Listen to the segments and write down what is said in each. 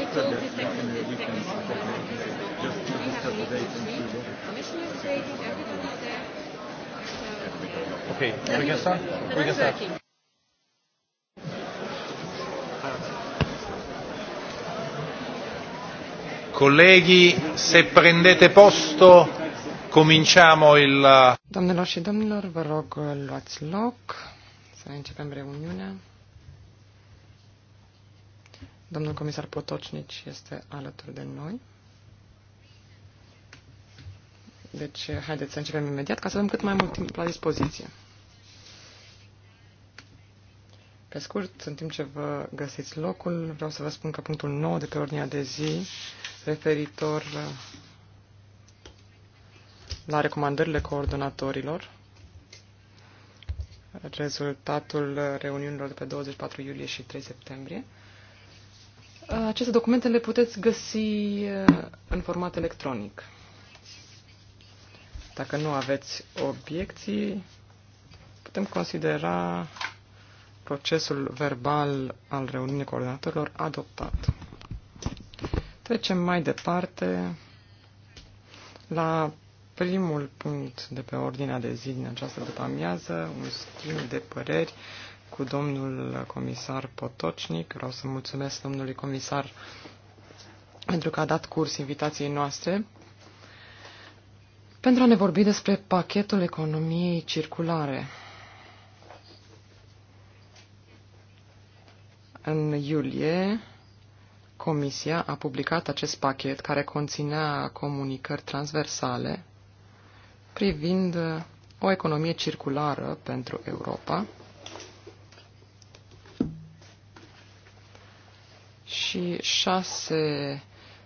I told the secretary, is there. So, okay, we We can start. Colleghi, se prendete posto, cominciamo il. Domnilor și domnilor, vă rog, luați loc să începem reuniunea. Domnul comisar Potocnici este alături de noi. Deci, haideți să începem imediat ca să avem cât mai mult timp la dispoziție. Pe scurt, în timp ce vă găsiți locul, vreau să vă spun că punctul 9 de pe ordinea de zi, referitor la recomandările coordonatorilor, rezultatul reuniunilor de pe 24 iulie și 3 septembrie, aceste documente le puteți găsi uh, în format electronic. Dacă nu aveți obiecții, putem considera procesul verbal al reuniunii coordonatorilor adoptat. Trecem mai departe la primul punct de pe ordinea de zi din această după amiază, un schimb de păreri cu domnul comisar Potocnic. Vreau să mulțumesc domnului comisar pentru că a dat curs invitației noastre pentru a ne vorbi despre pachetul economiei circulare. În iulie, Comisia a publicat acest pachet care conținea comunicări transversale privind o economie circulară pentru Europa, și șase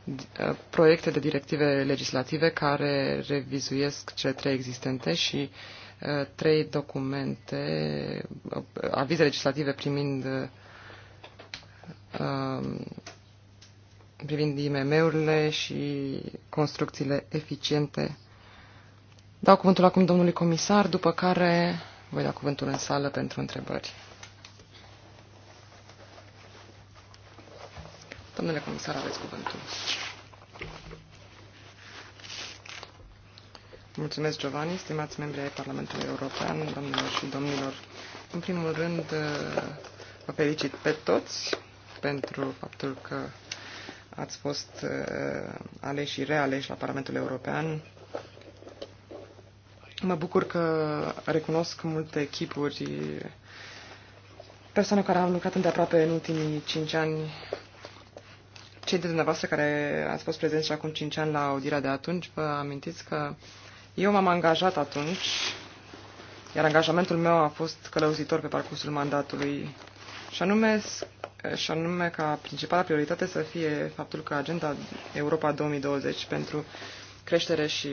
uh, proiecte de directive legislative care revizuiesc cele trei existente și uh, trei documente, uh, avize legislative primind um, privind IMM-urile și construcțiile eficiente. Dau cuvântul acum domnului comisar, după care voi da cuvântul în sală pentru întrebări. Domnule comisar, aveți cuvântul. Mulțumesc, Giovanni, stimați membri ai Parlamentului European, domnilor și domnilor. În primul rând, vă felicit pe toți pentru faptul că ați fost uh, aleși și realeși la Parlamentul European. Mă bucur că recunosc multe echipuri, persoane care au lucrat îndeaproape în ultimii cinci ani cei de dumneavoastră care ați fost prezenți și acum 5 ani la audirea de atunci, vă amintiți că eu m-am angajat atunci, iar angajamentul meu a fost călăuzitor pe parcursul mandatului, și anume, și anume ca principala prioritate să fie faptul că agenda Europa 2020 pentru creștere și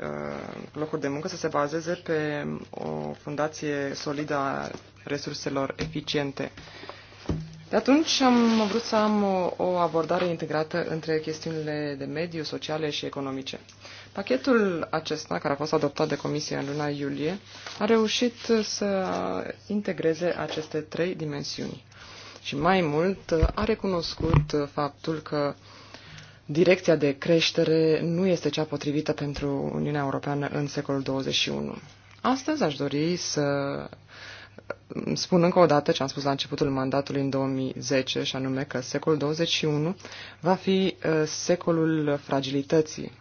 uh, locuri de muncă să se bazeze pe o fundație solidă a resurselor eficiente. Uh, de atunci am vrut să am o, o abordare integrată între chestiunile de mediu, sociale și economice. Pachetul acesta, care a fost adoptat de Comisia în luna iulie, a reușit să integreze aceste trei dimensiuni. Și mai mult, a recunoscut faptul că direcția de creștere nu este cea potrivită pentru Uniunea Europeană în secolul 21. Astăzi aș dori să spun încă o dată ce am spus la începutul mandatului în 2010, și anume că secolul 21 va fi uh, secolul fragilității.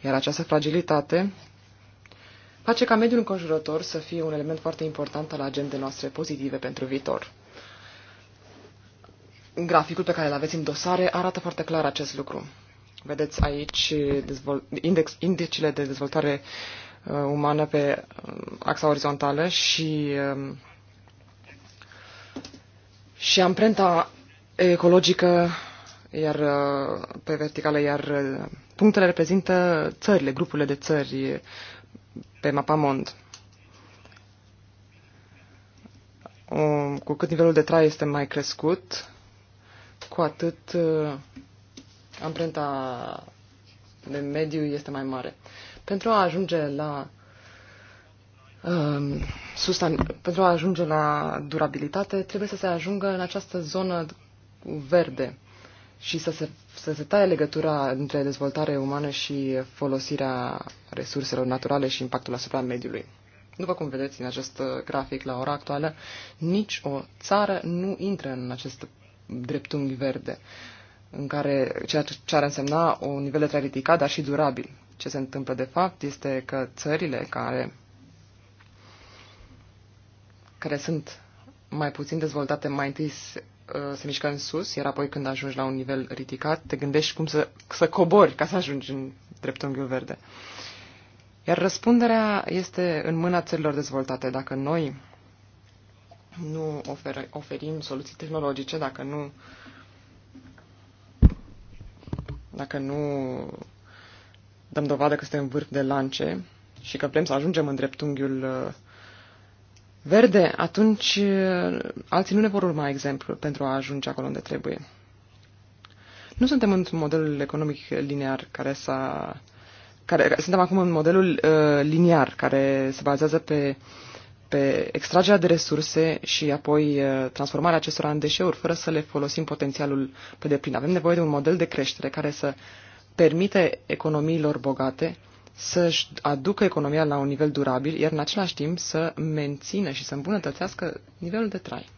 Iar această fragilitate face ca mediul înconjurător să fie un element foarte important al agendei noastre pozitive pentru viitor. Graficul pe care îl aveți în dosare arată foarte clar acest lucru. Vedeți aici index, indicile de dezvoltare uh, umană pe uh, axa orizontală și uh, și amprenta ecologică iar uh, pe verticală, iar uh, punctele reprezintă țările, grupurile de țări pe mapamond. Um, cu cât nivelul de trai este mai crescut, cu atât uh, amprenta de mediu este mai mare. Pentru a ajunge la Um, sustan- pentru a ajunge la durabilitate, trebuie să se ajungă în această zonă verde și să se, să se taie legătura între dezvoltare umană și folosirea resurselor naturale și impactul asupra mediului. După cum vedeți în acest grafic la ora actuală, nici o țară nu intră în acest dreptunghi verde, în care ceea ce ar însemna un nivel de trai ridicat, dar și durabil. Ce se întâmplă de fapt este că țările care care sunt mai puțin dezvoltate, mai întâi se, uh, se mișcă în sus, iar apoi când ajungi la un nivel ridicat, te gândești cum să, să cobori ca să ajungi în dreptunghiul verde. Iar răspunderea este în mâna țărilor dezvoltate. Dacă noi nu ofer, oferim soluții tehnologice, dacă nu dacă nu dăm dovadă că suntem vârf de lance și că vrem să ajungem în dreptunghiul uh, verde, atunci eh, alții nu ne vor urma exemplu pentru a ajunge acolo unde trebuie. Nu suntem într-un model economic linear care s-a... Care, suntem acum în modelul uh, eh, liniar care se bazează pe, pe extragerea de resurse și apoi uh, transformarea acestora în deșeuri fără să le folosim potențialul pe deplin. Avem nevoie de un model de creștere care să permite economiilor bogate uh, să-și aducă economia la un nivel durabil, iar în același timp să mențină și să îmbunătățească nivelul de trai.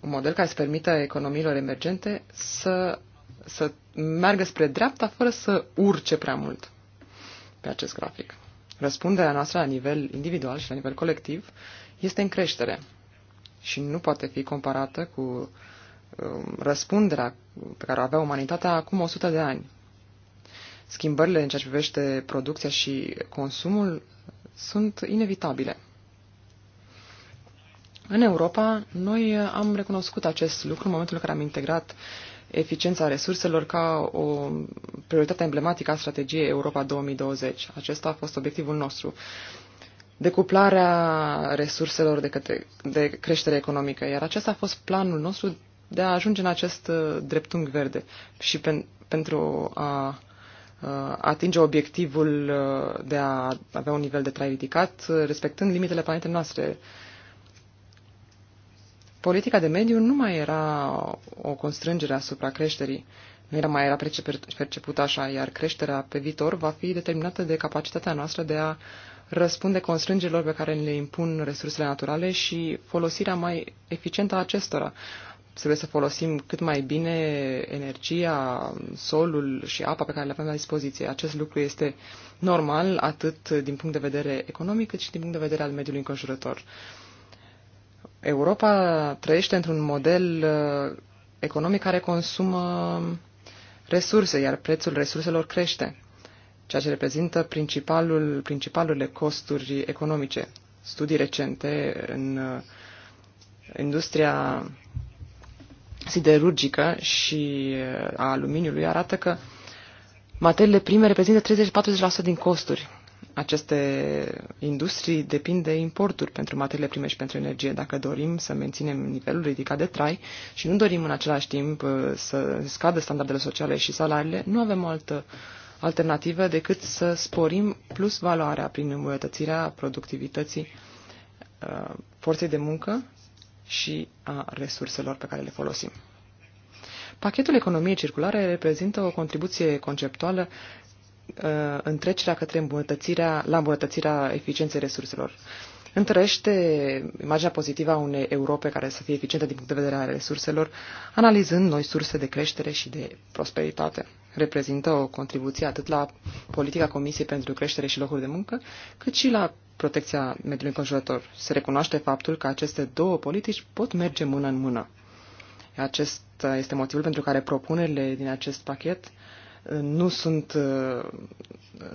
Un model care să permită economiilor emergente să, să meargă spre dreapta fără să urce prea mult pe acest grafic. Răspunderea noastră la nivel individual și la nivel colectiv este în creștere și nu poate fi comparată cu um, răspunderea pe care o avea umanitatea acum 100 de ani schimbările în ceea ce privește producția și consumul sunt inevitabile. În Europa, noi am recunoscut acest lucru în momentul în care am integrat eficiența resurselor ca o prioritate emblematică a strategiei Europa 2020. Acesta a fost obiectivul nostru. Decuplarea resurselor de, către, de creștere economică, iar acesta a fost planul nostru de a ajunge în acest uh, dreptunghi verde și pen, pentru a Uh, atinge obiectivul uh, de a avea un nivel de trai ridicat, uh, respectând limitele planetei noastre. Politica de mediu nu mai era o constrângere asupra creșterii, nu era mai era percepută așa, iar creșterea pe viitor va fi determinată de capacitatea noastră de a răspunde constrângerilor pe care le impun resursele naturale și folosirea mai eficientă a acestora trebuie să folosim cât mai bine energia, solul și apa pe care le avem la dispoziție. Acest lucru este normal atât din punct de vedere economic cât și din punct de vedere al mediului înconjurător. Europa trăiește într-un model uh, economic care consumă resurse, iar prețul resurselor crește, ceea ce reprezintă principalul, principalurile costuri economice. Studii recente în uh, industria siderurgică și uh, a aluminiului arată că materiile prime reprezintă 30-40% din costuri. Aceste industrii depind de importuri pentru materiile prime și pentru energie. Dacă dorim să menținem nivelul ridicat de trai și nu dorim în același timp uh, să scadă standardele sociale și salariile, nu avem altă alternativă decât să sporim plus valoarea prin îmbunătățirea productivității uh, forței de muncă și a resurselor pe care le folosim. Pachetul economiei circulare reprezintă o contribuție conceptuală uh, în trecerea către îmbunătățirea, la îmbunătățirea eficienței resurselor întărește imaginea pozitivă a unei Europe care să fie eficientă din punct de vedere al resurselor, analizând noi surse de creștere și de prosperitate. Reprezintă o contribuție atât la politica Comisiei pentru Creștere și Locuri de Muncă, cât și la protecția mediului înconjurător. Se recunoaște faptul că aceste două politici pot merge mână în mână. Acesta este motivul pentru care propunerile din acest pachet nu sunt, uh,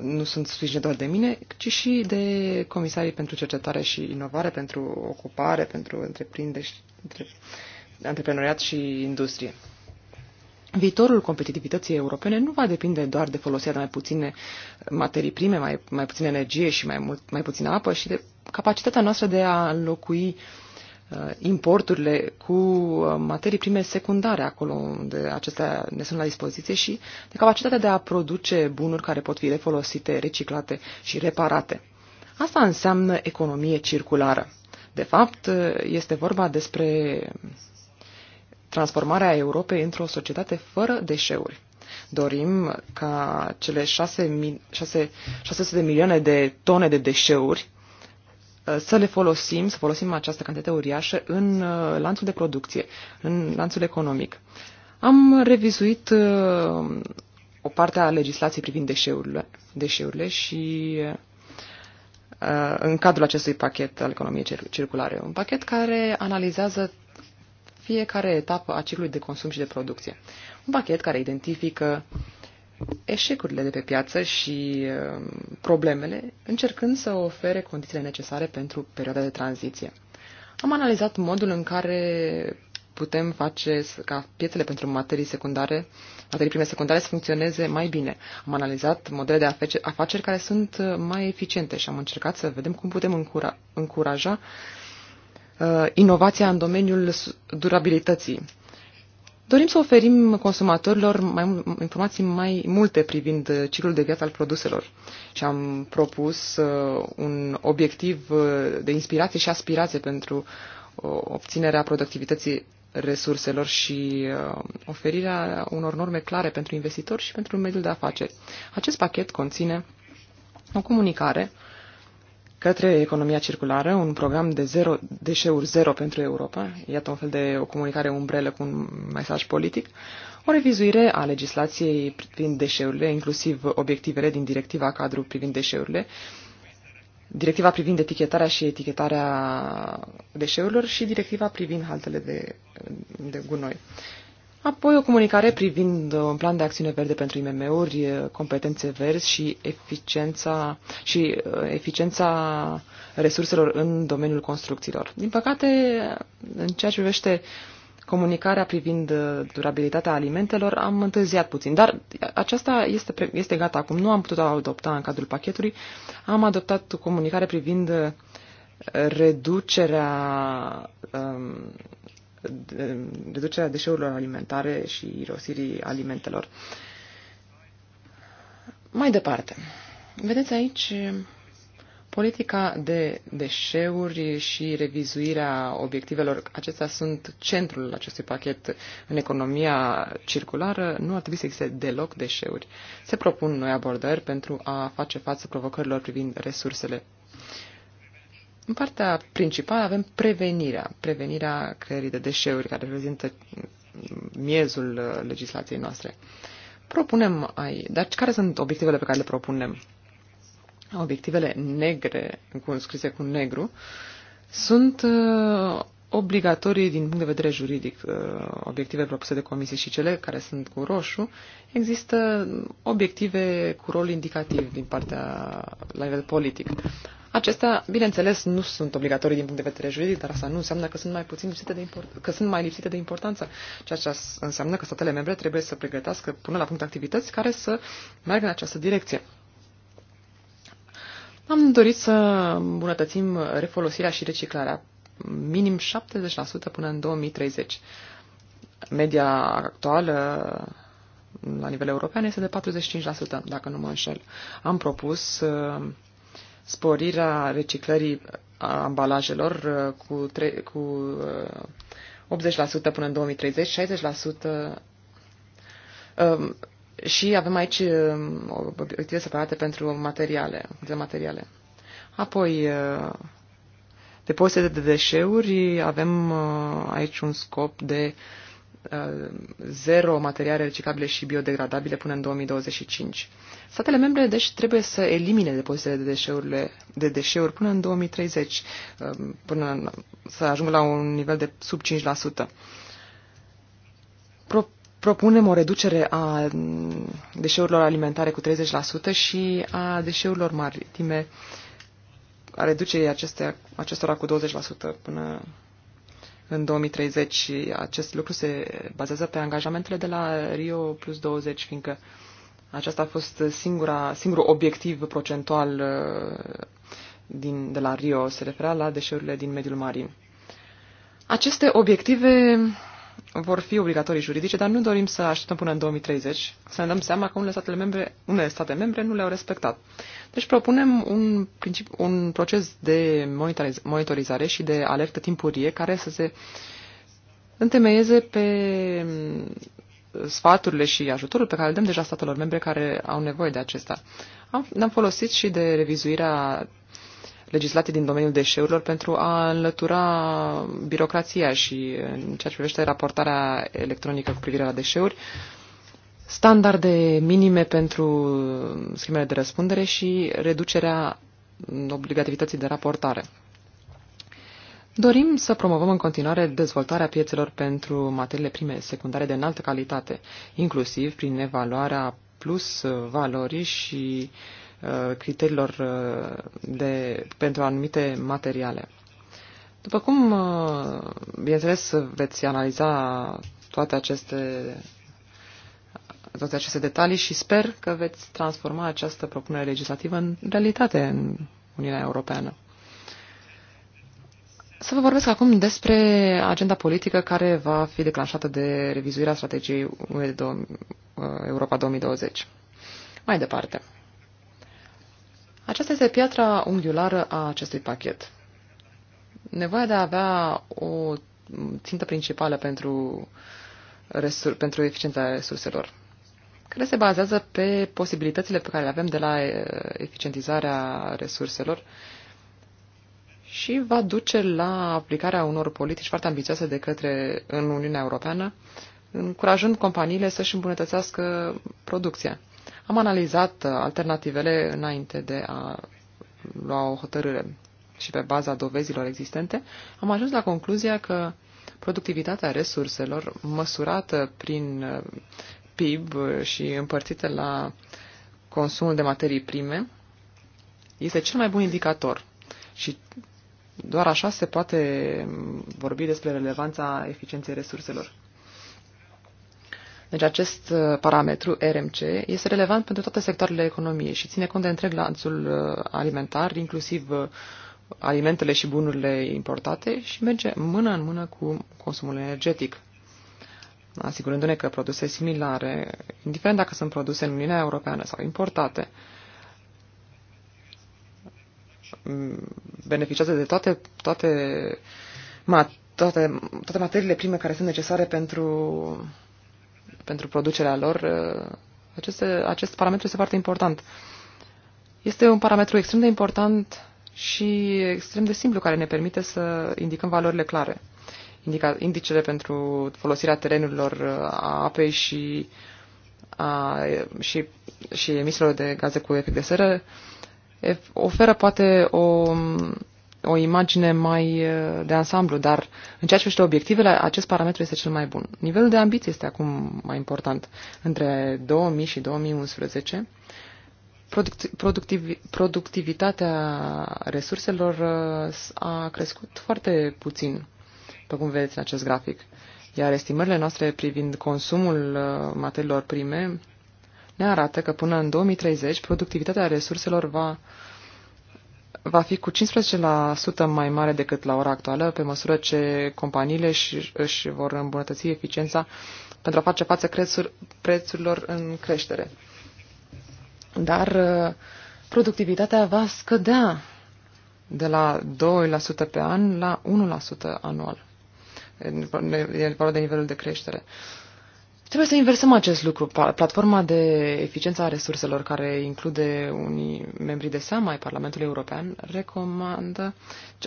nu sunt sprijinite doar de mine, ci și de comisarii pentru cercetare și inovare, pentru ocupare, pentru întreprinderi, între, antreprenoriat și industrie. Viitorul competitivității europene nu va depinde doar de folosirea de mai puține materii prime, mai, mai puțină energie și mai, mult, mai puțină apă, și de capacitatea noastră de a înlocui uh, Uh, importurile cu uh, materii prime secundare acolo unde acestea ne sunt la dispoziție și de capacitatea de a produce bunuri care pot fi refolosite, reciclate și reparate. Asta înseamnă economie circulară. De fapt, uh, este vorba despre transformarea Europei într-o societate fără deșeuri. Dorim ca cele 6, 600 de milioane de tone de deșeuri Uh, să le folosim, să folosim această cantitate uriașă în uh, lanțul de producție, în lanțul economic. Am revizuit uh, o parte a legislației privind deșeurile, deșeurile și în cadrul acestui pachet al economiei circulare, un pachet care analizează fiecare etapă a ciclului de consum și de producție. Un pachet care identifică uh, eșecurile de pe piață și um, problemele, încercând să ofere condițiile necesare pentru perioada de tranziție. Am analizat modul în care putem face ca piețele pentru materii secundare, materii prime secundare să funcționeze mai bine. Am analizat modele de afaceri care sunt uh, mai eficiente și am încercat să vedem cum putem încura, încuraja uh, inovația în domeniul durabilității Dorim să oferim consumatorilor mai, informații mai multe privind uh, ciclul de viață al produselor și am propus uh, un obiectiv uh, de inspirație și aspirație pentru uh, obținerea productivității resurselor și uh, oferirea unor norme clare pentru investitori și pentru mediul de afaceri. Acest pachet conține o comunicare uh, către economia circulară, un program de zero, deșeuri zero pentru Europa, iată un fel de o comunicare umbrelă cu un mesaj politic, o revizuire a legislației privind deșeurile, inclusiv obiectivele din directiva cadru privind deșeurile, directiva privind etichetarea și etichetarea deșeurilor și directiva privind haltele de, de gunoi. Apoi o comunicare privind uh, un plan de acțiune verde pentru IMM-uri, uh, competențe verzi și eficiența, și uh, eficiența resurselor în domeniul construcțiilor. Din păcate, în ceea ce privește comunicarea privind durabilitatea alimentelor, am întârziat puțin, dar aceasta este, este gata acum. Nu am putut adopta în cadrul pachetului. Am adoptat comunicare privind reducerea um, reducerea deșeurilor alimentare și irosirii alimentelor. Mai departe, vedeți aici politica de deșeuri și revizuirea obiectivelor. Acestea sunt centrul acestui pachet în economia circulară. Nu ar trebui să existe deloc deșeuri. Se propun noi abordări pentru a face față provocărilor privind resursele în partea principală avem prevenirea, prevenirea creierii de deșeuri, care reprezintă miezul uh, legislației noastre. Propunem ai, dar care sunt obiectivele pe care le propunem? Obiectivele negre, cu scrise cu negru, sunt uh, obligatorii din punct de vedere juridic. Uh, obiective propuse de comisie și cele care sunt cu roșu, există obiective cu rol indicativ din partea la nivel politic. Acestea, bineînțeles, nu sunt obligatorii din punct de vedere juridic, dar asta nu înseamnă că sunt mai puțin lipsite de import- că sunt mai lipsite de importanță, ceea ce înseamnă că statele membre trebuie să pregătească până la punct activități care să meargă în această direcție. Am dorit să îmbunătățim refolosirea și reciclarea minim 70% până în 2030. Media actuală la nivel european este de 45%, dacă nu mă înșel. Am propus uh, sporirea reciclării uh, a ambalajelor uh, cu, tre- cu 80% uh, până în 2030, 60% um, și avem aici um, obiective separate pentru materiale, de materiale. Apoi, depozite de deșeuri, avem aici un scop de Uh, zero materiale reciclabile și biodegradabile până în 2025. Statele membre, deci, trebuie să elimine depozitele de, deșeurile, de deșeuri până în 2030, um, până să ajungă la un nivel de sub 5%. Pro- propunem o reducere a mm, deșeurilor alimentare cu 30% și a deșeurilor maritime, a reducerii acestea, acestora cu 20% până în 2030 și acest lucru se bazează pe angajamentele de la Rio plus 20, fiindcă aceasta a fost singura, singurul obiectiv procentual uh, din, de la Rio, se referea la deșeurile din mediul marin. Aceste obiective vor fi obligatorii juridice, dar nu dorim să așteptăm până în 2030 să ne dăm seama că unele, statele membre, unele state membre nu le-au respectat. Deci propunem un, principi, un proces de monitorizare și de alertă timpurie care să se întemeieze pe mm, sfaturile și ajutorul pe care le dăm deja statelor membre care au nevoie de acesta. Am, ne-am folosit și de revizuirea legislație din domeniul deșeurilor pentru a înlătura birocrația și în ceea ce privește raportarea electronică cu privire la deșeuri, standarde minime pentru schemele de răspundere și reducerea obligativității de raportare. Dorim să promovăm în continuare dezvoltarea piețelor pentru materiile prime secundare de înaltă calitate, inclusiv prin evaluarea plus valorii și uh, Uh, criteriilor uh, de, pentru anumite materiale. După cum, uh, bineînțeles, veți analiza toate aceste, toate aceste detalii și sper că veți transforma această propunere legislativă în realitate în Uniunea Europeană. Să vă vorbesc acum despre agenda politică care va fi declanșată de revizuirea strategiei Europa 2020. Mai departe. Aceasta este piatra unghiulară a acestui pachet. Nevoia de a avea o țintă principală pentru, resur- pentru eficiența resurselor, care se bazează pe posibilitățile pe care le avem de la eh, eficientizarea resurselor și va duce la aplicarea unor politici foarte ambițioase de către în Uniunea Europeană, încurajând companiile să-și îmbunătățească producția. Am analizat uh, alternativele înainte de a lua o hotărâre și pe baza dovezilor existente, am ajuns la concluzia că productivitatea resurselor măsurată prin uh, PIB și împărțită la consumul de materii prime este cel mai bun indicator și doar așa se poate mm, vorbi despre relevanța eficienței resurselor. Deci acest uh, parametru RMC este relevant pentru toate sectoarele economiei și ține cont de întreg lanțul uh, alimentar, inclusiv uh, alimentele și bunurile importate și merge mână în mână cu consumul energetic, asigurându-ne că produse similare, indiferent dacă sunt produse în Uniunea Europeană sau importate, mm, beneficiază de toate, toate, toate, toate materiile prime care sunt necesare pentru pentru producerea lor, uh, aceste, acest parametru este foarte important. Este un parametru extrem de important și extrem de simplu care ne permite să indicăm valorile clare. Indica, indicele pentru folosirea terenurilor, uh, a apei și, a, și, și emisiilor de gaze cu efect de seră oferă poate o o imagine mai uh, de ansamblu, dar în ceea ce privește obiectivele, acest parametru este cel mai bun. Nivelul de ambiție este acum mai important. Între 2000 și 2011, productiv, productivitatea resurselor uh, a crescut foarte puțin, după cum vedeți în acest grafic. Iar estimările noastre privind consumul uh, materiilor prime ne arată că până în 2030 productivitatea resurselor va va fi cu 15% mai mare decât la ora actuală, pe măsură ce companiile își, își vor îmbunătăți eficiența pentru a face față crețuri, prețurilor în creștere. Dar uh, productivitatea va scădea de la 2% pe an la 1% anual. E vorba de nivelul de creștere. Trebuie să inversăm acest lucru. Platforma de eficiență a resurselor, care include unii membri de seamă ai Parlamentului European, recomandă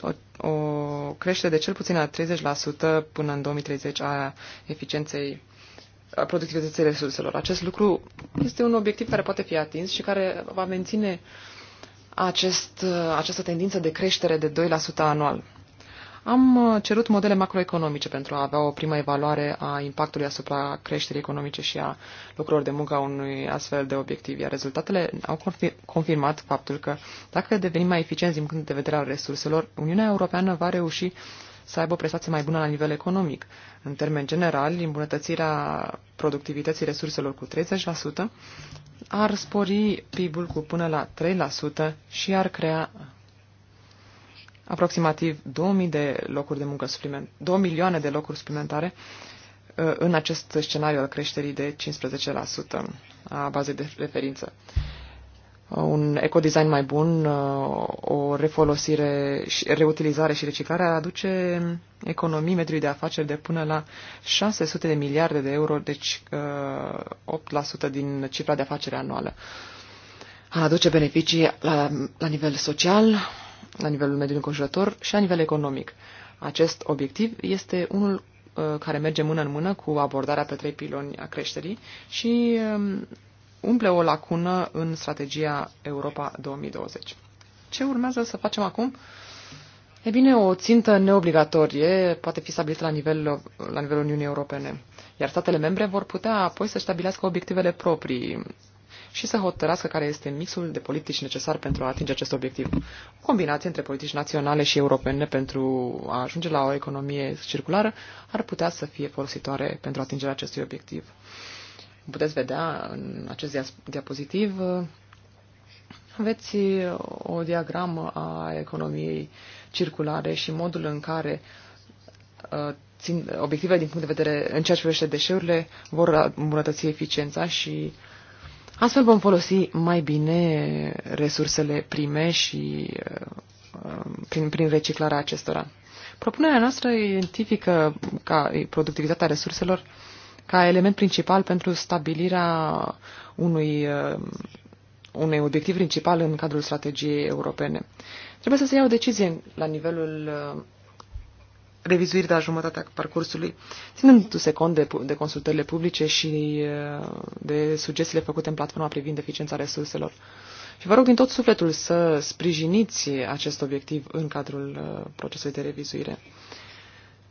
o, o creștere de cel puțin la 30% până în 2030 a eficienței a productivității resurselor. Acest lucru este un obiectiv care poate fi atins și care va menține acest, această tendință de creștere de 2% anual. Am uh, cerut modele macroeconomice pentru a avea o primă evaluare a impactului asupra creșterii economice și a lucrurilor de muncă a unui astfel de obiectiv, iar rezultatele au confirmat faptul că dacă devenim mai eficienți din punct de vedere al resurselor, Uniunea Europeană va reuși să aibă o prestație mai bună la nivel economic. În termen general, îmbunătățirea productivității resurselor cu 30% ar spori PIB-ul cu până la 3% și ar crea aproximativ 2000 de locuri de muncă supliment, 2 milioane de locuri suplimentare uh, în acest scenariu al creșterii de 15% a bazei de referință. Uh, un ecodesign mai bun, uh, o refolosire, reutilizare și reciclare aduce economii mediului de afaceri de până la 600 de miliarde de euro, deci 8% din cifra de afacere anuală. Aduce beneficii la, la nivel social, la nivelul mediului înconjurător și la nivel economic. Acest obiectiv este unul uh, care merge mână în mână cu abordarea pe trei piloni a creșterii și um, umple o lacună în strategia Europa 2020. Ce urmează să facem acum? E bine, o țintă neobligatorie poate fi stabilită la, nivel, la nivelul Uniunii Europene, iar statele membre vor putea apoi să stabilească obiectivele proprii și să hotărască care este mixul de politici necesar pentru a atinge acest obiectiv. O combinație între politici naționale și europene pentru a ajunge la o economie circulară ar putea să fie folositoare pentru atingerea acestui obiectiv. Puteți vedea în acest diapozitiv aveți o diagramă a economiei circulare și modul în care uh, țin, obiectivele din punct de vedere în ceea ce privește deșeurile vor îmbunătăți eficiența și Astfel vom folosi mai bine resursele prime și uh, prin, prin reciclarea acestora. Propunerea noastră identifică ca productivitatea resurselor ca element principal pentru stabilirea unui, uh, unui obiectiv principal în cadrul strategiei europene. Trebuie să se ia o decizie la nivelul uh, revizuiri de la jumătatea parcursului, ținându-se cont de, de consultările publice și uh, de sugestiile făcute în platforma privind eficiența resurselor. Și vă rog din tot sufletul să sprijiniți acest obiectiv în cadrul uh, procesului de revizuire.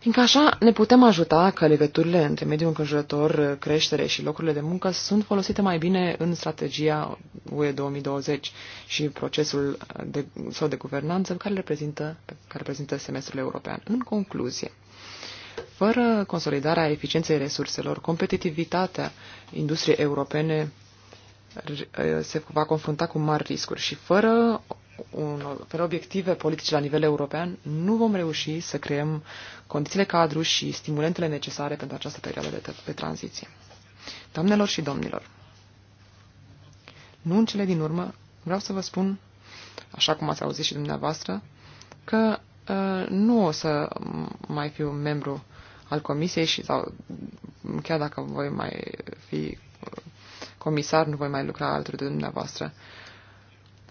Fiindcă așa ne putem ajuta că legăturile între mediul înconjurător, creștere și locurile de muncă sunt folosite mai bine în strategia UE 2020 și procesul de, sau de guvernanță care reprezintă, care reprezintă semestrul european. În concluzie, fără consolidarea eficienței resurselor, competitivitatea industriei europene se va confrunta cu mari riscuri și fără un, fără obiective politice la nivel european, nu vom reuși să creăm condițiile cadru și stimulentele necesare pentru această perioadă de, de tranziție. Doamnelor și domnilor, nu în cele din urmă, vreau să vă spun, așa cum ați auzit și dumneavoastră, că uh, nu o să mai fiu membru al comisiei și sau chiar dacă voi mai fi ă, comisar, nu voi mai lucra alături de dumneavoastră. Uh,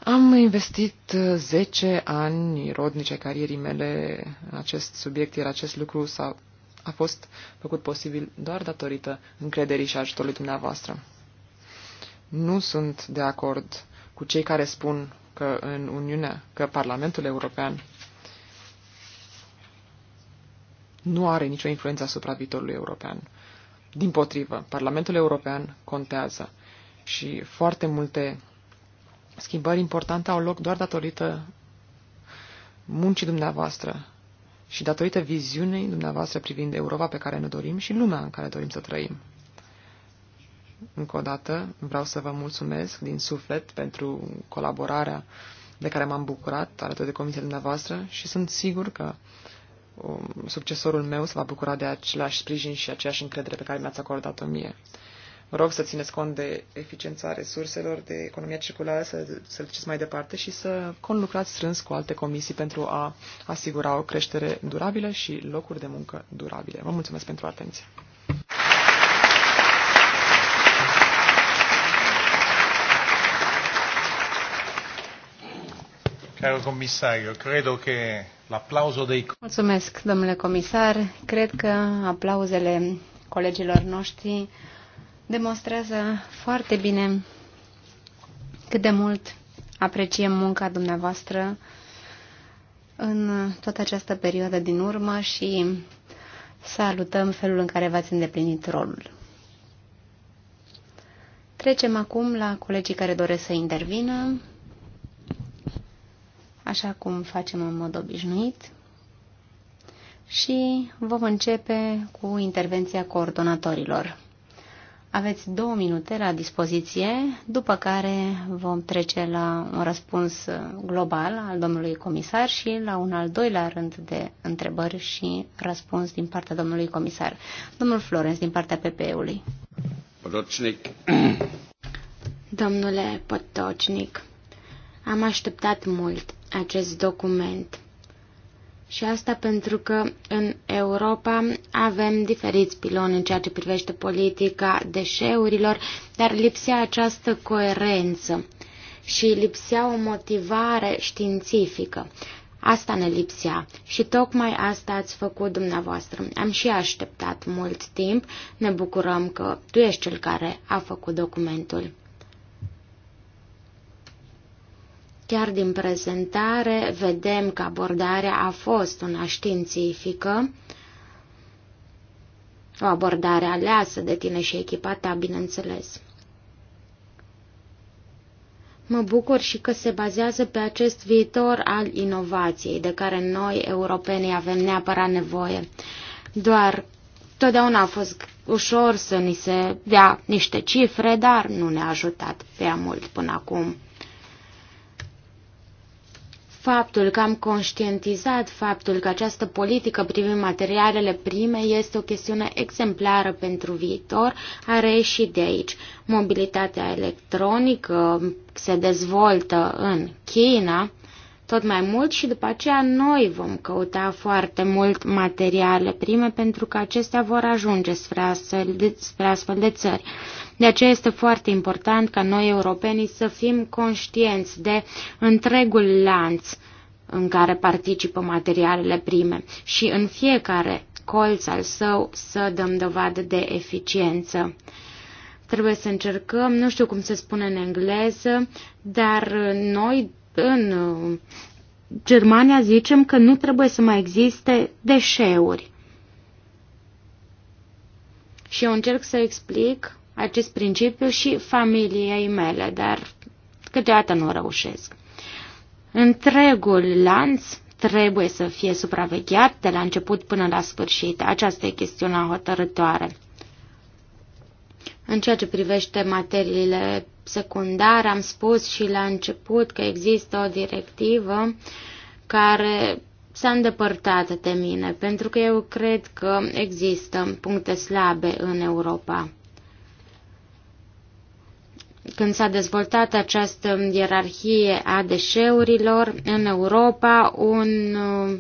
am investit 10 uh, ani rodnice carierii mele în acest subiect, iar acest lucru s-a, a fost făcut posibil doar datorită încrederii și ajutorului dumneavoastră. Nu sunt de acord cu cei care spun că în Uniunea, că Parlamentul European nu are nicio influență asupra viitorului european. Din potrivă, Parlamentul European contează și foarte multe Schimbări importante au loc doar datorită muncii dumneavoastră și datorită viziunii dumneavoastră privind Europa pe care ne dorim și lumea în care dorim să trăim. Încă o dată vreau să vă mulțumesc din suflet pentru colaborarea de care m-am bucurat alături de comisia dumneavoastră și sunt sigur că um, succesorul meu se va bucura de același sprijin și aceeași încredere pe care mi-ați acordat-o mie. Vă rog să țineți cont de eficiența resurselor, de economia circulară, să, să duceți mai departe și să conlucrați strâns cu alte comisii pentru a asigura o creștere durabilă și locuri de muncă durabile. Vă mulțumesc pentru atenție. Caro comisario, credo che l'applauso dei... Mulțumesc, domnule comisar. Cred că aplauzele colegilor noștri demonstrează foarte bine cât de mult apreciem munca dumneavoastră în toată această perioadă din urmă și salutăm felul în care v-ați îndeplinit rolul. Trecem acum la colegii care doresc să intervină, așa cum facem în mod obișnuit, și vom începe cu intervenția coordonatorilor. Aveți două minute la dispoziție, după care vom trece la un răspuns global al domnului comisar și la un al doilea rând de întrebări și răspuns din partea domnului comisar. Domnul Florenț, din partea PPE-ului. Potocnic. Domnule Potocnic, am așteptat mult acest document. Și asta pentru că în Europa avem diferiți piloni în ceea ce privește politica deșeurilor, dar lipsea această coerență și lipsea o motivare științifică. Asta ne lipsea și tocmai asta ați făcut dumneavoastră. Am și așteptat mult timp, ne bucurăm că tu ești cel care a făcut documentul. Chiar din prezentare vedem că abordarea a fost una științifică, o abordare aleasă de tine și echipa ta, bineînțeles. Mă bucur și că se bazează pe acest viitor al inovației, de care noi, europenii, avem neapărat nevoie. Doar totdeauna a fost ușor să ni se dea niște cifre, dar nu ne-a ajutat prea mult până acum faptul că am conștientizat faptul că această politică privind materialele prime este o chestiune exemplară pentru viitor, a reieșit de aici. Mobilitatea electronică se dezvoltă în China tot mai mult și după aceea noi vom căuta foarte mult materiale prime pentru că acestea vor ajunge spre astfel de, spre astfel de țări. De aceea este foarte important ca noi europenii să fim conștienți de întregul lanț în care participă materialele prime și în fiecare colț al său să dăm dovadă de eficiență. Trebuie să încercăm, nu știu cum se spune în engleză, dar noi în Germania zicem că nu trebuie să mai existe deșeuri. Și eu încerc să explic acest principiu și familiei mele, dar câteodată nu reușesc. Întregul lanț trebuie să fie supravegheat de la început până la sfârșit. Aceasta e chestiunea hotărătoare. În ceea ce privește materiile secundare, am spus și la început că există o directivă care s-a îndepărtat de mine, pentru că eu cred că există puncte slabe în Europa când s-a dezvoltat această ierarhie a deșeurilor în Europa, un uh,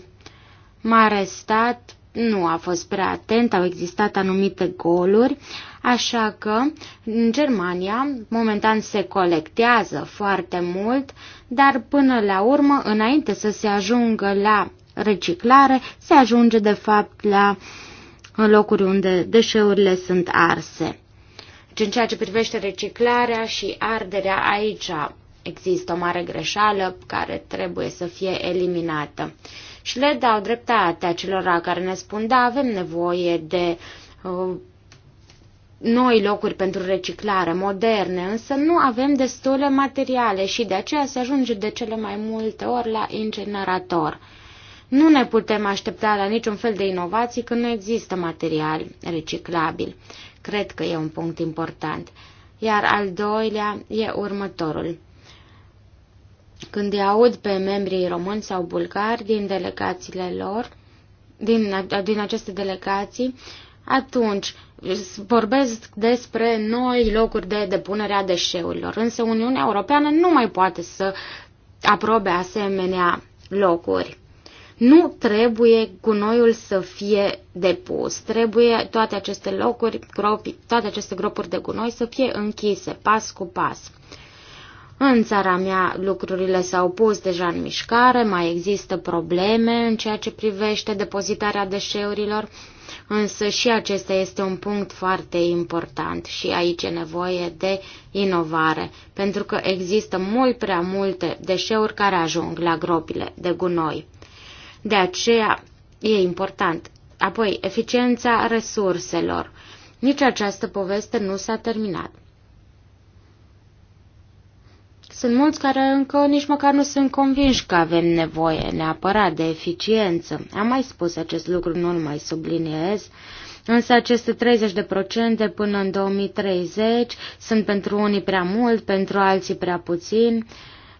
mare stat nu a fost prea atent, au existat anumite goluri, așa că în Germania momentan se colectează foarte mult, dar până la urmă, înainte să se ajungă la reciclare, se ajunge de fapt la locuri unde deșeurile sunt arse în ceea ce privește reciclarea și arderea, aici există o mare greșeală care trebuie să fie eliminată. Și le dau dreptate celor care ne spun, da, avem nevoie de uh, noi locuri pentru reciclare moderne, însă nu avem destule materiale și de aceea se ajunge de cele mai multe ori la incinerator. Nu ne putem aștepta la niciun fel de inovații când nu există material reciclabil. Cred că e un punct important. Iar al doilea e următorul. Când îi aud pe membrii români sau bulgari din delegațiile lor, din, din aceste delegații, atunci vorbesc despre noi locuri de depunere a deșeurilor. Însă Uniunea Europeană nu mai poate să aprobe asemenea locuri. Nu trebuie gunoiul să fie depus, trebuie toate aceste locuri, gropi, toate aceste gropuri de gunoi să fie închise pas cu pas. În țara mea lucrurile s-au pus deja în mișcare, mai există probleme în ceea ce privește depozitarea deșeurilor, însă și acesta este un punct foarte important și aici e nevoie de inovare, pentru că există mult prea multe deșeuri care ajung la gropile de gunoi. De aceea e important. Apoi, eficiența resurselor. Nici această poveste nu s-a terminat. Sunt mulți care încă nici măcar nu sunt convinși că avem nevoie neapărat de eficiență. Am mai spus acest lucru, nu-l mai subliniez, însă aceste 30% până în 2030 sunt pentru unii prea mult, pentru alții prea puțin. Uh,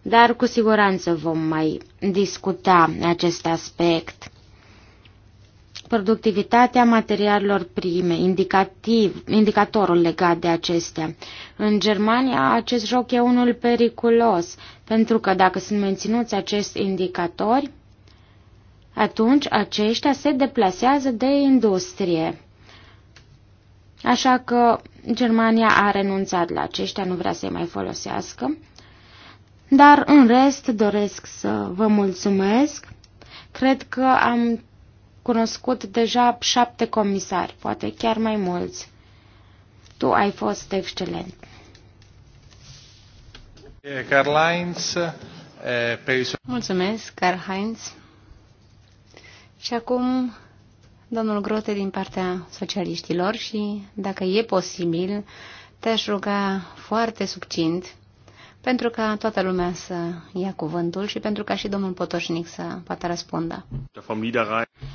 dar cu siguranță vom mai discuta acest aspect. Productivitatea materialelor prime, indicativ, indicatorul legat de acestea. În Germania acest joc e unul periculos, pentru că dacă sunt menținuți acești indicatori, atunci aceștia se deplasează de industrie. Așa că Germania a renunțat la aceștia, nu vrea să-i mai folosească dar în rest doresc să vă mulțumesc. Cred că am cunoscut deja șapte comisari, poate chiar mai mulți. Tu ai fost excelent. Heinz, eh, Mulțumesc, Carl Heinz. Și acum domnul Grote din partea socialiștilor și, dacă e posibil, te-aș ruga foarte subțint pentru ca toată lumea să ia cuvântul și pentru ca și domnul Potoșnic să poată răspundă.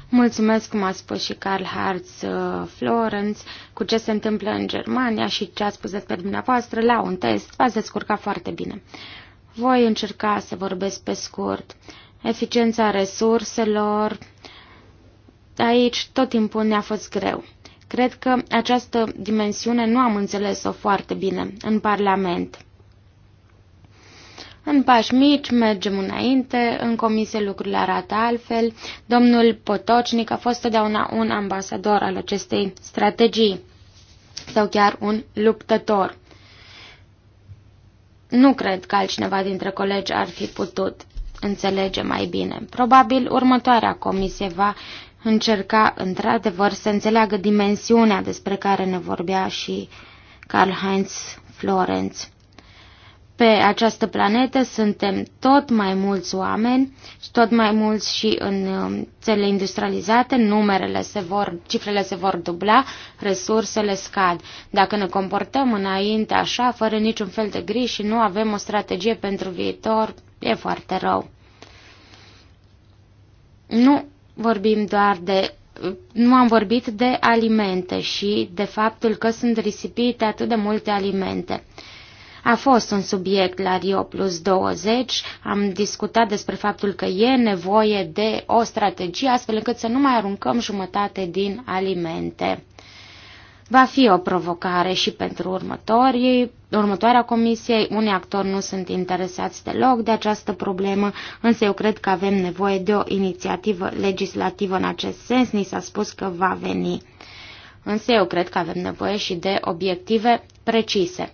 Mulțumesc, cum a spus și Karl Hartz, uh, Florence, cu ce se întâmplă în Germania și ce a spus despre dumneavoastră la un test, v-ați descurcat foarte bine. Voi încerca să vorbesc pe scurt. Eficiența resurselor, aici tot timpul ne-a fost greu. Cred că această dimensiune nu am înțeles-o foarte bine în Parlament. În pași mici mergem înainte, în comisie lucrurile arată altfel. Domnul Potocnic a fost totdeauna un ambasador al acestei strategii sau chiar un luptător. Nu cred că altcineva dintre colegi ar fi putut înțelege mai bine. Probabil următoarea comisie va încerca într-adevăr să înțeleagă dimensiunea despre care ne vorbea și Karl-Heinz Florenz. Pe această planetă suntem tot mai mulți oameni și tot mai mulți și în um, țele industrializate, numerele se vor, cifrele se vor dubla, resursele scad. Dacă ne comportăm înainte așa, fără niciun fel de griji și nu avem o strategie pentru viitor, e foarte rău. Nu vorbim doar de nu am vorbit de alimente și de faptul că sunt risipite atât de multe alimente. A fost un subiect la Rio Plus 20, am discutat despre faptul că e nevoie de o strategie astfel încât să nu mai aruncăm jumătate din alimente. Va fi o provocare și pentru următorii, următoarea comisie. Unii actori nu sunt interesați deloc de această problemă, însă eu cred că avem nevoie de o inițiativă legislativă în acest sens. Ni s-a spus că va veni. Însă eu cred că avem nevoie și de obiective precise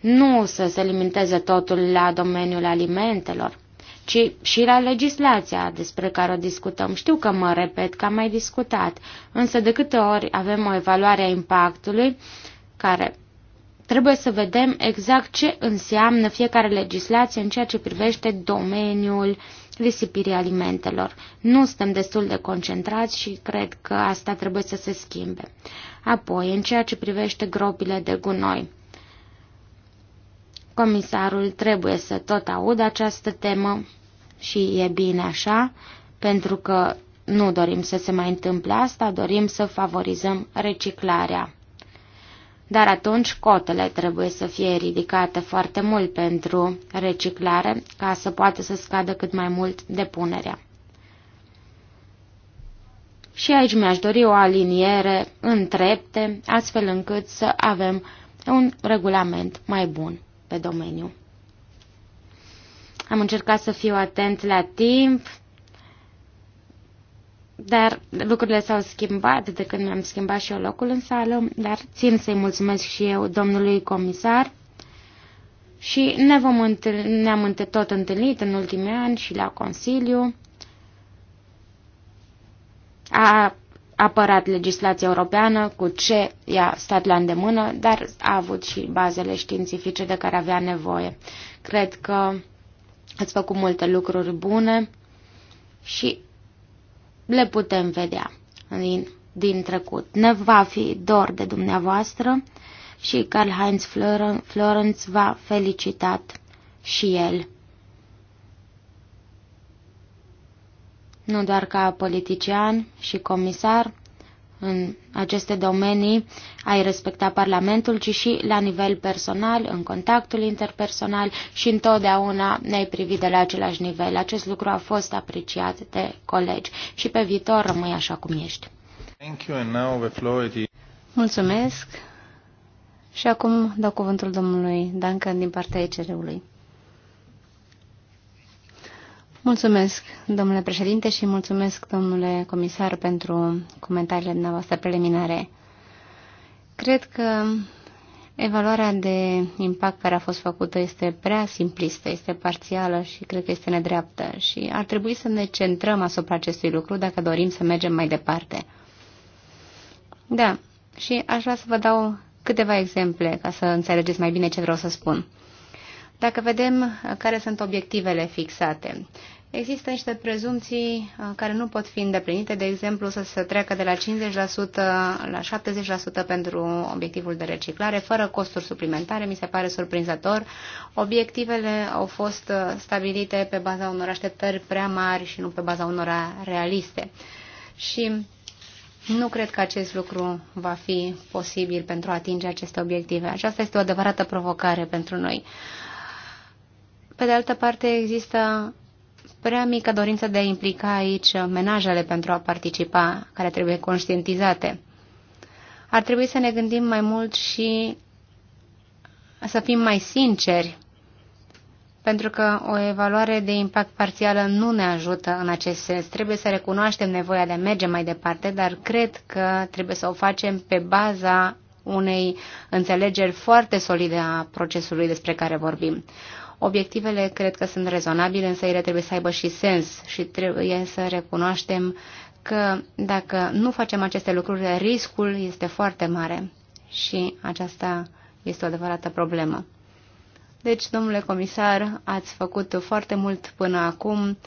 nu să se limiteze totul la domeniul alimentelor, ci și la legislația despre care o discutăm. Știu că mă repet, că am mai discutat, însă de câte ori avem o evaluare a impactului, care trebuie să vedem exact ce înseamnă fiecare legislație în ceea ce privește domeniul risipirii alimentelor. Nu suntem destul de concentrați și cred că asta trebuie să se schimbe. Apoi, în ceea ce privește gropile de gunoi. Comisarul trebuie să tot audă această temă și e bine așa, pentru că nu dorim să se mai întâmple asta, dorim să favorizăm reciclarea. Dar atunci cotele trebuie să fie ridicate foarte mult pentru reciclare, ca să poată să scadă cât mai mult depunerea. Și aici mi-aș dori o aliniere în trepte, astfel încât să avem un regulament mai bun pe domeniu. Am încercat să fiu atent la timp, dar lucrurile s-au schimbat de când mi-am schimbat și eu locul în sală, dar țin să-i mulțumesc și eu domnului comisar și ne vom întâlni, ne-am tot întâlnit în ultimii ani și la Consiliu. A apărat legislația europeană, cu ce i-a stat la îndemână, dar a avut și bazele științifice de care avea nevoie. Cred că ați făcut multe lucruri bune și le putem vedea din, din trecut. Ne va fi dor de dumneavoastră și Karl-Heinz Florenz va felicitat și el. nu doar ca politician și comisar în aceste domenii, ai respecta Parlamentul, ci și la nivel personal, în contactul interpersonal și întotdeauna ne-ai privit de la același nivel. Acest lucru a fost apreciat de colegi și pe viitor rămâi așa cum ești. Thank you and now the floor is... Mulțumesc și acum dau cuvântul domnului Danca din partea ECR-ului. Mulțumesc, domnule președinte, și mulțumesc, domnule comisar, pentru comentariile dumneavoastră preliminare. Cred că evaluarea de impact care a fost făcută este prea simplistă, este parțială și cred că este nedreaptă și ar trebui să ne centrăm asupra acestui lucru dacă dorim să mergem mai departe. Da, și aș vrea să vă dau câteva exemple ca să înțelegeți mai bine ce vreau să spun. Dacă vedem uh, care sunt obiectivele fixate, Există niște prezumții uh, care nu pot fi îndeplinite, de exemplu să se treacă de la 50% la 70% pentru obiectivul de reciclare, fără costuri suplimentare, mi se pare surprinzător. Obiectivele au fost uh, stabilite pe baza unor așteptări prea mari și nu pe baza unora realiste. Și nu cred că acest lucru va fi posibil pentru a atinge aceste obiective. Aceasta este o adevărată provocare pentru noi. Pe de altă parte, există prea mică dorință de a implica aici menajele pentru a participa, care trebuie conștientizate. Ar trebui să ne gândim mai mult și să fim mai sinceri, pentru că o evaluare de impact parțială nu ne ajută în acest sens. Trebuie să recunoaștem nevoia de a merge mai departe, dar cred că trebuie să o facem pe baza unei înțelegeri foarte solide a procesului despre care vorbim. Obiectivele cred că sunt rezonabile, însă ele trebuie să aibă și sens și trebuie să recunoaștem că dacă nu facem aceste lucruri, riscul este foarte mare și aceasta este o adevărată problemă. Deci, domnule comisar, ați făcut foarte mult până acum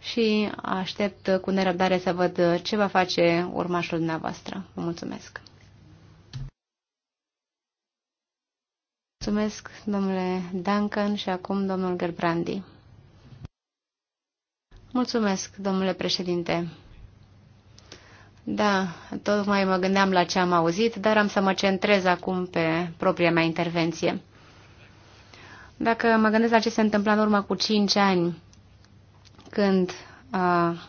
și aștept cu nerăbdare să văd ce va face urmașul dumneavoastră. Vă mulțumesc! Mulțumesc, domnule Duncan, și acum domnul Gerbrandi. Mulțumesc, domnule președinte. Da, tocmai mă gândeam la ce am auzit, dar am să mă centrez acum pe propria mea intervenție. Dacă mă gândesc la ce se întâmpla în urmă cu cinci ani, când a, uh,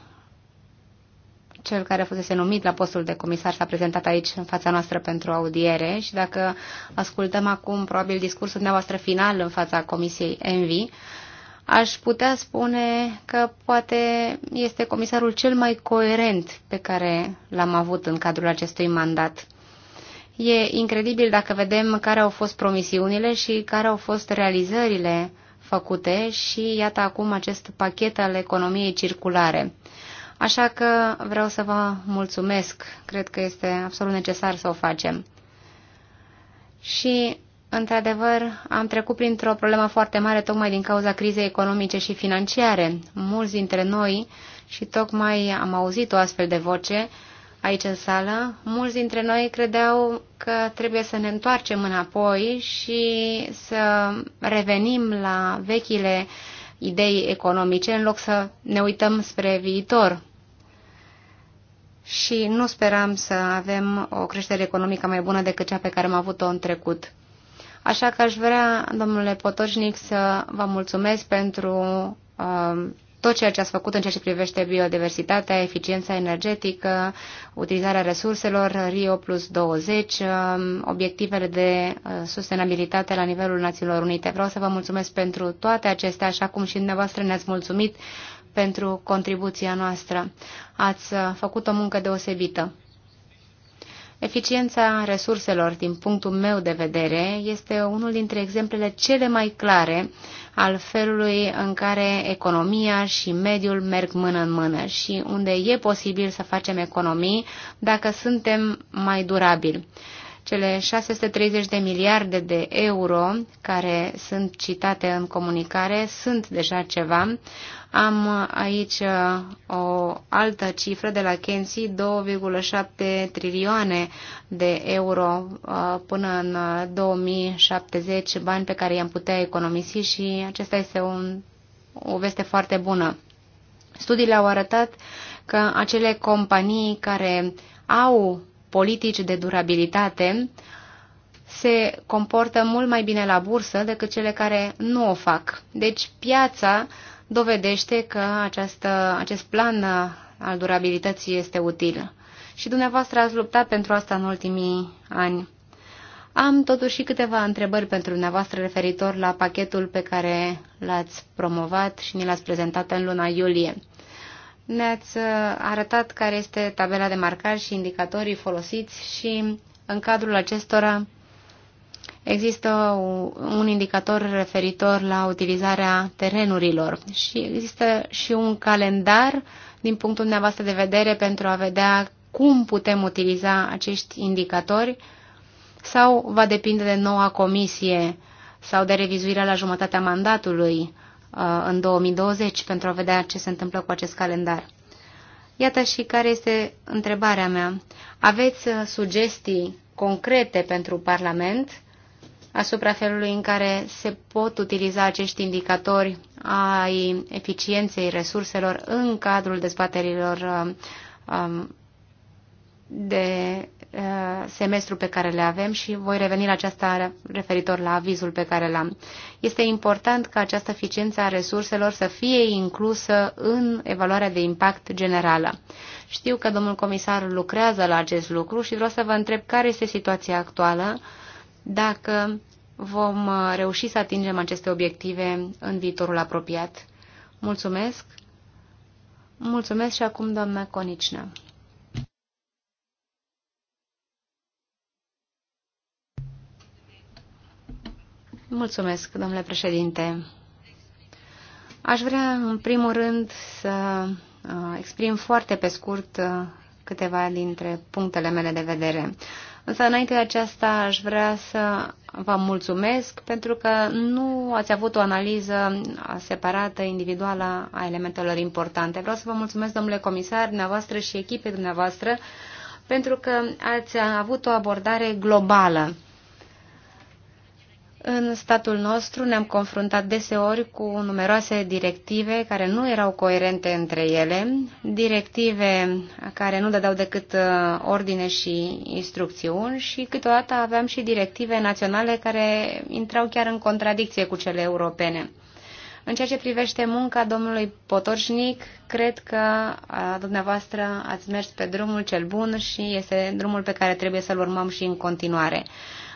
cel care fusese numit la postul de comisar s-a prezentat aici în fața noastră pentru audiere și dacă ascultăm acum probabil discursul dumneavoastră final în fața Comisiei Envi, aș putea spune că poate este comisarul cel mai coerent pe care l-am avut în cadrul acestui mandat. E incredibil dacă vedem care au fost promisiunile și care au fost realizările făcute și iată acum acest pachet al economiei circulare. Așa că vreau să vă mulțumesc. Cred că este absolut necesar să o facem. Și, într-adevăr, am trecut printr-o problemă foarte mare tocmai din cauza crizei economice și financiare. Mulți dintre noi, și tocmai am auzit o astfel de voce aici în sală, mulți dintre noi credeau că trebuie să ne întoarcem înapoi și să revenim la vechile idei economice în loc să ne uităm spre viitor și nu speram să avem o creștere economică mai bună decât cea pe care am avut-o în trecut. Așa că aș vrea, domnule Potoșnic, să vă mulțumesc pentru uh, tot ceea ce ați făcut în ceea ce privește biodiversitatea, eficiența energetică, utilizarea resurselor, Rio plus 20, uh, um, obiectivele de uh, sustenabilitate la nivelul Națiunilor Unite. Vreau să vă mulțumesc pentru toate acestea, așa cum și dumneavoastră ne-ați mulțumit pentru contribuția noastră. Ați uh, făcut o muncă deosebită. Eficiența resurselor, din punctul meu de vedere, este unul dintre exemplele cele mai clare al felului în care economia și mediul merg mână în mână și unde e posibil să facem economii dacă suntem mai durabili. Cele 630 de miliarde de euro care sunt citate în comunicare sunt deja ceva. Am aici uh, o altă cifră de la Kensi, 2,7 trilioane de euro uh, până în 2070, uh, bani pe care i-am putea economisi și acesta este un, o veste foarte bună. Studiile au arătat că acele companii care au politici de durabilitate se comportă mult mai bine la bursă decât cele care nu o fac. Deci piața dovedește că această, acest plan al durabilității este util. Și dumneavoastră ați luptat pentru asta în ultimii ani. Am totuși câteva întrebări pentru dumneavoastră referitor la pachetul pe care l-ați promovat și ni l-ați prezentat în luna iulie. Ne-ați uh, arătat care este tabela de marcaj și indicatorii folosiți și în cadrul acestora există un indicator referitor la utilizarea terenurilor și există și un calendar din punctul dumneavoastră de vedere pentru a vedea cum putem utiliza acești indicatori sau va depinde de noua comisie sau de revizuirea la jumătatea mandatului Uh, în 2020 pentru a vedea ce se întâmplă cu acest calendar. Iată și care este întrebarea mea. Aveți uh, sugestii concrete pentru Parlament asupra felului în care se pot utiliza acești indicatori ai eficienței resurselor în cadrul dezbaterilor uh, um, de uh, semestru pe care le avem și voi reveni la aceasta referitor la avizul pe care l-am. Este important ca această eficiență a resurselor să fie inclusă în evaluarea de impact generală. Știu că domnul comisar lucrează la acest lucru și vreau să vă întreb care este situația actuală, dacă vom uh, reuși să atingem aceste obiective în viitorul apropiat. Mulțumesc! Mulțumesc și acum doamna Conicnă. Mulțumesc, domnule președinte. Aș vrea, în primul rând, să uh, exprim foarte pe scurt uh, câteva dintre punctele mele de vedere. Însă, înainte de aceasta, aș vrea să vă mulțumesc pentru că nu ați avut o analiză separată, individuală a elementelor importante. Vreau să vă mulțumesc, domnule comisar, dumneavoastră și echipei dumneavoastră, pentru că ați avut o abordare globală în statul nostru ne-am confruntat deseori cu numeroase directive care nu erau coerente între ele, directive care nu dădeau decât uh, ordine și instrucțiuni și câteodată aveam și directive naționale care intrau chiar în contradicție cu cele europene. În ceea ce privește munca domnului Potoșnic, cred că a, dumneavoastră ați mers pe drumul cel bun și este drumul pe care trebuie să-l urmăm și în continuare.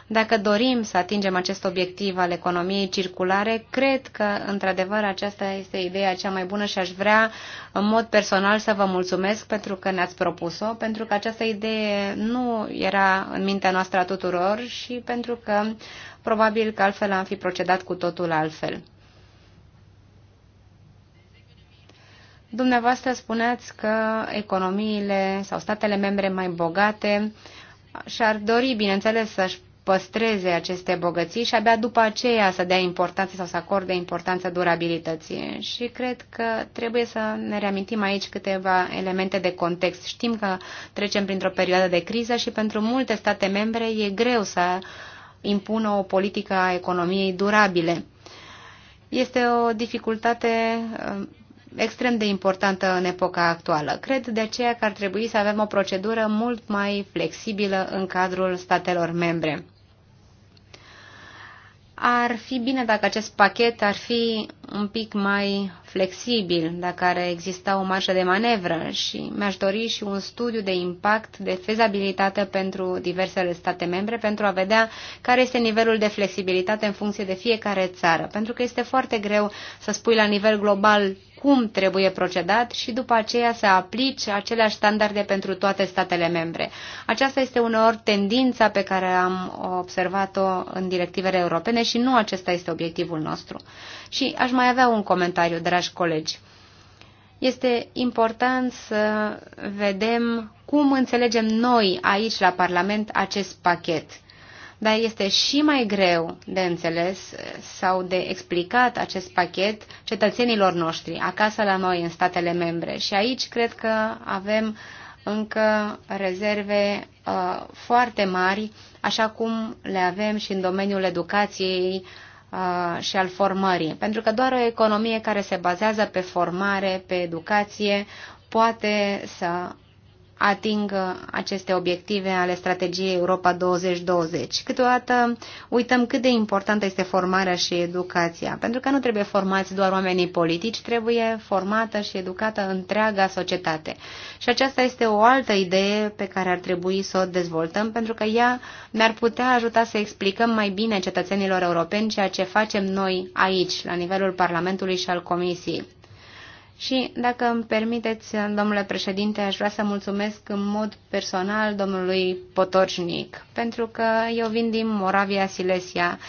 Dacă dorim să atingem acest obiectiv al economiei circulare, cred că, într-adevăr, aceasta este ideea cea mai bună și aș vrea, în mod personal, să vă mulțumesc pentru că ne-ați propus-o, pentru că această idee nu era în mintea noastră a tuturor și pentru că probabil că altfel am fi procedat cu totul altfel. Dumneavoastră spuneați că economiile sau statele membre mai bogate și-ar dori, bineînțeles, să-și păstreze aceste bogății și abia după aceea să dea importanță sau să acorde importanță durabilității. Și cred că trebuie să ne reamintim aici câteva elemente de context. Știm că trecem printr-o perioadă de criză și pentru multe state membre e greu să impună o politică a economiei durabile. Este o dificultate uh, extrem de importantă în epoca actuală. Cred de aceea că ar trebui să avem o procedură mult mai flexibilă în cadrul statelor membre ar fi bine dacă acest pachet ar fi un pic mai flexibil, dacă ar exista o marșă de manevră și mi-aș dori și un studiu de impact de fezabilitate pentru diversele state membre pentru a vedea care este nivelul de flexibilitate în funcție de fiecare țară, pentru că este foarte greu să spui la nivel global cum trebuie procedat și după aceea să aplici aceleași standarde pentru toate statele membre. Aceasta este uneori tendința pe care am observat-o în directivele europene și nu acesta este obiectivul nostru. Și aș mai avea un comentariu, dragi colegi. Este important să vedem cum înțelegem noi aici la Parlament acest pachet dar este și mai greu de înțeles sau de explicat acest pachet cetățenilor noștri, acasă la noi, în statele membre. Și aici cred că avem încă rezerve uh, foarte mari, așa cum le avem și în domeniul educației, și al formării. Pentru că doar o economie care se bazează pe formare, pe educație, poate să atingă aceste obiective ale strategiei Europa 2020. Câteodată uităm cât de importantă este formarea și educația, pentru că nu trebuie formați doar oamenii politici, trebuie formată și educată întreaga societate. Și aceasta este o altă idee pe care ar trebui să o dezvoltăm, pentru că ea ne-ar putea ajuta să explicăm mai bine cetățenilor europeni ceea ce facem noi aici, la nivelul Parlamentului și al Comisiei. Și, dacă îmi permiteți, domnule președinte, aș vrea să mulțumesc în mod personal domnului Potorșnic, pentru că eu vin din Moravia Silesia,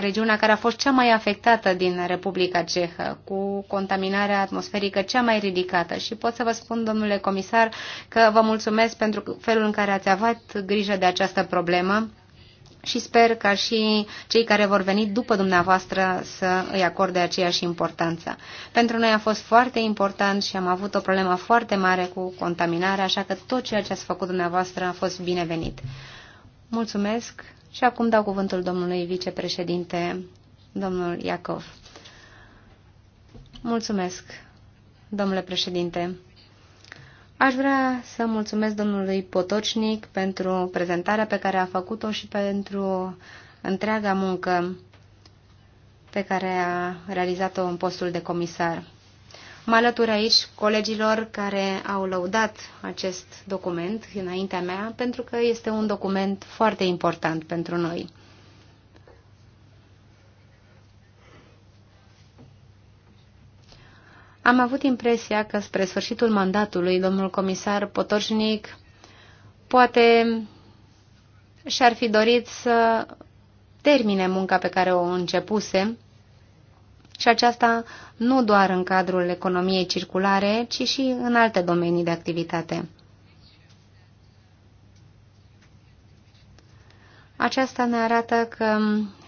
regiunea care a fost cea mai afectată din Republica Cehă, cu contaminarea atmosferică cea mai ridicată. Și pot să vă spun, domnule comisar, că vă mulțumesc pentru felul în care ați avut grijă de această problemă și sper ca și cei care vor veni după dumneavoastră să îi acorde aceeași importanță. Pentru noi a fost foarte important și am avut o problemă foarte mare cu contaminarea, așa că tot ceea ce ați făcut dumneavoastră a fost binevenit. Mulțumesc și acum dau cuvântul domnului vicepreședinte, domnul Iacov. Mulțumesc, domnule președinte. Aș vrea să mulțumesc domnului Potocnic pentru prezentarea pe care a făcut-o și pentru întreaga muncă pe care a realizat-o în postul de comisar. Mă alătur aici colegilor care au lăudat acest document înaintea mea, pentru că este un document foarte important pentru noi. Am avut impresia că spre sfârșitul mandatului, domnul comisar Potoșnic poate și-ar fi dorit să termine munca pe care o începuse și aceasta nu doar în cadrul economiei circulare, ci și în alte domenii de activitate. Aceasta ne arată că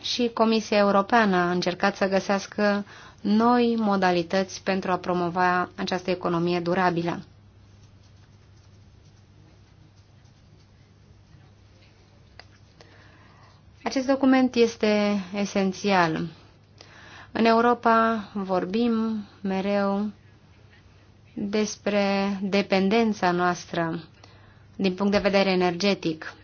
și Comisia Europeană a încercat să găsească noi modalități pentru a promova această economie durabilă. Acest document este esențial. În Europa vorbim mereu despre dependența noastră din punct de vedere energetic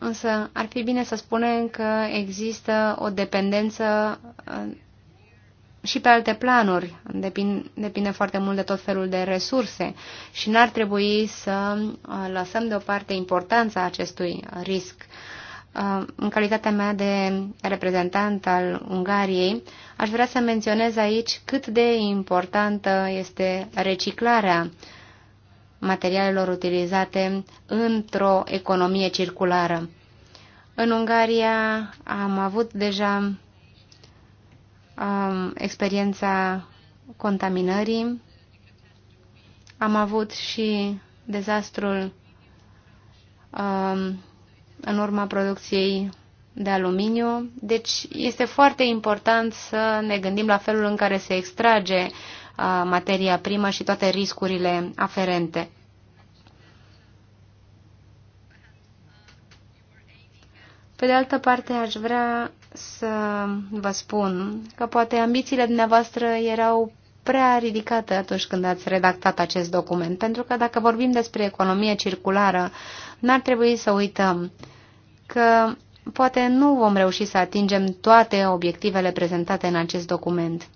Însă ar fi bine să spunem că există o dependență uh, și pe alte planuri. Depinde, depinde foarte mult de tot felul de resurse și n-ar trebui să uh, lăsăm deoparte importanța acestui risc. Uh, în calitatea mea de reprezentant al Ungariei, aș vrea să menționez aici cât de importantă este reciclarea materialelor utilizate într-o economie circulară. În Ungaria am avut deja um, experiența contaminării, am avut și dezastrul um, în urma producției de aluminiu. Deci este foarte important să ne gândim la felul în care se extrage materia primă și toate riscurile aferente. Pe de altă parte, aș vrea să vă spun că poate ambițiile dumneavoastră erau prea ridicate atunci când ați redactat acest document, pentru că dacă vorbim despre economie circulară, n-ar trebui să uităm că poate nu vom reuși să atingem toate obiectivele prezentate în acest document.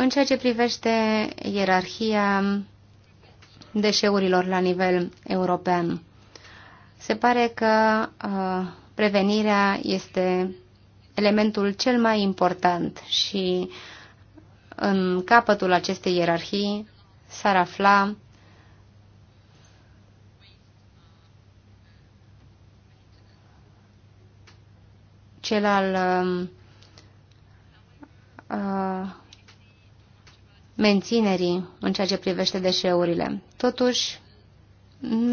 În ceea ce privește ierarhia deșeurilor la nivel european, se pare că uh, prevenirea este elementul cel mai important și în capătul acestei ierarhii s-ar afla cel al um, uh, menținerii în ceea ce privește deșeurile. Totuși,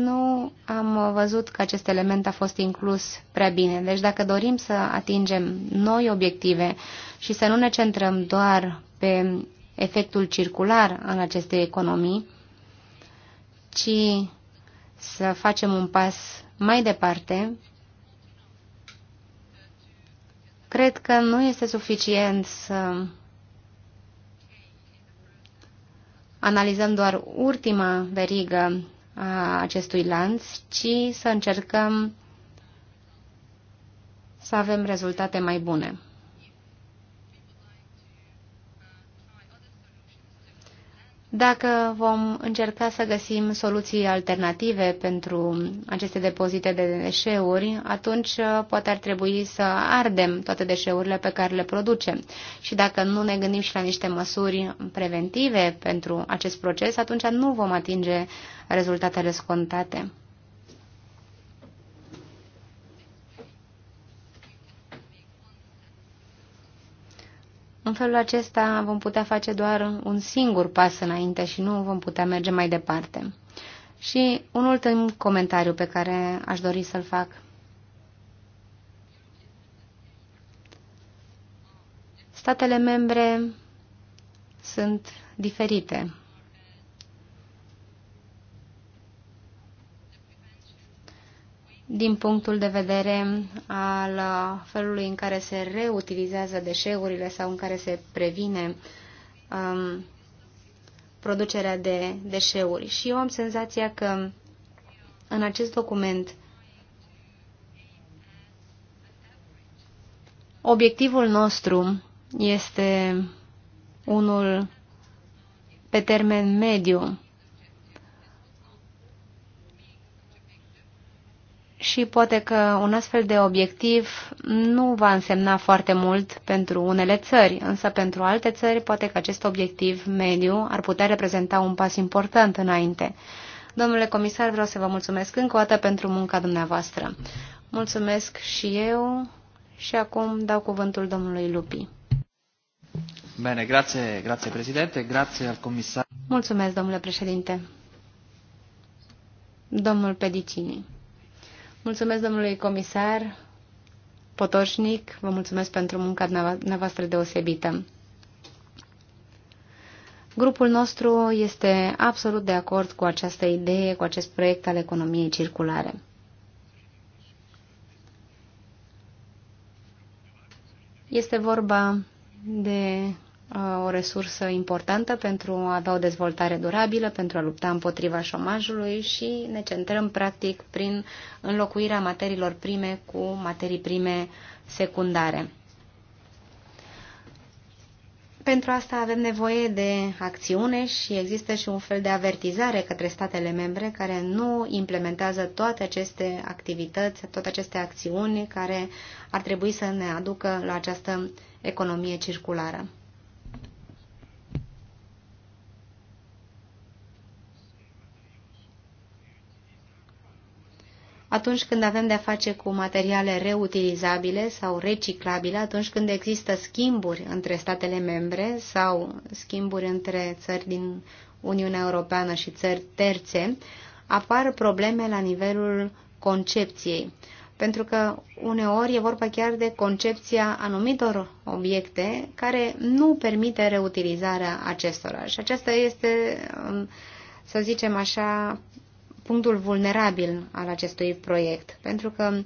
nu am văzut că acest element a fost inclus prea bine. Deci dacă dorim să atingem noi obiective și să nu ne centrăm doar pe efectul circular al acestei economii, ci să facem un pas mai departe, cred că nu este suficient să analizăm doar ultima verigă a acestui lanț, ci să încercăm să avem rezultate mai bune. dacă vom încerca să găsim soluții alternative pentru aceste depozite de deșeuri, atunci uh, poate ar trebui să ardem toate deșeurile pe care le producem. Și dacă nu ne gândim și la niște măsuri preventive pentru acest proces, atunci nu vom atinge rezultatele scontate. În felul acesta vom putea face doar un singur pas înainte și nu vom putea merge mai departe. Și un ultim comentariu pe care aș dori să-l fac. Statele membre sunt diferite din punctul de vedere al felului în care se reutilizează deșeurile sau în care se previne um, producerea de deșeuri. Și eu am senzația că în acest document obiectivul nostru este unul pe termen mediu și poate că un astfel de obiectiv nu va însemna foarte mult pentru unele țări, însă pentru alte țări poate că acest obiectiv mediu ar putea reprezenta un pas important înainte. Domnule comisar, vreau să vă mulțumesc încă o dată pentru munca dumneavoastră. Mulțumesc și eu și acum dau cuvântul domnului Lupi. Bine, grație, grație președinte, grație al comisar. Mulțumesc, domnule președinte. Domnul Pedicini. Mulțumesc domnului comisar Potoșnic, vă mulțumesc pentru munca dumneavoastră deosebită. Grupul nostru este absolut de acord cu această idee, cu acest proiect al economiei circulare. Este vorba de Uh, o resursă importantă pentru a avea o dezvoltare durabilă, pentru a lupta împotriva șomajului și ne centrăm practic prin înlocuirea materiilor prime cu materii prime secundare. Pentru asta avem nevoie de acțiune și există și un fel de avertizare către statele membre care nu implementează toate aceste activități, toate aceste acțiuni care ar trebui să ne aducă la această economie circulară. atunci când avem de-a face cu materiale reutilizabile sau reciclabile, atunci când există schimburi între statele membre sau schimburi între țări din Uniunea Europeană și țări terțe, apar probleme la nivelul concepției. Pentru că uneori e vorba chiar de concepția anumitor obiecte care nu permite reutilizarea acestora. Și aceasta este, să zicem așa, punctul vulnerabil al acestui proiect, pentru că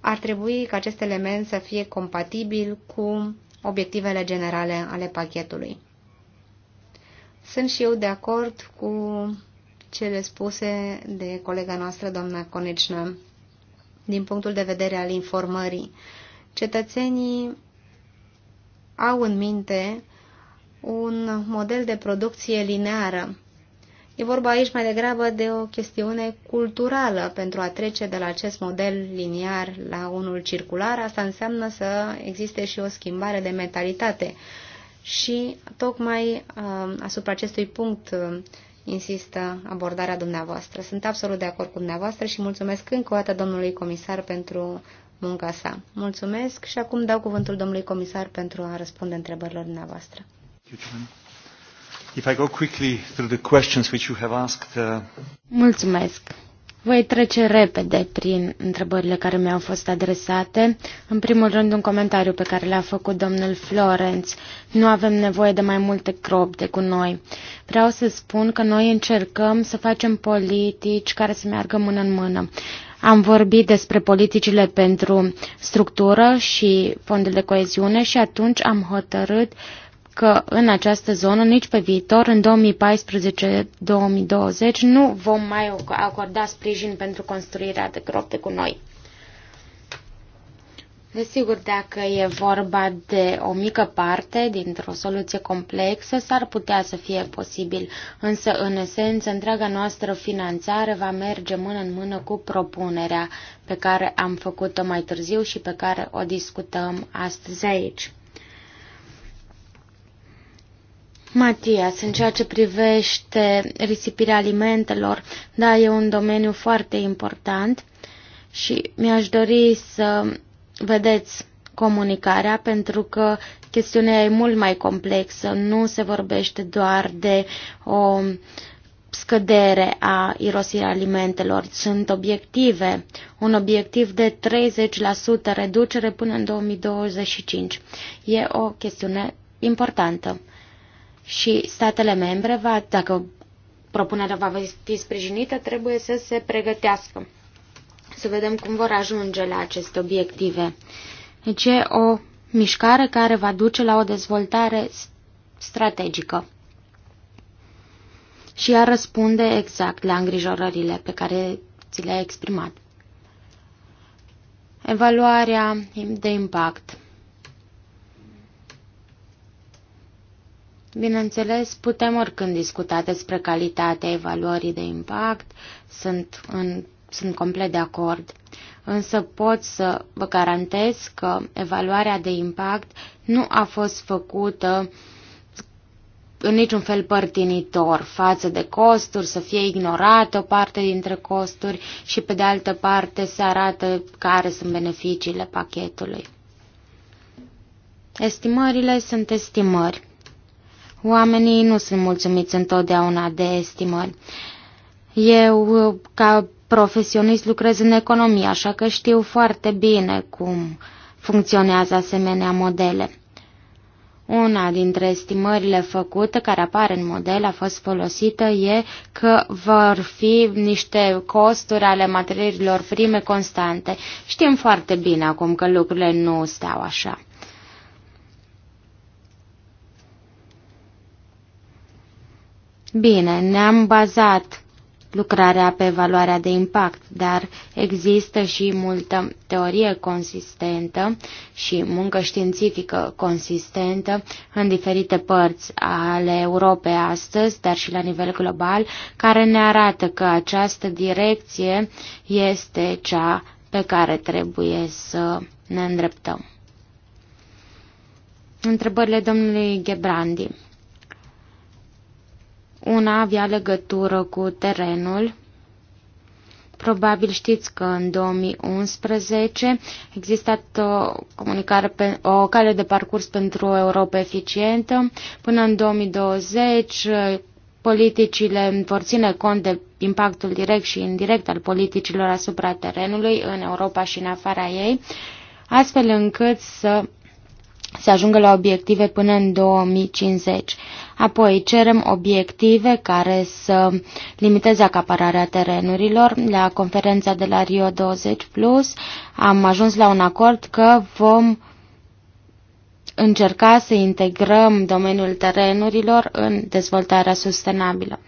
ar trebui ca acest element să fie compatibil cu obiectivele generale ale pachetului. Sunt și eu de acord cu cele spuse de colega noastră, doamna Conecnă, din punctul de vedere al informării. Cetățenii au în minte un model de producție lineară E vorba aici mai degrabă de o chestiune culturală pentru a trece de la acest model liniar la unul circular. Asta înseamnă să existe și o schimbare de mentalitate. Și tocmai uh, asupra acestui punct uh, insistă abordarea dumneavoastră. Sunt absolut de acord cu dumneavoastră și mulțumesc încă o dată domnului comisar pentru munca sa. Mulțumesc și acum dau cuvântul domnului comisar pentru a răspunde întrebărilor dumneavoastră. Mulțumesc. If I go quickly through the questions which you have asked, uh... Mulțumesc. Voi trece repede prin întrebările care mi-au fost adresate. În primul rând, un comentariu pe care l-a făcut domnul Florence. Nu avem nevoie de mai multe cropte cu noi. Vreau să spun că noi încercăm să facem politici care să meargă mână în mână. Am vorbit despre politicile pentru structură și fondul de coeziune și atunci am hotărât uh, că în această zonă, nici pe viitor, în 2014-2020, nu vom mai acorda sprijin pentru construirea de gropi de gunoi. Desigur, dacă e vorba de o mică parte dintr-o soluție complexă, s-ar putea să fie posibil, însă, în esență, întreaga noastră finanțare va merge mână în mână cu propunerea pe care am făcut-o mai târziu și pe care o discutăm astăzi aici. Matias, în ceea ce privește risipirea alimentelor, da, e un domeniu foarte important și mi-aș dori să vedeți comunicarea, pentru că chestiunea e mult mai complexă. Nu se vorbește doar de o scădere a irosirii alimentelor. Sunt obiective, un obiectiv de 30% reducere până în 2025. E o chestiune importantă și statele membre, va, dacă propunerea va fi sprijinită, trebuie să se pregătească, să vedem cum vor ajunge la aceste obiective. Deci e o mișcare care va duce la o dezvoltare strategică și ea răspunde exact la îngrijorările pe care ți le-a exprimat. Evaluarea de impact Bineînțeles, putem oricând discuta despre calitatea evaluării de impact, sunt, în, sunt complet de acord, însă pot să vă garantez că evaluarea de impact nu a fost făcută în niciun fel părtinitor față de costuri, să fie ignorată o parte dintre costuri și pe de altă parte să arată care sunt beneficiile pachetului. Estimările sunt estimări Oamenii nu sunt mulțumiți întotdeauna de estimări. Eu, ca profesionist, lucrez în economie, așa că știu foarte bine cum funcționează asemenea modele. Una dintre estimările făcute care apare în model a fost folosită e că vor fi niște costuri ale materiilor prime constante. Știm foarte bine acum că lucrurile nu stau așa. Bine, ne-am bazat lucrarea pe valoarea de impact, dar există și multă teorie consistentă și muncă științifică consistentă în diferite părți ale Europei astăzi, dar și la nivel global, care ne arată că această direcție este cea pe care trebuie să ne îndreptăm. Întrebările domnului Gebrandi. Una avea legătură cu terenul. Probabil știți că în 2011 existat o uh, comunicare pe, o cale de parcurs pentru o Europa eficientă. Până în 2020 uh, politicile vor ține cont de impactul direct și indirect al politicilor asupra terenului în Europa și în afara ei, astfel încât să se ajungă la obiective până în 2050. Apoi cerem obiective care să limiteze acapararea terenurilor. La conferința de la Rio 20 Plus am ajuns la un acord că vom încerca să integrăm domeniul terenurilor în dezvoltarea sustenabilă.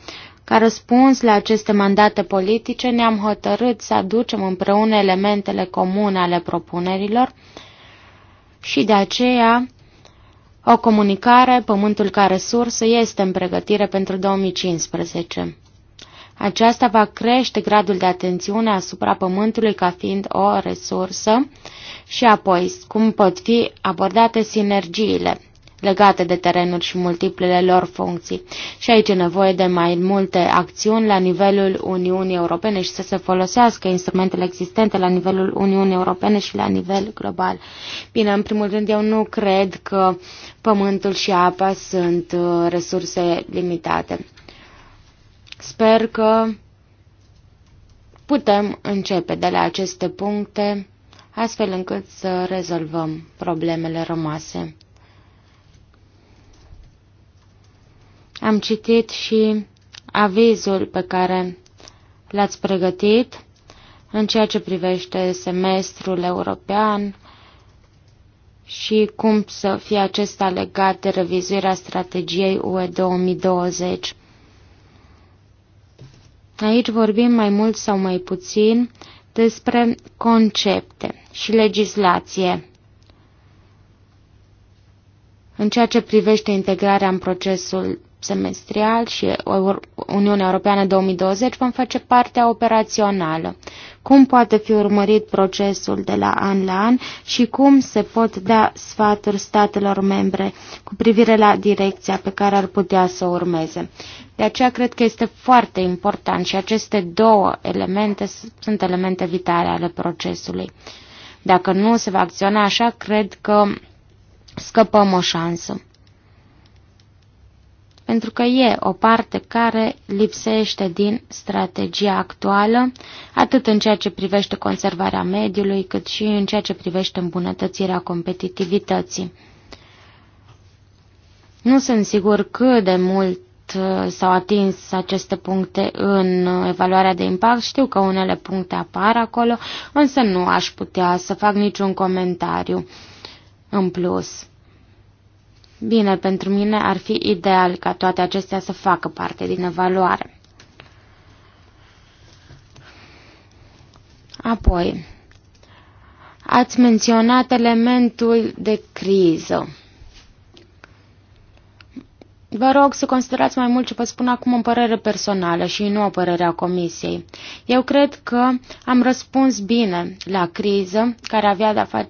Ca răspuns la aceste mandate politice ne-am hotărât să aducem împreună elementele comune ale propunerilor, și de aceea o comunicare, pământul ca resursă, este în pregătire pentru 2015. Aceasta va crește gradul de atențiune asupra pământului ca fiind o resursă și apoi cum pot fi abordate sinergiile legate de terenuri și multiplele lor funcții. Și aici e nevoie de mai multe acțiuni la nivelul Uniunii Europene și să se folosească instrumentele existente la nivelul Uniunii Europene și la nivel global. Bine, în primul rând eu nu cred că pământul și apa sunt uh, resurse limitate. Sper că putem începe de la aceste puncte astfel încât să rezolvăm problemele rămase. Am citit și avizul pe care l-ați pregătit în ceea ce privește semestrul european și cum să fie acesta legat de revizuirea strategiei UE 2020. Aici vorbim mai mult sau mai puțin despre concepte și legislație. În ceea ce privește integrarea în procesul semestrial și Uniunea Europeană 2020 vom face partea operațională. Cum poate fi urmărit procesul de la an la an și cum se pot da sfaturi statelor membre cu privire la direcția pe care ar putea să o urmeze. De aceea cred că este foarte important și aceste două elemente sunt elemente vitale ale procesului. Dacă nu se va acționa așa, cred că scăpăm o șansă pentru că e o parte care lipsește din strategia actuală, atât în ceea ce privește conservarea mediului, cât și în ceea ce privește îmbunătățirea competitivității. Nu sunt sigur cât de mult uh, s-au atins aceste puncte în uh, evaluarea de impact. Știu că unele puncte apar acolo, însă nu aș putea să fac niciun comentariu în plus. Bine, pentru mine ar fi ideal ca toate acestea să facă parte din evaluare. Apoi, ați menționat elementul de criză. Vă rog să considerați mai mult ce vă spun acum în părere personală și nu o părere a comisiei. Eu cred că am răspuns bine la criză care avea de-a face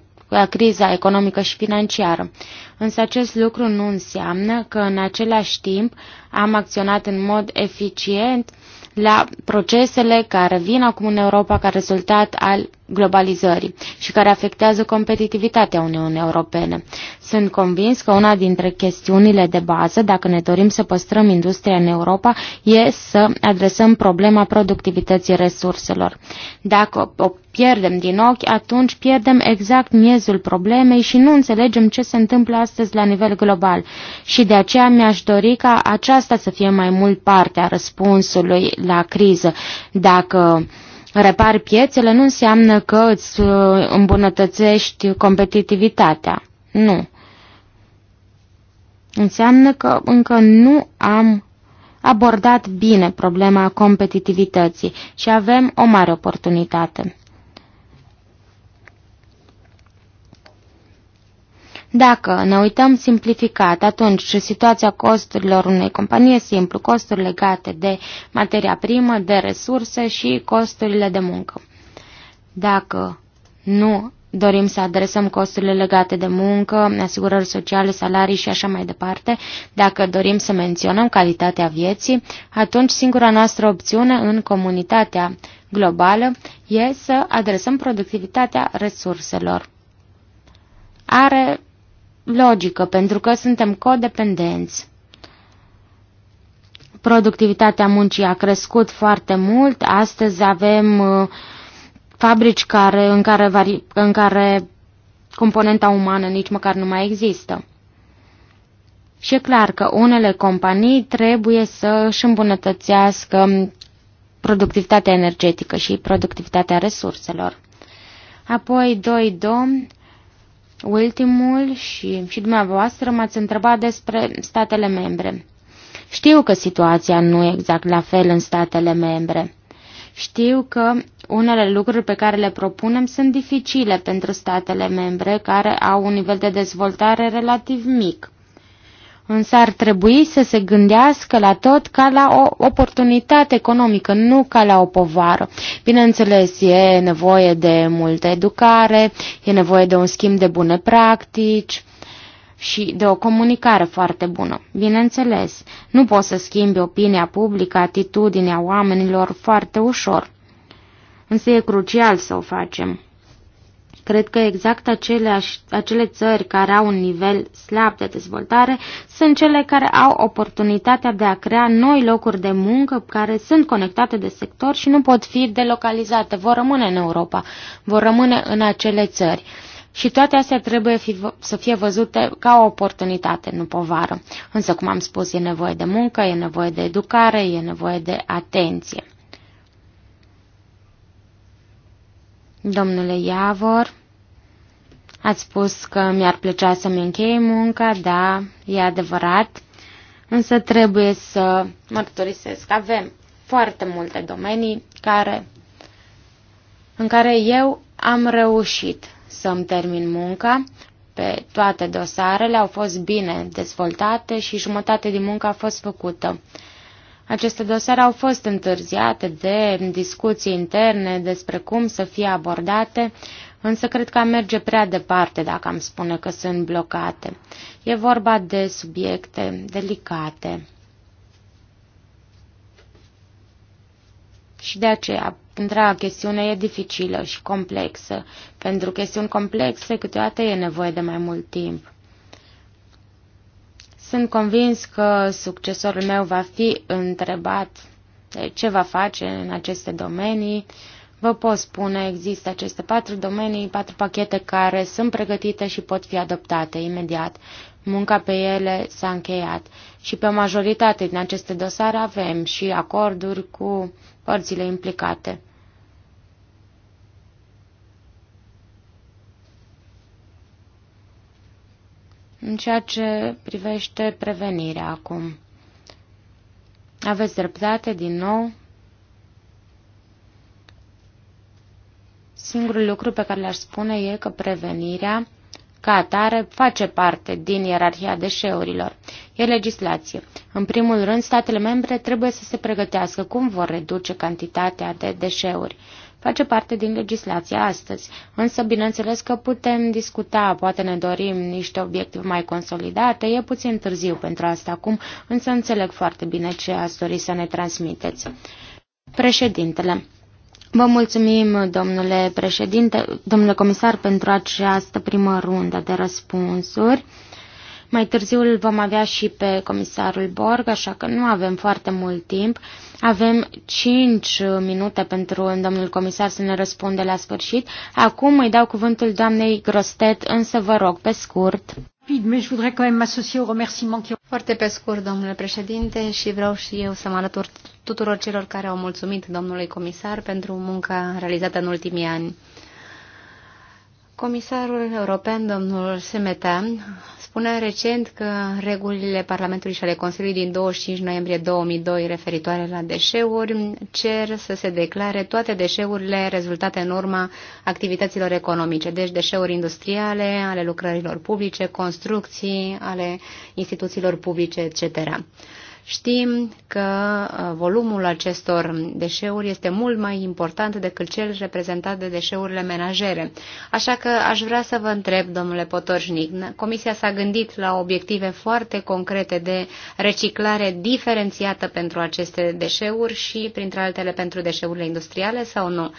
criza economică și financiară. Însă acest lucru nu înseamnă că în același timp am acționat în mod eficient la procesele care vin acum în Europa ca rezultat al globalizării și care afectează competitivitatea Uniunii Europene. Sunt convins că una dintre chestiunile de bază, dacă ne dorim să păstrăm industria în Europa, e să adresăm problema productivității resurselor. Dacă o pierdem din ochi, atunci pierdem exact miezul problemei și nu înțelegem ce se întâmplă astăzi la nivel global. Și de aceea mi-aș dori ca aceasta să fie mai mult partea răspunsului la criză. Dacă uh, repari piețele nu înseamnă că îți uh, îmbunătățești competitivitatea. Nu. Înseamnă că încă nu am abordat bine problema competitivității și avem o mare oportunitate. Dacă ne uităm simplificat, atunci situația costurilor unei companii e simplu, costuri legate de materia primă, de resurse și costurile de muncă. Dacă nu dorim să adresăm costurile legate de muncă, asigurări sociale, salarii și așa mai departe, dacă dorim să menționăm calitatea vieții, atunci singura noastră opțiune în comunitatea globală e să adresăm productivitatea resurselor. Are logică, pentru că suntem codependenți. Productivitatea muncii a crescut foarte mult, astăzi avem uh, fabrici care, în, care vari, în care componenta umană nici măcar nu mai există. Și e clar că unele companii trebuie să își îmbunătățească productivitatea energetică și productivitatea resurselor. Apoi, 2.2. Ultimul și, și dumneavoastră m-ați întrebat despre statele membre. Știu că situația nu e exact la fel în statele membre. Știu că unele lucruri pe care le propunem sunt dificile pentru statele membre care au un nivel de dezvoltare relativ mic. Însă ar trebui să se gândească la tot ca la o oportunitate economică, nu ca la o povară. Bineînțeles, e nevoie de multă educare, e nevoie de un schimb de bune practici, și de o comunicare foarte bună. Bineînțeles, nu poți să schimbi opinia publică, atitudinea oamenilor foarte ușor. Însă e crucial să o facem. Cred că exact aceleași, acele țări care au un nivel slab de dezvoltare sunt cele care au oportunitatea de a crea noi locuri de muncă care sunt conectate de sector și nu pot fi delocalizate. Vor rămâne în Europa, vor rămâne în acele țări. Și toate astea trebuie fi, să fie văzute ca o oportunitate, nu povară. Însă, cum am spus, e nevoie de muncă, e nevoie de educare, e nevoie de atenție. Domnule Iavor, ați spus că mi-ar plăcea să-mi închei munca, da, e adevărat, însă trebuie să mărturisesc. Avem foarte multe domenii care, în care eu am reușit să-mi termin munca, pe toate dosarele au fost bine dezvoltate și jumătate din muncă a fost făcută. Aceste dosare au fost întârziate de discuții interne despre cum să fie abordate, însă cred că am merge prea departe dacă am spune că sunt blocate. E vorba de subiecte delicate. Și de aceea, întreaga chestiune e dificilă și complexă. Pentru chestiuni complexe, câteodată e nevoie de mai mult timp. Sunt convins că succesorul meu va fi întrebat de ce va face în aceste domenii. Vă pot spune, există aceste patru domenii, patru pachete care sunt pregătite și pot fi adoptate imediat. Munca pe ele s-a încheiat și pe majoritate din aceste dosare avem și acorduri cu părțile implicate. În ceea ce privește prevenirea acum. Aveți dreptate din nou. Singurul lucru pe care le-aș spune e că prevenirea ca atare face parte din ierarhia deșeurilor. E legislație. În primul rând, statele membre trebuie să se pregătească cum vor reduce cantitatea de deșeuri face parte din legislația astăzi. Însă, bineînțeles că putem discuta, poate ne dorim niște obiective mai consolidate, e puțin târziu pentru asta acum, însă înțeleg foarte bine ce ați dori să ne transmiteți. Președintele, Vă mulțumim, domnule președinte, domnule comisar, pentru această primă rundă de răspunsuri. Mai târziu îl vom avea și pe comisarul Borg, așa că nu avem foarte mult timp. Avem 5 minute pentru domnul comisar să ne răspunde la sfârșit. Acum îi dau cuvântul doamnei Grostet, însă vă rog pe scurt. Foarte pe scurt, domnule președinte, și vreau și eu să mă alătur tuturor celor care au mulțumit domnului comisar pentru munca realizată în ultimii ani. Comisarul european, domnul Semeta, spunea recent că regulile Parlamentului și ale Consiliului din 25 noiembrie 2002 referitoare la deșeuri cer să se declare toate deșeurile rezultate în urma activităților economice, deci deșeuri industriale, ale lucrărilor publice, construcții, ale instituțiilor publice, etc. Știm că uh, volumul acestor deșeuri este mult mai important decât cel reprezentat de deșeurile menajere. Așa că aș vrea să vă întreb, domnule Potoșnic, Comisia s-a gândit la obiective foarte concrete de reciclare diferențiată pentru aceste deșeuri și, printre altele, pentru deșeurile industriale sau nu?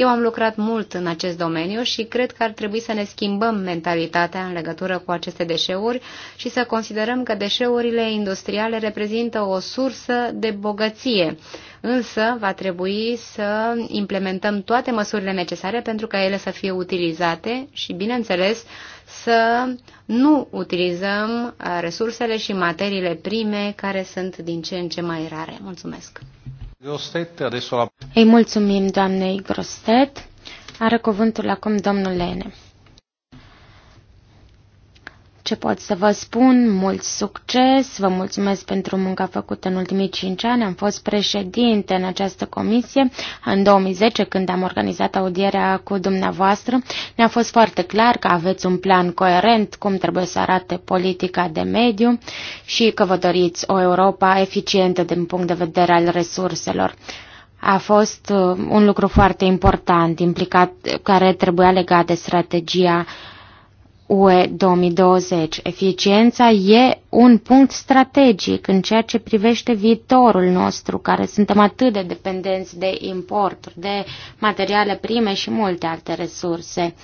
Eu am lucrat mult în acest domeniu și cred că ar trebui să ne schimbăm mentalitatea în legătură cu aceste deșeuri și să considerăm că deșeurile industriale reprezintă o sursă de bogăție. Însă va trebui să implementăm toate măsurile necesare pentru ca ele să fie utilizate și, bineînțeles, să nu utilizăm uh, resursele și materiile prime care sunt din ce în ce mai rare. Mulțumesc! Îi mulțumim doamnei Grostet. Are cuvântul acum domnul Lene ce pot să vă spun, mult succes, vă mulțumesc pentru munca făcută în ultimii cinci ani. Am fost președinte în această comisie în 2010 când am organizat audierea cu dumneavoastră. Ne-a fost foarte clar că aveți un plan coerent cum trebuie să arate politica de mediu și că vă doriți o Europa eficientă din punct de vedere al resurselor a fost uh, un lucru foarte important implicat care trebuia legat de strategia UE 2020. Eficiența e un punct strategic în ceea ce privește viitorul nostru, care suntem atât de dependenți de importuri, de materiale prime și multe alte resurse.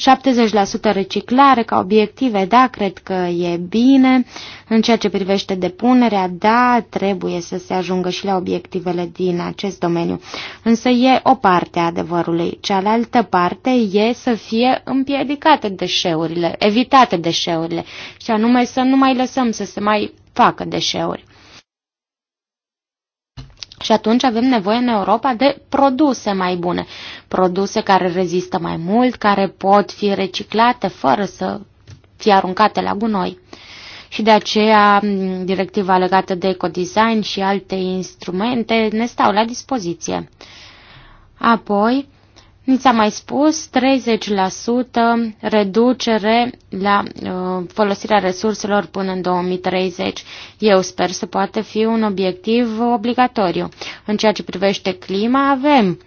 70% reciclare ca obiective, da, cred că e bine. În ceea ce privește depunerea, da, trebuie să se ajungă și la obiectivele din acest domeniu. Însă e o parte a adevărului. Cealaltă parte e să fie împiedicate deșeurile, evitate deșeurile, și anume să nu mai lăsăm lăsăm să se mai facă deșeuri. Și atunci avem nevoie în Europa de produse mai bune, produse care rezistă mai mult, care pot fi reciclate fără să fie aruncate la gunoi. Și de aceea directiva legată de ecodesign și alte instrumente ne stau la dispoziție. Apoi, mi s-a mai spus 30% reducere la uh, folosirea resurselor până în 2030. Eu sper să poată fi un obiectiv obligatoriu. În ceea ce privește clima, avem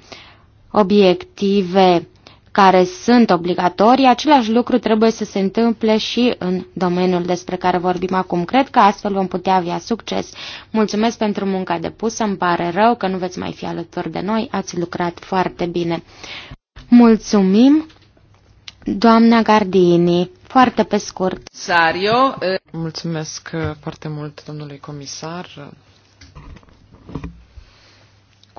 obiective care sunt obligatorii, același lucru trebuie să se întâmple și în domeniul despre care vorbim acum. Cred că astfel vom putea avea succes. Mulțumesc pentru munca depusă, îmi pare rău că nu veți mai fi alături de noi, ați lucrat foarte bine. Mulțumim, doamna Gardini, foarte pe scurt. Sario, eh. mulțumesc foarte mult, domnului comisar.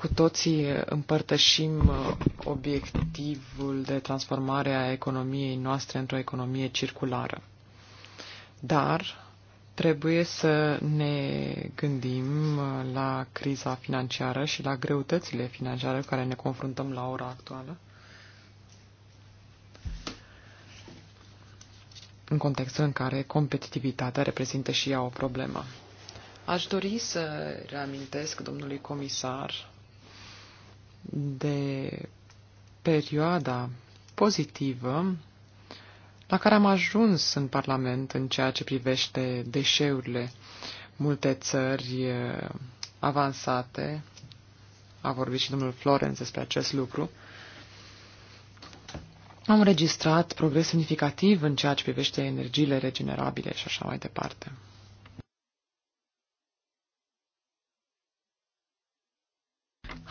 Cu toții împărtășim uh, obiectivul de transformare a economiei noastre într-o economie circulară. Dar trebuie să ne gândim uh, la criza financiară și la greutățile financiare cu care ne confruntăm la ora actuală. în contextul în care competitivitatea reprezintă și ea o problemă. Aș dori să reamintesc domnului comisar de perioada pozitivă la care am ajuns în Parlament în ceea ce privește deșeurile. Multe țări eh, avansate, a vorbit și domnul Florence despre acest lucru, am registrat progres semnificativ în ceea ce privește energiile regenerabile și așa mai departe.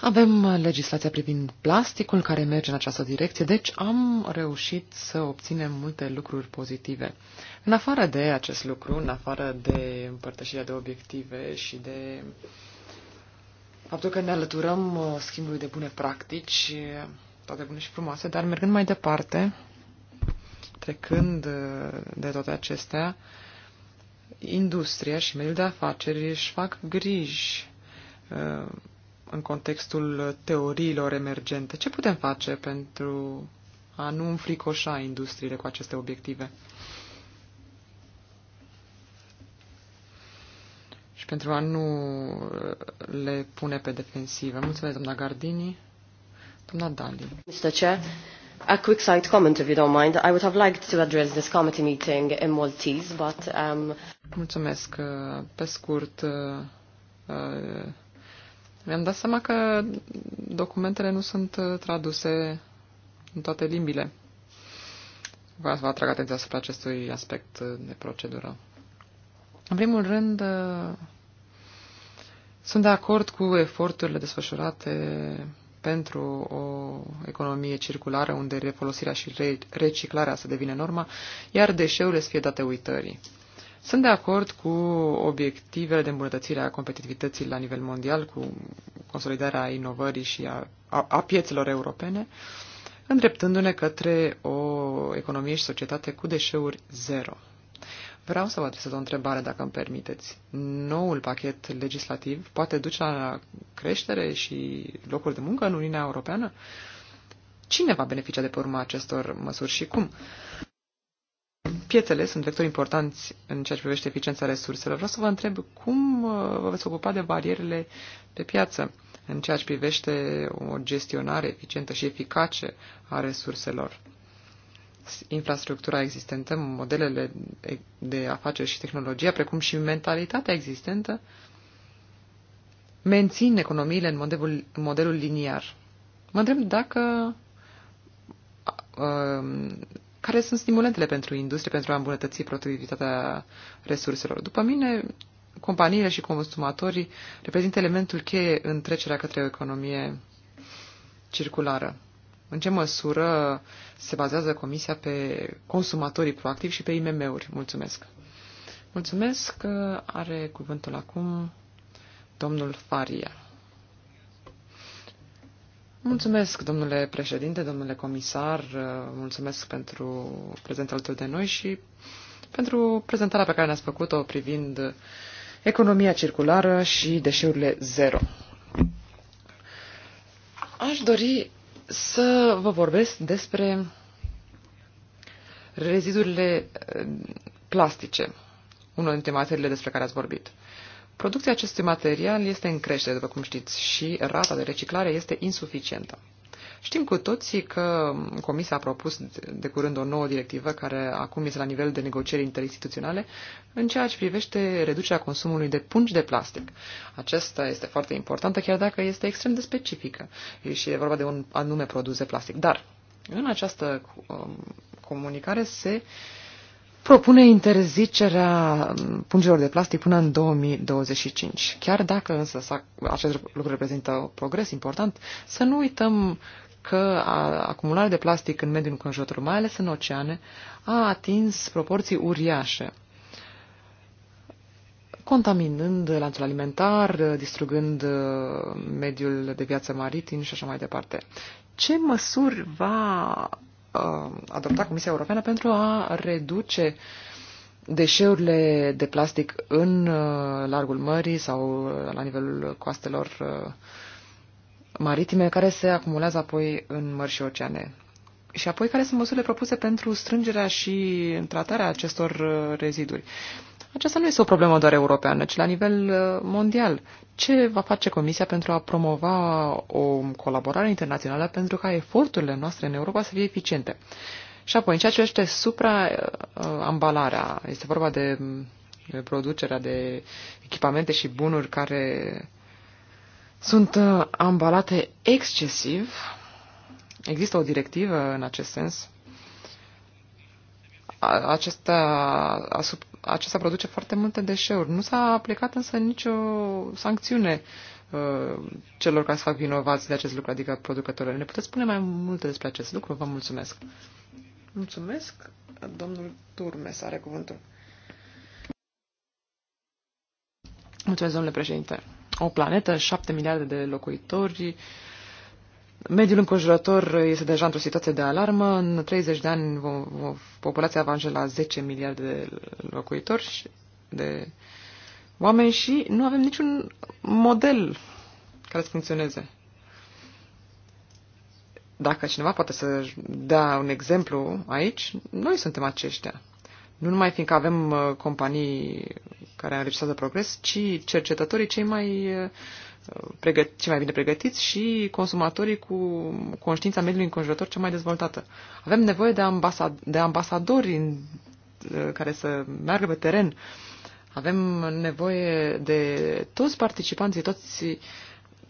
Avem legislația privind plasticul care merge în această direcție, deci am reușit să obținem multe lucruri pozitive. În afară de acest lucru, în afară de împărtășirea de obiective și de faptul că ne alăturăm uh, schimbului de bune practici, uh, toate bune și frumoase, dar mergând mai departe, trecând uh, de toate acestea, industria și mediul de afaceri își fac griji în contextul teoriilor emergente. Ce putem face pentru a nu înfricoșa industriile cu aceste obiective? Și pentru a nu le pune pe defensivă. Mulțumesc, doamna Gardini. Doamna Dali. Mr. Chair, a quick side comment, if you don't mind. I would have liked to address this committee meeting in Maltese, but... Um... Mulțumesc. Pe scurt, uh, uh, mi-am dat seama că documentele nu sunt uh, traduse în toate limbile. vă atrag atenția asupra acestui aspect uh, de procedură. În primul rând, uh, sunt de acord cu eforturile desfășurate pentru o economie circulară unde refolosirea și reciclarea să devină norma, iar deșeurile să fie date uitării. Sunt de acord cu obiectivele de îmbunătățire a competitivității la nivel mondial, cu consolidarea inovării și a, a, a piețelor europene, îndreptându-ne către o economie și societate cu deșeuri zero. Vreau să vă adresez o întrebare, dacă îmi permiteți. Noul pachet legislativ poate duce la creștere și locuri de muncă în Uniunea Europeană? Cine va beneficia de pe urma acestor măsuri și cum? piețele sunt vectori importanți în ceea ce privește eficiența resurselor. Vreau să vă întreb cum uh, vă veți ocupa de barierele pe piață în ceea ce privește o gestionare eficientă și eficace a resurselor. Infrastructura existentă, modelele de afaceri și tehnologia, precum și mentalitatea existentă, mențin economiile în modelul, modelul liniar. Mă întreb dacă uh, care sunt stimulentele pentru industrie pentru a îmbunătăți productivitatea resurselor. După mine, companiile și consumatorii reprezintă elementul cheie în trecerea către o economie circulară. În ce măsură se bazează Comisia pe consumatorii proactivi și pe IMM-uri? Mulțumesc! Mulțumesc că are cuvântul acum domnul Faria. Mulțumesc, domnule președinte, domnule comisar, mulțumesc pentru prezența alături de noi și pentru prezentarea pe care ne-ați făcut-o privind economia circulară și deșeurile zero. Aș dori să vă vorbesc despre rezidurile eh, plastice, unul dintre materiile despre care ați vorbit. Producția acestui material este în creștere, după cum știți, și rata de reciclare este insuficientă. Știm cu toții că Comisia a propus de curând o nouă directivă care acum este la nivel de negocieri interinstituționale în ceea ce privește reducerea consumului de pungi de plastic. Aceasta este foarte importantă, chiar dacă este extrem de specifică și e vorba de un anume produs de plastic. Dar în această um, comunicare se uh, propune interzicerea mm, pungilor de plastic până în 2025. Chiar dacă însă acest lucru reprezintă un progres important, să nu uităm că acumularea de plastic în mediul înconjurător, mai ales în oceane, a atins proporții uriașe, contaminând lanțul alimentar, distrugând uh, mediul de viață maritim și așa mai departe. Ce măsuri va Uh, adoptat Comisia Europeană pentru a reduce deșeurile de plastic în uh, largul mării sau uh, la nivelul coastelor maritime care se acumulează apoi în mări și oceane. Și apoi care sunt măsurile propuse pentru strângerea și tratarea acestor reziduri. Aceasta nu este o problemă doar europeană, ci la nivel uh, mondial. Ce va face Comisia pentru a promova o colaborare internațională pentru ca eforturile noastre în Europa să fie eficiente? Și apoi, în ceea ce este supraambalarea, uh, este vorba de producerea de echipamente și bunuri care sunt uh, ambalate excesiv. Există o directivă în acest sens. Acesta, acesta produce foarte multe deșeuri. Nu s-a aplicat însă nicio sancțiune uh, celor care se fac vinovați de acest lucru, adică producătorilor. Ne puteți spune mai multe despre acest lucru? Vă mulțumesc. Mulțumesc. Domnul Turmes are cuvântul. Mulțumesc, domnule președinte. O planetă, șapte miliarde de locuitori, Mediul înconjurător este deja într-o situație de alarmă. În 30 de ani populația va ajunge la 10 miliarde de locuitori, și de oameni și nu avem niciun model care să funcționeze. Dacă cineva poate să dea un exemplu aici, noi suntem aceștia. Nu numai fiindcă avem uh, companii care înregistrează progres, ci cercetătorii cei mai uh, pregăt, cei mai bine pregătiți și consumatorii cu conștiința mediului înconjurător cea mai dezvoltată. Avem nevoie de, ambasad, de ambasadori în, uh, care să meargă pe teren. Avem nevoie de toți participanții, toți,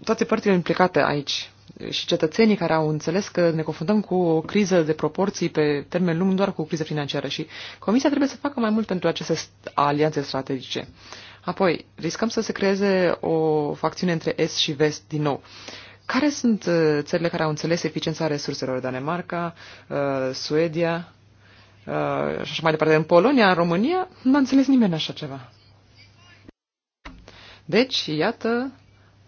toate părțile implicate aici și cetățenii care au înțeles că ne confruntăm cu o criză de proporții pe termen lung, doar cu o criză financiară și Comisia trebuie să facă mai mult pentru aceste alianțe strategice. Uh, Apoi, riscăm să se creeze o facțiune între Est și Vest din nou. Care sunt uh, țările care au înțeles eficiența resurselor? Danemarca, uh, Suedia uh, și așa mai departe. În Polonia, în România, nu a înțeles nimeni așa ceva. Deci, iată,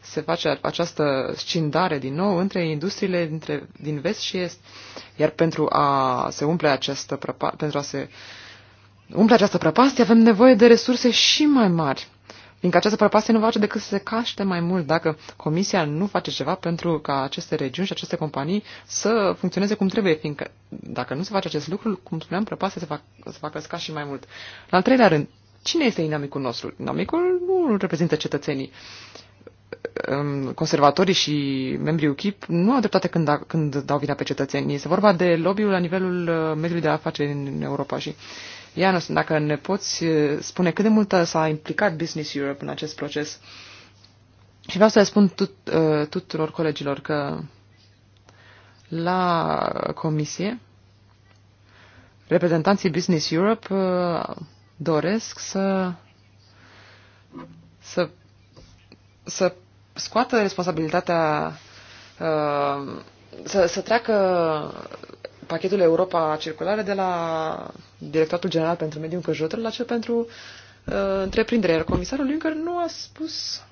se face această scindare din nou între industriile dintre, din vest și est. Iar pentru a se umple această prăpa, pentru a se uh, umple această prăpastie, avem nevoie de resurse și mai mari. Fiindcă această prăpastie nu face decât să se caște mai mult dacă Comisia nu face ceva pentru ca aceste regiuni și aceste companii să funcționeze cum trebuie, fiindcă dacă nu se face acest lucru, cum spuneam, prăpastia se va, se va căsca și mai mult. La al treilea rând, cine este inamicul nostru? Inamicul nu îl reprezintă cetățenii. Ehm, conservatorii și membrii UKIP nu au dreptate când, da, când dau vina pe cetățenii. Este vorba de lobby-ul la nivelul uh, mediului de afaceri în Europa și uh, Ianus, dacă ne poți uh, spune cât de mult s-a implicat Business Europe în acest proces. Și vreau să le spun tut, uh, tuturor colegilor că la comisie reprezentanții Business Europe uh, doresc să să, să scoată responsabilitatea să, să treacă pachetul Europa Circulară de la Directoratul General pentru Mediu Înconjurător la cel pentru uh, întreprindere. Iar comisarul Juncker nu a spus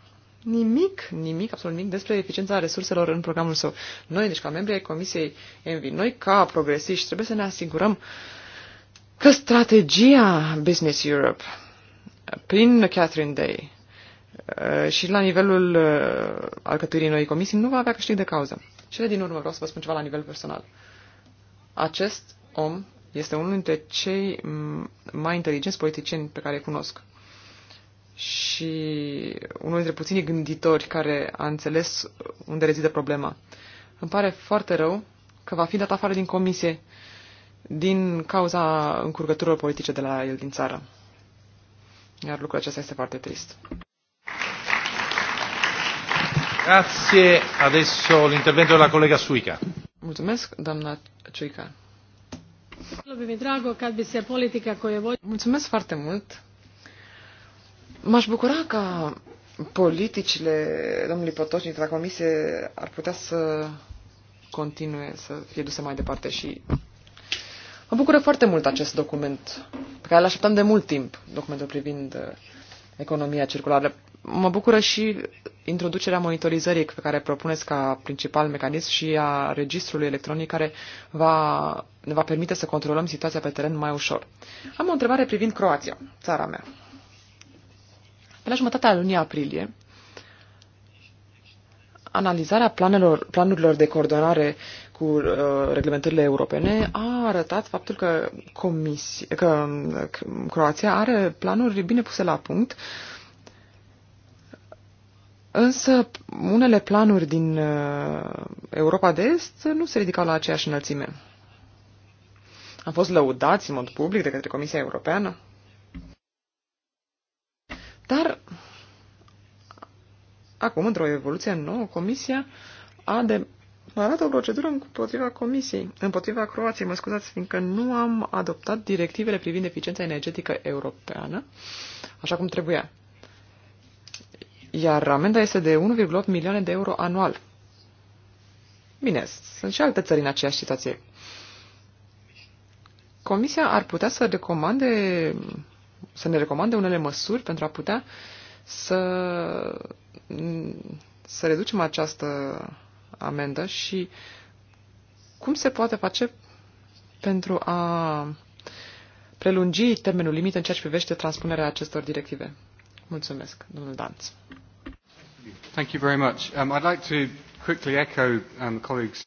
nimic, nimic, absolut nimic despre eficiența resurselor în programul său. Noi, deci ca membri ai Comisiei Envi, noi ca progresiști trebuie să ne asigurăm că strategia Business Europe prin Catherine Day uh, și la nivelul uh, alcătuirii noi comisii nu va avea câștig de cauză. Cele din urmă vreau să vă spun ceva la nivel personal. Uh, acest om este unul dintre cei mai inteligenți politicieni pe care îi cunosc și unul dintre puținii gânditori care a înțeles unde rezidă problema. Îmi pare foarte rău că va fi dat afară din comisie din cauza încurcăturilor politice de la el din țară. Iar lucrul acesta este foarte trist. Grazie. Adesso l'intervento della collega Suica. Mulțumesc, doamna Ciuica. Mulțumesc foarte mult. M-aș bucura ca politicile domnului Potocnic de la Comisie ar putea să continue să fie duse mai departe și mă bucură foarte mult acest document pe care l așteptam de mult timp, documentul privind uh, economia circulară. Mă bucură și introducerea monitorizării pe care propuneți ca principal mecanism și a registrului electronic care va, ne va permite să controlăm situația pe teren mai ușor. Am o întrebare privind Croația, țara mea. Pe la jumătatea lunii aprilie, analizarea planelor, planurilor de coordonare cu uh, reglementările europene a arătat faptul că, comisie, că Croația are planuri bine puse la punct uh, Însă unele planuri din uh, Europa de Est nu se ridicau la aceeași înălțime. Am fost lăudați în mod public de către Comisia Europeană. Dar acum, într-o evoluție nouă, Comisia a de arată o procedură împotriva Comisiei, împotriva Croației, mă scuzați, fiindcă nu am adoptat directivele privind eficiența energetică europeană, așa cum trebuia iar amenda este de 1,8 milioane de euro anual. Bine, sunt și alte țări în aceeași situație. Comisia ar putea să recomande, să ne recomande unele măsuri pentru a putea să, să reducem această amendă și cum se poate face pentru a prelungi termenul limit în ceea ce privește transpunerea acestor directive. Mulțumesc, domnul Danț. Thank you very much. Um, I'd like to quickly echo um, colleagues.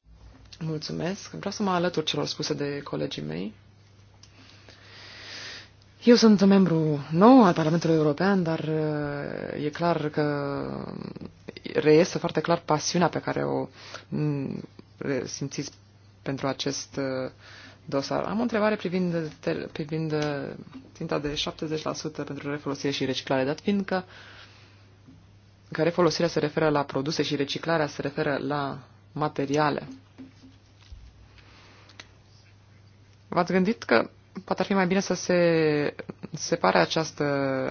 Mulțumesc. Vreau să mă alătur celor spuse de colegii mei. Eu sunt un membru nou al Parlamentului European, dar uh, e clar că reiese foarte clar pasiunea pe care o simțiți pentru acest uh, dosar. Am o întrebare privind, privind uh, ținta de 70% pentru refolosire și reciclare, dat fiindcă că refolosirea se referă la produse și reciclarea se referă la materiale. V-ați gândit că poate ar fi mai bine să se separe această,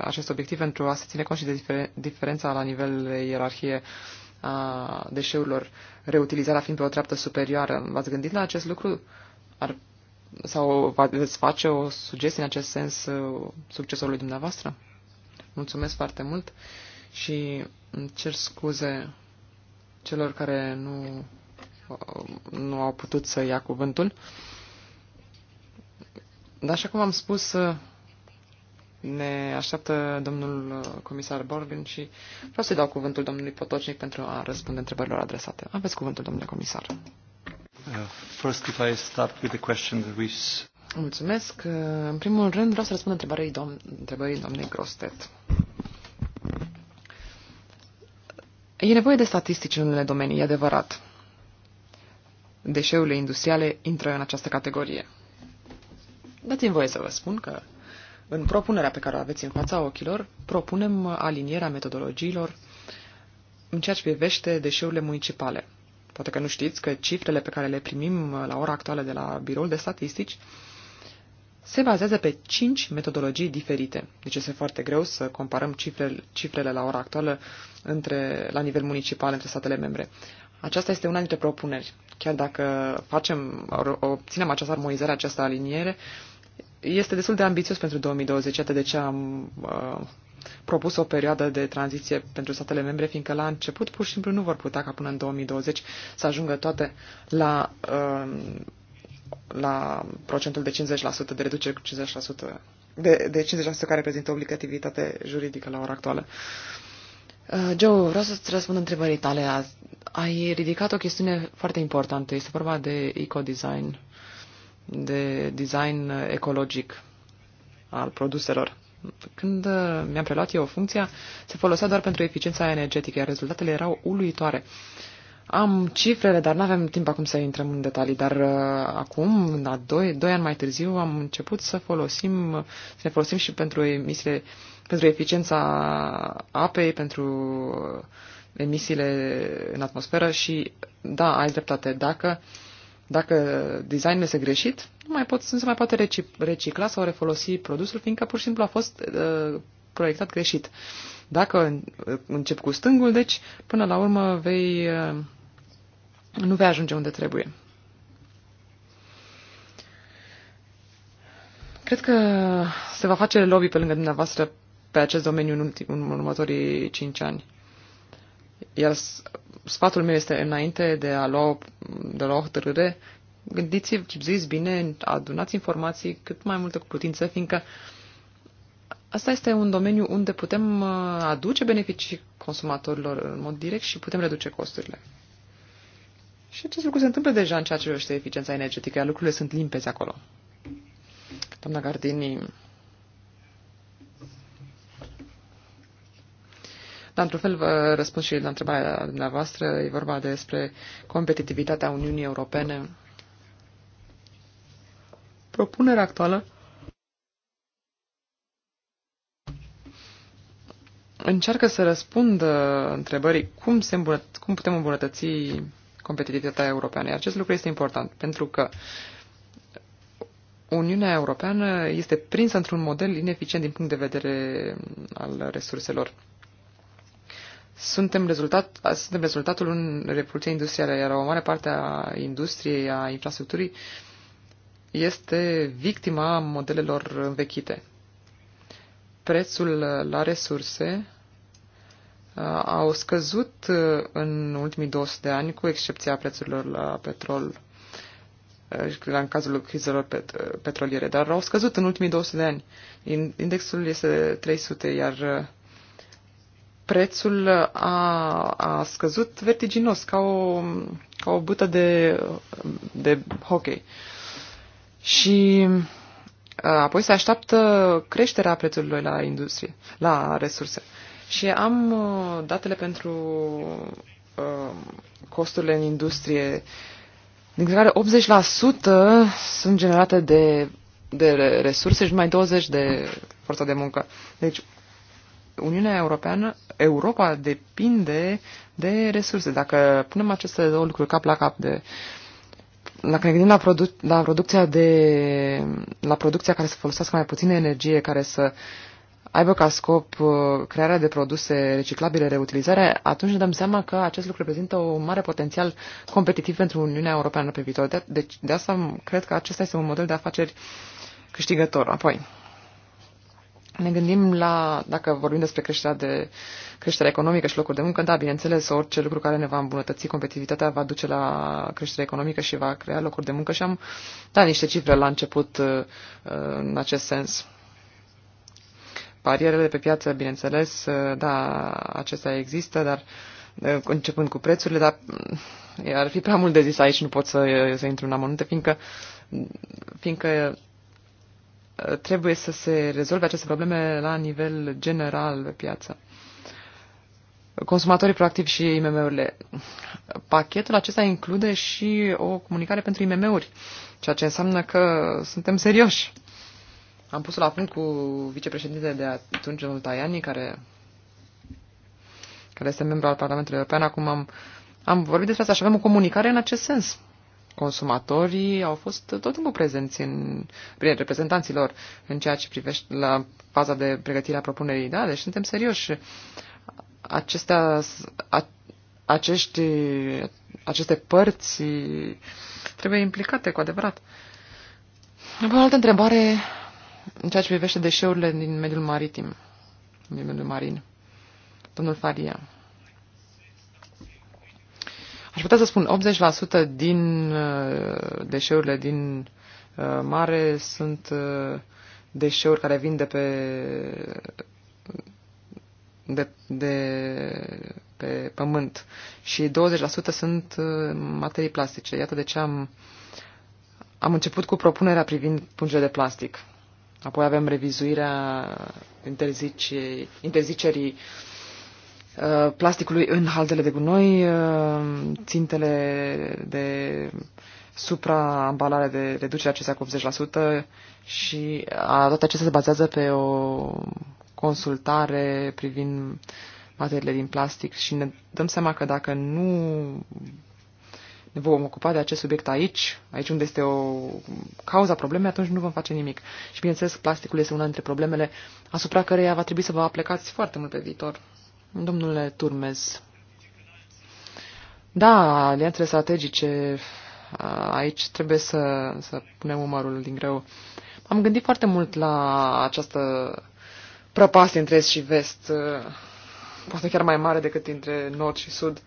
acest obiectiv pentru a se ține cont și de difer, diferența la nivel de ierarhie a deșeurilor, reutilizarea fiind pe o treaptă superioară. V-ați gândit la acest lucru? Ar sau veți face o sugestie în acest sens uh, succesorului dumneavoastră? Mulțumesc foarte mult și îmi cer scuze celor care nu, uh, nu au putut să ia cuvântul. Dar așa cum am spus, uh, ne așteaptă domnul comisar Borgen și vreau să-i dau cuvântul domnului Potocnic pentru a răspunde întrebărilor adresate. Aveți cuvântul, domnule comisar first, if I start with the question that we... Mulțumesc. Uh, în primul rând vreau să răspund întrebării, dom- întrebării doamnei Grostet. E nevoie de statistici în unele domenii, e adevărat. Deșeurile industriale intră în această categorie. Dați-mi voie să vă spun că în propunerea pe care o aveți în fața ochilor, propunem alinierea metodologiilor în ceea ce privește deșeurile municipale. Poate că nu știți că cifrele pe care le primim uh, la ora actuală de la Biroul de Statistici se bazează pe cinci metodologii diferite. Deci este foarte greu să comparăm cifrele, cifrele la ora actuală între, la nivel municipal între statele membre. Aceasta este una dintre propuneri. Chiar dacă facem, obținem această armonizare, această aliniere, este destul de ambițios pentru 2020, atât de ce am uh, propus o perioadă de tranziție pentru statele membre, fiindcă la început pur și simplu nu vor putea ca până în 2020 să ajungă toate la, um, la procentul de 50%, de reducere cu 50%, de, de 50% care reprezintă obligativitate juridică la ora actuală. Uh, Joe, vreau să-ți răspund întrebării tale. Ai ridicat o chestiune foarte importantă. Este vorba de eco design, de design ecologic al produselor când uh, mi-am preluat eu funcția, se folosea doar pentru eficiența energetică, iar rezultatele erau uluitoare. Am cifrele, dar nu avem timp acum să intrăm în detalii, dar uh, acum, la doi, doi ani mai târziu, am început să folosim, să ne folosim și pentru emisiile, pentru eficiența apei, pentru uh, emisiile în atmosferă și, da, ai dreptate, dacă uh, dacă designul este greșit, nu, mai pot, nu se mai poate recicla sau refolosi produsul, fiindcă pur și simplu a fost uh, proiectat greșit. Dacă uh, încep cu stângul, deci, până la urmă vei, uh, nu vei ajunge unde trebuie. Cred că se va face lobby pe lângă dumneavoastră pe acest domeniu în, ultim, în următorii 5 ani. Iar sfatul meu este înainte de a lua, de a lua o hotărâre, gândiți-vă, chipzuiți bine, adunați informații cât mai multe cu putință, fiindcă asta este un domeniu unde putem uh, aduce beneficii consumatorilor în mod direct și putem reduce costurile. Și acest lucru se întâmplă deja în ceea ce privește eficiența energetică, iar lucrurile sunt limpezi acolo. Doamna Gardini Dar, într-un fel, vă răspund și la întrebarea dumneavoastră. E vorba despre competitivitatea Uniunii Europene. Propunerea actuală încearcă să răspundă întrebării cum, se îmbunăt- cum putem îmbunătăți competitivitatea europeană. Iar acest lucru este important, pentru că Uniunea Europeană este prinsă într-un model ineficient din punct de vedere al resurselor suntem, rezultat, suntem rezultatul în revoluție industrială iar o mare parte a industriei, a infrastructurii, este victima modelelor învechite. Prețul la resurse uh, au scăzut uh, în ultimii 200 de ani, cu excepția prețurilor la petrol, uh, în cazul crizelor petroliere, dar au scăzut în ultimii 200 de ani. Indexul este 300, iar prețul a, a scăzut vertiginos, ca o, ca o bută de, de hockey. Și apoi se așteaptă creșterea prețurilor la industrie, la resurse. Și am datele pentru costurile în industrie, din care 80% sunt generate de, de resurse și numai 20% de forța de muncă. Deci Uniunea Europeană, Europa depinde de resurse. Dacă punem aceste două lucruri cap la cap de dacă ne gândim la, produ- la producția de la producția care să folosească mai puțină energie, care să aibă ca scop uh, crearea de produse reciclabile, reutilizare, atunci ne dăm seama că acest lucru reprezintă un mare potențial competitiv pentru Uniunea Europeană pe viitor. De, deci, de asta cred că acesta este un model de afaceri câștigător. Apoi, ne gândim la, dacă vorbim despre creșterea, de, creșterea economică și locuri de muncă, da, bineînțeles, orice lucru care ne va îmbunătăți competitivitatea va duce la creștere economică și va crea locuri de muncă și am dat niște cifre la început uh, uh, în acest sens. Parierele pe piață, bineînțeles, uh, da, acestea există, dar începând cu prețurile, dar mm, ar fi prea mult de zis aici, nu pot să, să intru în amănunte, fiindcă, fiindcă trebuie să se rezolve aceste probleme la nivel general pe piață. Consumatorii proactivi și IMM-urile. Pachetul acesta include și o comunicare pentru IMM-uri, ceea ce înseamnă că suntem serioși. Am pus la punct cu vicepreședintele de atunci, domnul Tajani, care, care este membru al Parlamentului European. Acum am, am vorbit despre asta și avem o comunicare în acest sens consumatorii au fost tot timpul prezenți în, prin reprezentanților în ceea ce privește la faza de pregătire a propunerii. Da, deci suntem serioși. Acestea, a, acești, aceste părți trebuie implicate cu adevărat. O altă întrebare în ceea ce privește deșeurile din mediul maritim, din mediul marin. Domnul Faria aș putea să spun 80% din uh, deșeurile din uh, mare sunt uh, deșeuri care vin de pe de, de pe pământ și 20% sunt materii plastice. Iată de ce am, am început cu propunerea privind pungile de plastic. Apoi avem revizuirea interzicerii, interzicerii uh, Uh, plasticului în haldele de gunoi, uh, țintele de supraambalare de reducere acestea cu 80% și uh, toate acestea se bazează pe o consultare privind materiile din plastic și ne dăm seama că dacă nu ne vom ocupa de acest subiect aici, aici unde este o cauza problemei, atunci nu vom face nimic. Și bineînțeles, plasticul este una dintre problemele asupra căreia va trebui să vă aplicați foarte mult pe viitor. Domnule Turmes, da, alianțele strategice, aici trebuie să, să punem umărul din greu. Am gândit foarte mult la această prăpastie între est și vest, poate chiar mai mare decât între nord și sud.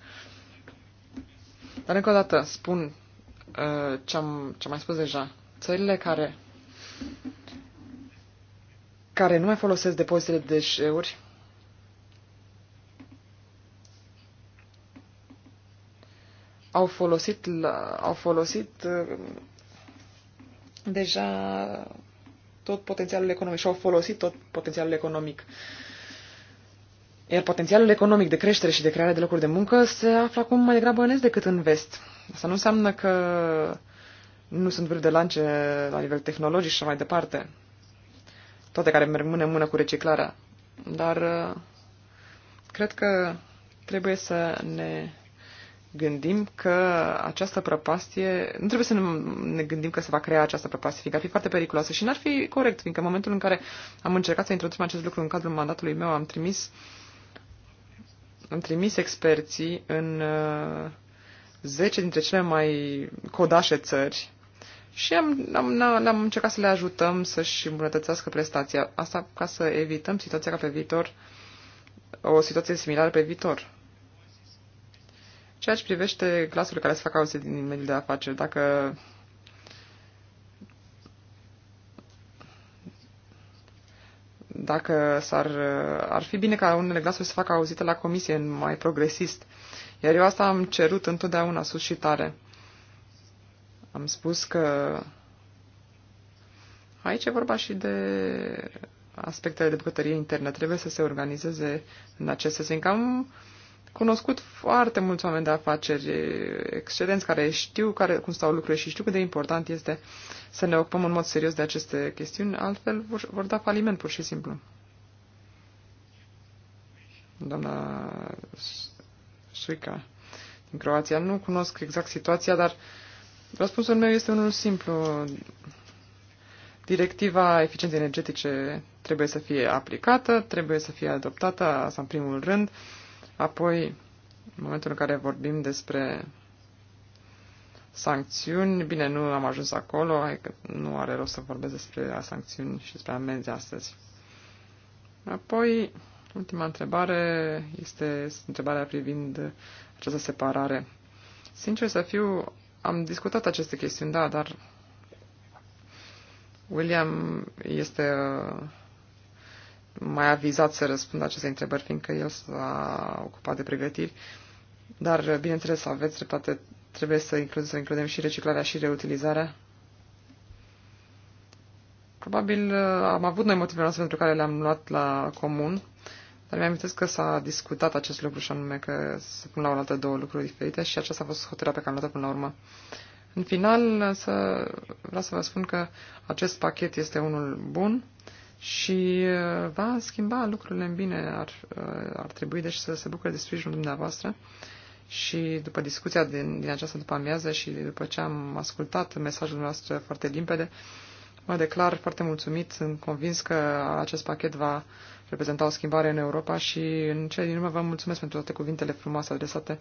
Dar încă o dată spun ce am, ce am mai spus deja. Țările care, care nu mai folosesc depozitele de deșeuri au folosit, au folosit um, deja tot potențialul economic și au folosit tot potențialul economic. Iar potențialul economic de creștere și de creare de locuri de muncă se află acum mai degrabă în est decât în vest. Asta nu înseamnă că nu sunt vârf de lance la nivel tehnologic și mai departe, toate care merg mână în mână cu reciclarea. Dar uh, cred că trebuie să ne gândim că această prăpastie, nu trebuie să ne gândim că se va crea această prăpastie, fiindcă ar fi foarte periculoasă și n-ar fi corect, fiindcă în momentul în care am încercat să introducem acest lucru în cadrul mandatului meu, am trimis, am trimis experții în uh, 10 dintre cele mai codașe țări și am, am, am încercat să le ajutăm să-și îmbunătățească prestația. Asta ca să evităm situația ca pe viitor, o situație similară pe viitor. Ceea ce privește glasurile care se fac auzite din mediul de afaceri, dacă dacă s-ar, ar fi bine ca unele glasuri să facă auzite la comisie în mai progresist. Iar eu asta am cerut întotdeauna sus și tare. Am spus că aici e vorba și de aspectele de bucătărie internă. Trebuie să se organizeze în acest sens. Cam cunoscut foarte mulți oameni de afaceri excelenți care știu care, cum stau lucrurile și știu cât de important este să ne ocupăm în mod serios de aceste chestiuni, altfel vor, vor da faliment pur și simplu. Doamna Suica din Croația, nu cunosc exact situația, dar răspunsul meu este unul simplu. Directiva eficienței energetice trebuie să fie aplicată, trebuie să fie adoptată, asta în primul rând, Apoi, în momentul în care vorbim despre sancțiuni, bine, nu am ajuns acolo, hai că nu are rost să vorbesc despre sancțiuni și despre amenzi astăzi. Apoi, ultima întrebare este întrebarea privind această separare. Sincer să fiu, am discutat aceste chestiuni, da, dar William este mai avizat să răspund aceste întrebări, fiindcă el s-a ocupat de pregătiri. Dar, bineînțeles, aveți dreptate, trebuie să, includ, să includem și reciclarea și reutilizarea. Probabil uh, am avut noi motivele noastre pentru care le-am luat la comun, dar mi-am că s-a discutat acest lucru și anume că se pun la altă două lucruri diferite și aceasta a fost hotărârea pe care am luat-o până la urmă. În final, să, vreau să vă spun că acest pachet este unul bun și uh, va schimba lucrurile în bine. Ar, uh, ar trebui deci să se bucure de sprijinul dumneavoastră și după discuția din, din această după amiază și după ce am ascultat mesajul nostru foarte limpede, mă declar foarte mulțumit. Sunt convins că acest pachet va reprezenta o schimbare în Europa și în cele din urmă vă mulțumesc pentru toate cuvintele frumoase adresate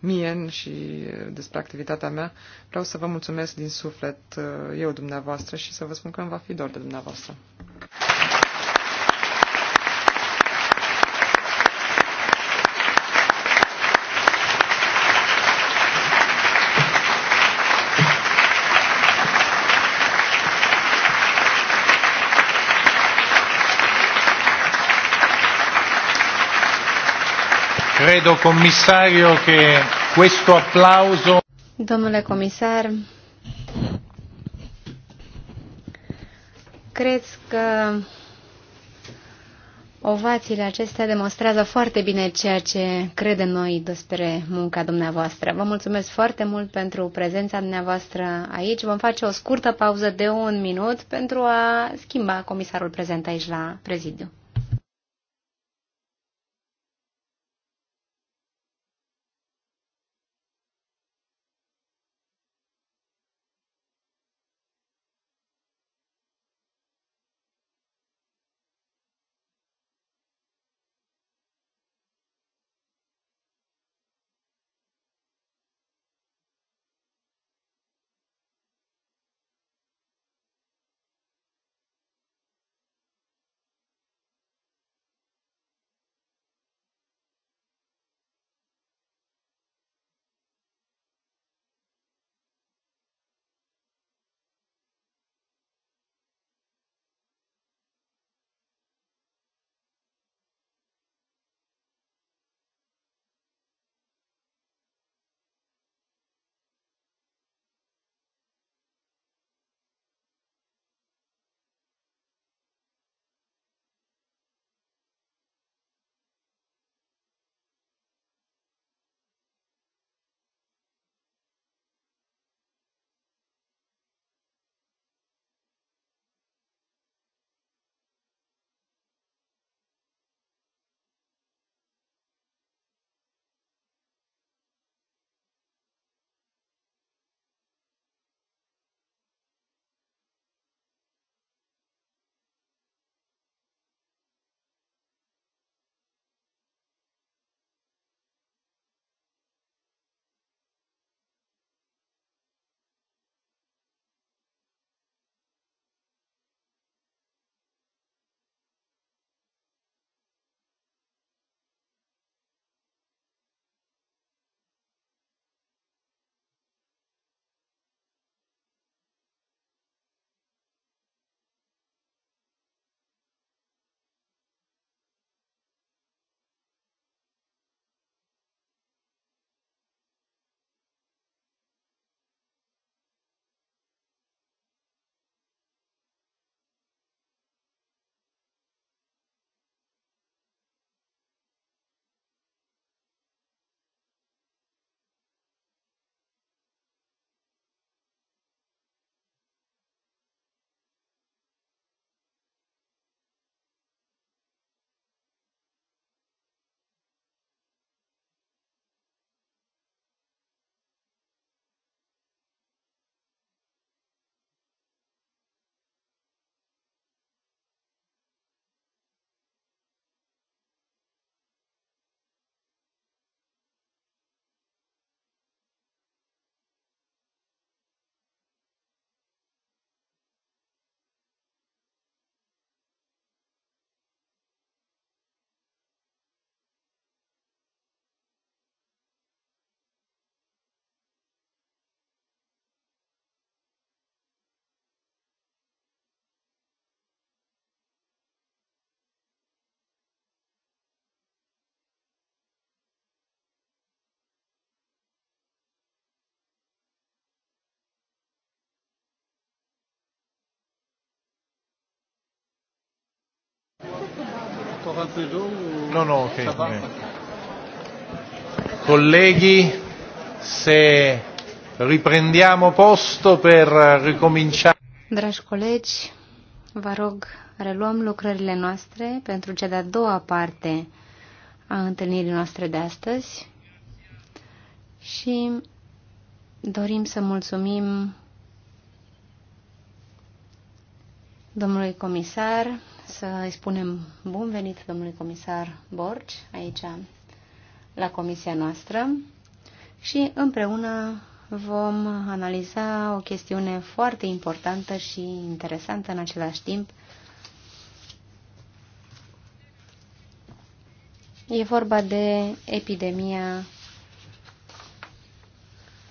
mie și despre activitatea mea. Vreau să vă mulțumesc din suflet uh, eu dumneavoastră și să vă spun că îmi va fi dor de dumneavoastră. Credo, commissario, che questo applauso... Domnule comisar, cred că ovațiile acestea demonstrează foarte bine ceea ce credem noi despre munca dumneavoastră. Vă mulțumesc foarte mult pentru prezența dumneavoastră aici. Vom face o scurtă pauză de un minut pentru a schimba comisarul prezent aici la prezidiu. Encore un peu d'eau ou... Non, non, ok. Ça va? Colleghi, se riprendiamo posto per ricominciare. Dragi colegi, vă rog, reluăm lucrările noastre pentru cea de-a doua parte a întâlnirii noastre de astăzi și dorim să mulțumim domnului comisar să îi spunem bun venit domnului comisar Borci aici la comisia noastră și împreună vom analiza o chestiune foarte importantă și interesantă în același timp. E vorba de epidemia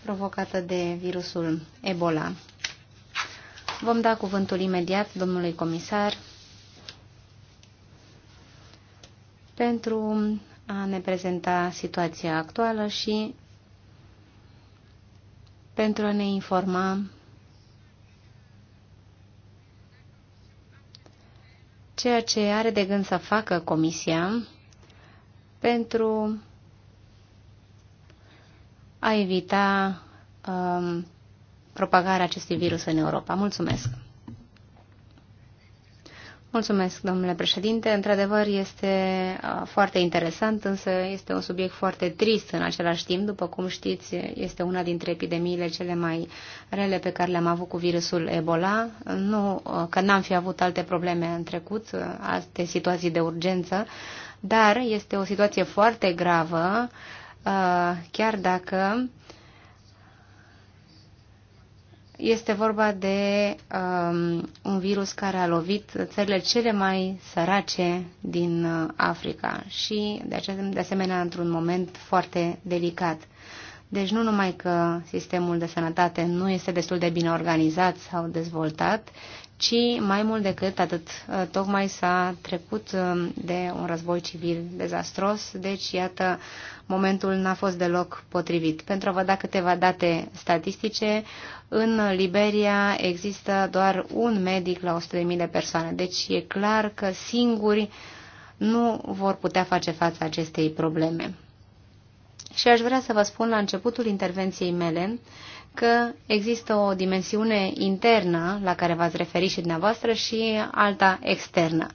provocată de virusul Ebola. Vom da cuvântul imediat domnului comisar pentru a ne prezenta situația actuală și pentru a ne informa ceea ce are de gând să facă Comisia pentru a evita um, propagarea acestui virus în Europa. Mulțumesc! Mulțumesc, domnule președinte. Într-adevăr, este foarte interesant, însă este un subiect foarte trist în același timp. După cum știți, este una dintre epidemiile cele mai rele pe care le-am avut cu virusul Ebola. Nu că n-am fi avut alte probleme în trecut, alte situații de urgență, dar este o situație foarte gravă, chiar dacă este vorba de um, un virus care a lovit țările cele mai sărace din uh, Africa și, de, acest, de asemenea, într-un moment foarte delicat. Deci nu numai că sistemul de sănătate nu este destul de bine organizat sau dezvoltat, ci mai mult decât atât, uh, tocmai s-a trecut um, de un război civil dezastros, deci iată, momentul n-a fost deloc potrivit. Pentru a vă da câteva date statistice, în Liberia există doar un medic la 100.000 de persoane, deci e clar că singuri nu vor putea face față acestei probleme. Și aș vrea să vă spun la începutul intervenției mele că există o dimensiune internă la care v-ați referit și dumneavoastră și alta externă.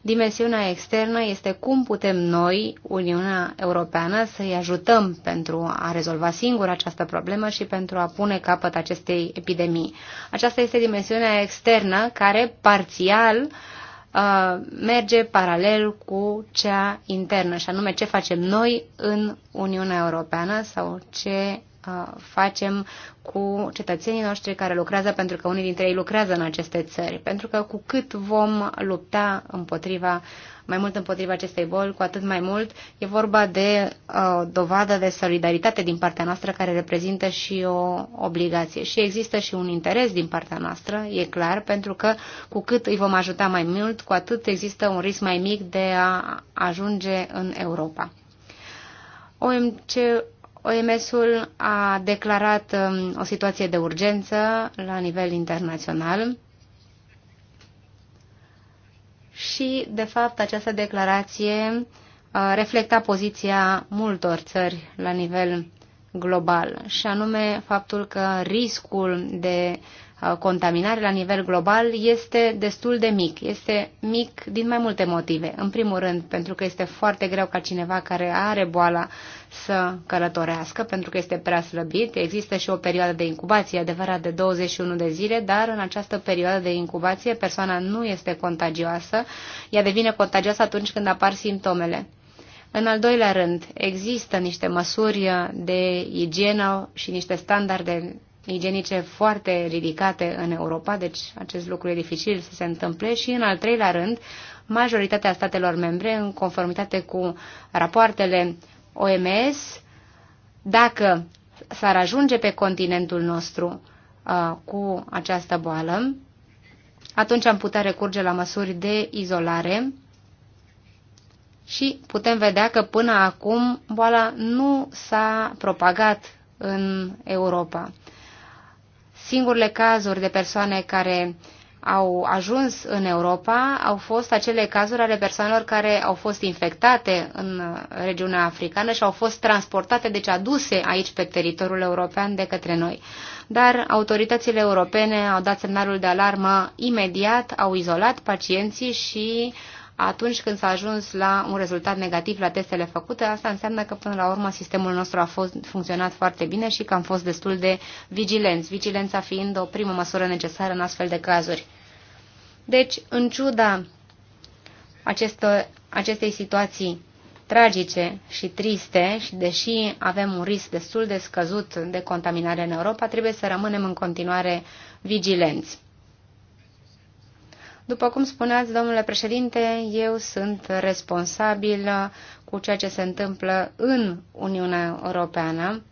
Dimensiunea externă este cum putem noi, Uniunea Europeană, să-i ajutăm pentru a rezolva singur această problemă și pentru a pune capăt acestei epidemii. Aceasta este dimensiunea externă care parțial uh, merge paralel cu cea internă, și anume ce facem noi în Uniunea Europeană sau ce facem cu cetățenii noștri care lucrează, pentru că unii dintre ei lucrează în aceste țări. Pentru că cu cât vom lupta împotriva, mai mult împotriva acestei boli, cu atât mai mult e vorba de uh, dovadă de solidaritate din partea noastră care reprezintă și o obligație. Și există și un interes din partea noastră, e clar, pentru că cu cât îi vom ajuta mai mult, cu atât există un risc mai mic de a ajunge în Europa. OMC OMS-ul a declarat um, o situație de urgență la nivel internațional și, de fapt, această declarație uh, reflecta poziția multor țări la nivel global, și anume faptul că riscul de Uh, contaminare la nivel global este destul de mic. Este mic din mai multe motive. În primul rând, pentru că este foarte greu ca cineva care are boala să călătorească, pentru că este prea slăbit. Există și o perioadă de incubație adevărat de 21 de zile, dar în această perioadă de incubație persoana nu este contagioasă. Ea devine contagioasă atunci când apar simptomele. În al doilea rând, există niște măsuri de igienă și niște standarde igienice foarte ridicate în Europa, deci acest lucru e dificil să se întâmple și în al treilea rând, majoritatea statelor membre, în conformitate cu rapoartele OMS, dacă s-ar ajunge pe continentul nostru uh, cu această boală, atunci am putea recurge la măsuri de izolare și putem vedea că până acum boala nu s-a propagat în Europa. Singurele cazuri de persoane care au ajuns în Europa au fost acele cazuri ale persoanelor care au fost infectate în regiunea africană și au fost transportate, deci aduse aici pe teritoriul european de către noi. Dar autoritățile europene au dat semnalul de alarmă imediat, au izolat pacienții și atunci când s-a ajuns la un rezultat negativ la testele făcute, asta înseamnă că până la urmă sistemul nostru a fost funcționat foarte bine și că am fost destul de vigilenți, vigilența fiind o primă măsură necesară în astfel de cazuri. Deci, în ciuda acestor, acestei situații tragice și triste și deși avem un risc destul de scăzut de contaminare în Europa, trebuie să rămânem în continuare vigilenți. După cum spuneați, domnule președinte, eu sunt responsabil cu ceea ce se întâmplă în Uniunea Europeană,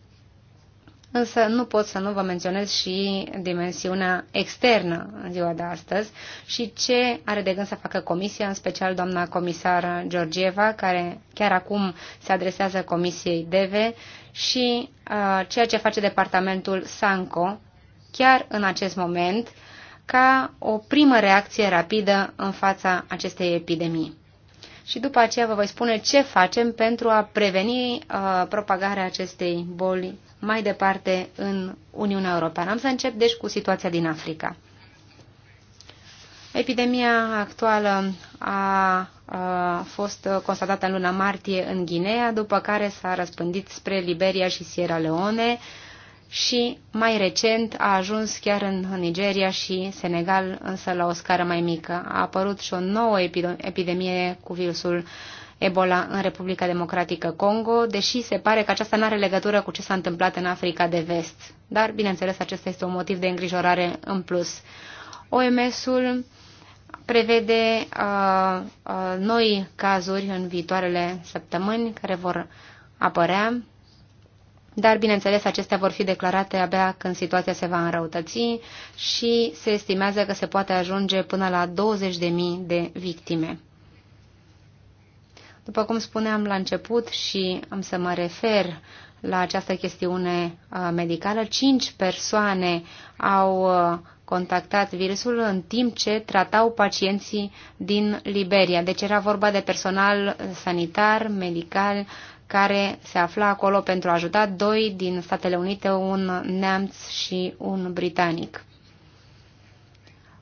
însă nu pot să nu vă menționez și dimensiunea externă în ziua de astăzi și ce are de gând să facă Comisia, în special doamna comisar Georgieva, care chiar acum se adresează Comisiei DEVE și uh, ceea ce face departamentul SANCO chiar în acest moment uh, ca o primă reacție rapidă în fața acestei epidemii. Și după aceea vă voi spune ce facem pentru a preveni uh, propagarea acestei boli mai departe în Uniunea Europeană. Am să încep deci cu situația din Africa. Epidemia actuală a, a uh, fost constatată în luna martie în Guinea, după care s-a răspândit spre Liberia și Sierra Leone, și mai recent a ajuns chiar în Nigeria și Senegal, însă la o scară mai mică. A apărut și o nouă epidemie cu virusul Ebola în Republica Democratică Congo, deși se pare că aceasta nu are legătură cu ce s-a întâmplat în Africa de Vest. Dar, bineînțeles, acesta este un motiv de îngrijorare în plus. OMS-ul prevede uh, uh, noi cazuri în viitoarele săptămâni care vor apărea dar, bineînțeles, acestea vor fi declarate abia când situația se va înrăutăți și se estimează că se poate ajunge până la 20.000 de victime. După cum spuneam la început și am să mă refer la această chestiune uh, medicală, 5 persoane au uh, contactat virusul în timp ce tratau pacienții din Liberia. Deci era vorba de personal sanitar, medical care se afla acolo pentru a ajuta doi din Statele Unite, un neamț și un britanic.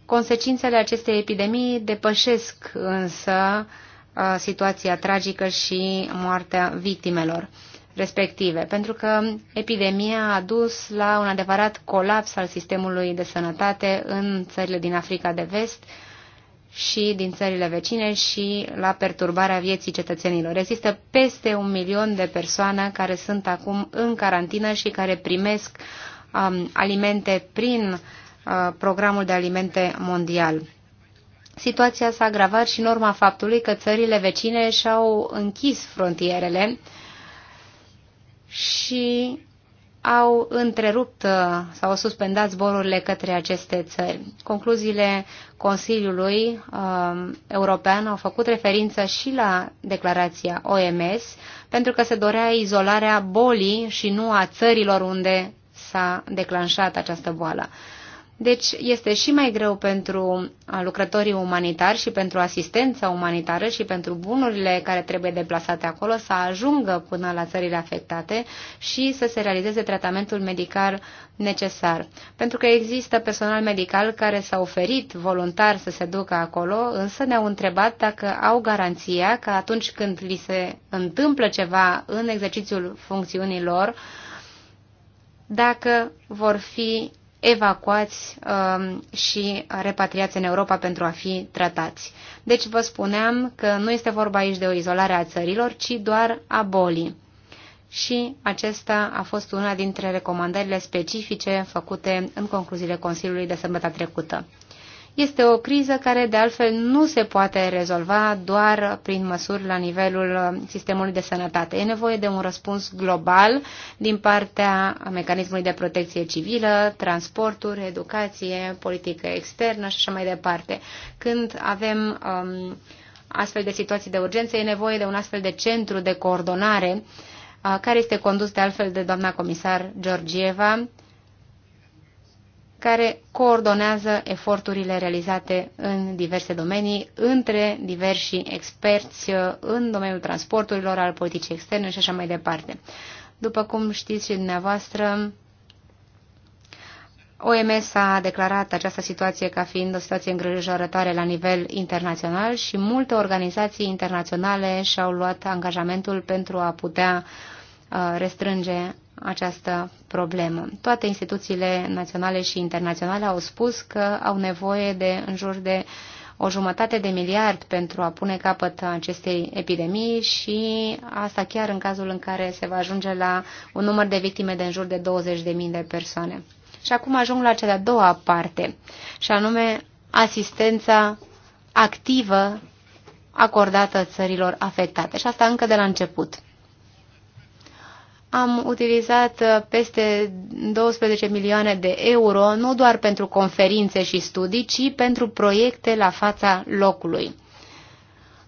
Consecințele acestei epidemii depășesc însă uh, situația tragică și moartea victimelor respective, pentru că epidemia a dus la un adevărat colaps al sistemului de sănătate în țările din Africa de Vest, și din țările vecine și la perturbarea vieții cetățenilor. Există peste un milion de persoane care sunt acum în carantină și care primesc um, alimente prin uh, programul de alimente mondial. Situația s-a agravat și în urma faptului că țările vecine și-au închis frontierele și au întrerupt uh, sau au suspendat zborurile către aceste țări. Concluziile Consiliului um, European au făcut referință și la declarația OMS, pentru că se dorea izolarea bolii și nu a țărilor unde s-a declanșat această boală. Deci este și mai greu pentru uh, lucrătorii umanitari și pentru asistența umanitară și pentru bunurile care trebuie deplasate acolo să ajungă până la țările afectate și să se realizeze tratamentul medical necesar. Pentru că există personal medical care s-a oferit voluntar să se ducă acolo, însă ne-au întrebat dacă au garanția că atunci când li se întâmplă ceva în exercițiul funcțiunilor, dacă vor fi evacuați um, și repatriați în Europa pentru a fi tratați. Deci vă spuneam că nu este vorba aici de o izolare a țărilor, ci doar a bolii. Și acesta a fost una dintre recomandările specifice făcute în concluziile Consiliului de sâmbătă trecută. Este o criză care, de altfel, nu se poate rezolva doar prin măsuri la nivelul sistemului de sănătate. E nevoie de un răspuns global din partea mecanismului de protecție civilă, transporturi, educație, politică externă și așa mai departe. Când avem um, astfel de situații de urgență, e nevoie de un astfel de centru de coordonare uh, care este condus de altfel de doamna comisar Georgieva, care coordonează eforturile realizate în diverse domenii între diversi experți uh, în domeniul transporturilor, al politicii externe și așa mai departe. După cum știți și dumneavoastră, OMS a declarat această situație ca fiind o situație îngrijorătoare la nivel internațional și multe organizații internaționale și-au luat angajamentul pentru a putea uh, restrânge această problemă. Toate instituțiile naționale și internaționale au spus că au nevoie de în jur de o jumătate de miliard pentru a pune capăt acestei epidemii și asta chiar în cazul în care se va ajunge la un număr de victime de în jur de 20.000 de persoane. Și acum ajung la cea de-a doua parte, și anume asistența activă acordată țărilor afectate. Și asta încă de la început am utilizat uh, peste 12 milioane de euro, nu doar pentru conferințe și studii, ci pentru proiecte la fața locului.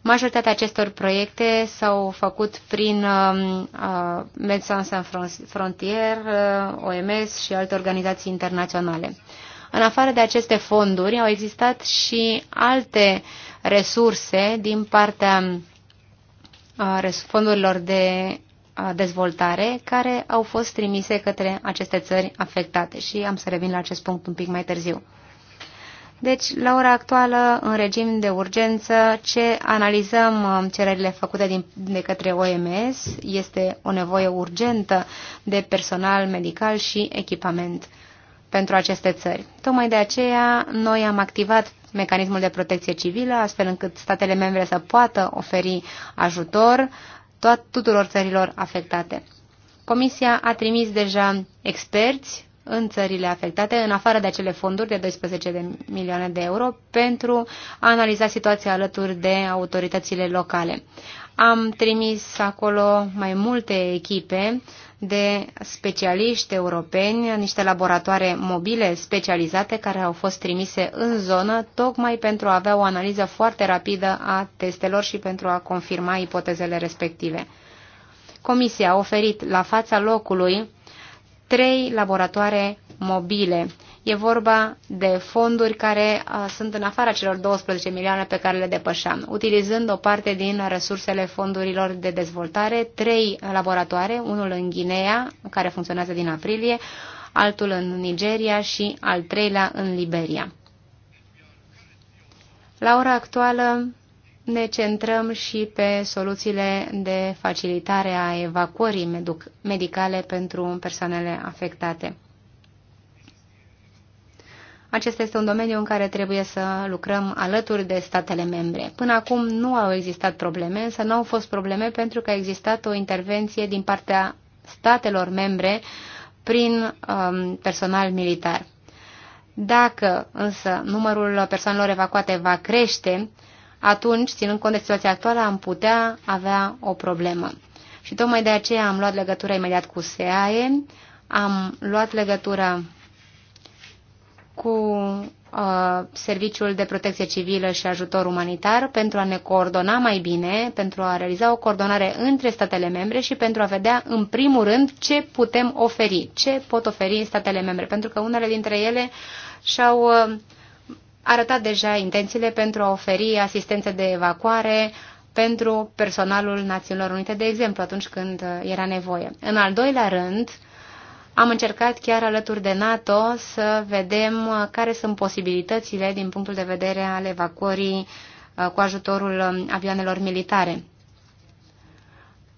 Majoritatea acestor proiecte s-au făcut prin um, uh, Médecins Sans uh, OMS și alte organizații internaționale. În afară de aceste fonduri, au existat și alte resurse din partea uh, fondurilor de dezvoltare care au fost trimise către aceste țări afectate și am să revin la acest punct un pic mai târziu. Deci, la ora actuală, în regim de urgență, ce analizăm um, cererile făcute din, de către OMS este o nevoie urgentă de personal medical și echipament pentru aceste țări. Tocmai de aceea, noi am activat mecanismul de protecție civilă, astfel încât statele membre să poată oferi ajutor uh, tot, tuturor țărilor afectate. Comisia a trimis deja experți în țările afectate, în afară de acele fonduri de 12 de milioane de euro, pentru a analiza situația alături de autoritățile locale. Am trimis acolo mai multe echipe de specialiști europeni, niște laboratoare mobile specializate care au fost trimise în zonă tocmai pentru a avea o analiză foarte rapidă a testelor și pentru a confirma ipotezele respective. Comisia a oferit la fața locului trei laboratoare mobile E vorba de fonduri care uh, sunt în afara celor 12 milioane pe care le depășeam. Utilizând o parte din resursele fondurilor de dezvoltare, trei laboratoare, unul în Guinea, care funcționează din aprilie, altul în Nigeria și al treilea în Liberia. La ora actuală ne centrăm și pe soluțiile de facilitare a evacuării medicale pentru persoanele afectate. Acesta este un domeniu în care trebuie să lucrăm alături de statele membre. Până acum nu au existat probleme, însă nu au fost probleme pentru că a existat o intervenție din partea statelor membre prin um, personal militar. Dacă însă numărul persoanelor evacuate va crește, atunci, ținând cont de situația actuală, am putea avea o problemă. Și tocmai de aceea am luat legătura imediat cu SEAE, am luat legătura cu uh, Serviciul de Protecție Civilă și Ajutor Umanitar pentru a ne coordona mai bine, pentru a realiza o coordonare între statele membre și pentru a vedea, în primul rând, ce putem oferi, ce pot oferi statele membre, pentru că unele dintre ele și-au uh, arătat deja intențiile pentru a oferi asistență de evacuare, pentru personalul Națiunilor Unite, de exemplu, atunci când uh, era nevoie. În al doilea rând, uh, am încercat chiar alături de NATO să vedem uh, care sunt posibilitățile din punctul de vedere al evacuării uh, cu ajutorul um, avioanelor militare.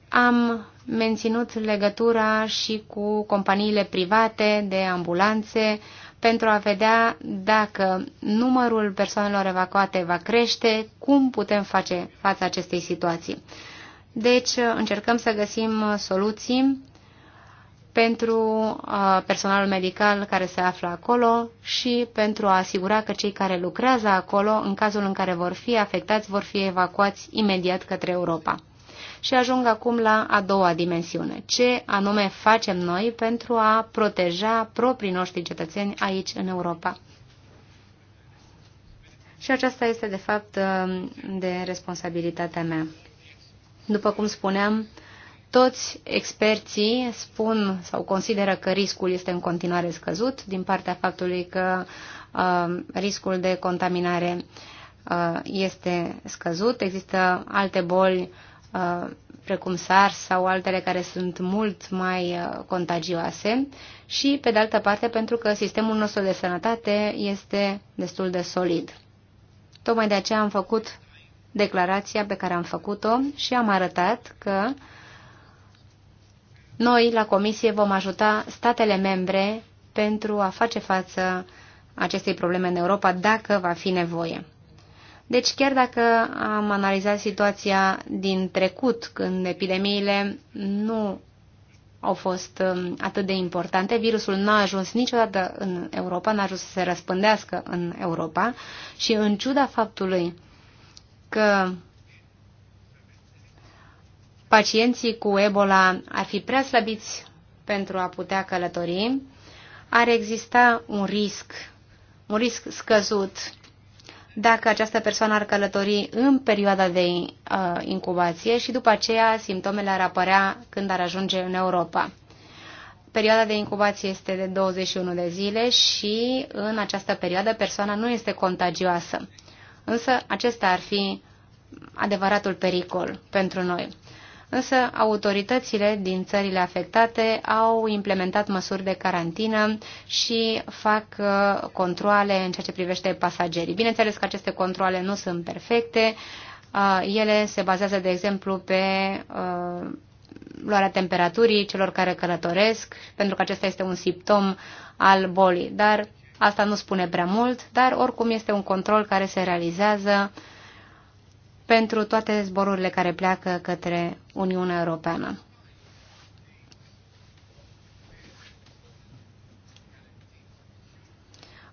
Am menținut legătura și cu companiile private de ambulanțe pentru a vedea dacă numărul persoanelor evacuate va crește, cum putem face față acestei situații. Deci uh, încercăm să găsim soluții pentru uh, personalul medical care se află acolo și pentru a asigura că cei care lucrează acolo, în cazul în care vor fi afectați, vor fi evacuați imediat către Europa. Și ajung acum la a doua dimensiune. Ce anume facem noi pentru a proteja proprii noștri cetățeni aici în Europa? Și aceasta este, de fapt, uh, de responsabilitatea mea. După cum spuneam, toți experții spun sau consideră că riscul este în continuare scăzut din partea faptului că uh, riscul de contaminare uh, este scăzut. Există alte boli uh, precum SARS sau altele care sunt mult mai uh, contagioase și, pe de altă parte, pentru că sistemul nostru de sănătate este destul de solid. Tocmai de aceea am făcut declarația pe care am făcut-o și am arătat că uh, noi, la Comisie, vom ajuta statele membre pentru a face față acestei probleme în Europa, dacă va fi nevoie. Deci, chiar dacă am analizat situația din trecut, când epidemiile nu au fost um, atât de importante. Virusul n-a ajuns niciodată în Europa, n-a ajuns să se răspândească în Europa și în ciuda faptului că pacienții cu Ebola ar fi prea slăbiți pentru a putea călători, ar exista un risc, un risc scăzut dacă această persoană ar călători în perioada de uh, incubație și după aceea simptomele ar apărea când ar ajunge în Europa. Perioada de incubație este de 21 de zile și în această perioadă persoana nu este contagioasă. Însă acesta ar fi adevăratul pericol pentru noi însă autoritățile din țările afectate au implementat măsuri de carantină și fac uh, controle în ceea ce privește pasagerii. Bineînțeles că aceste controle nu sunt perfecte, uh, ele se bazează, de exemplu, pe uh, luarea temperaturii celor care călătoresc, pentru că acesta este un simptom al bolii, dar asta nu spune prea mult, dar oricum este un control care se realizează uh, pentru toate zborurile care pleacă către Uniunea Europeană.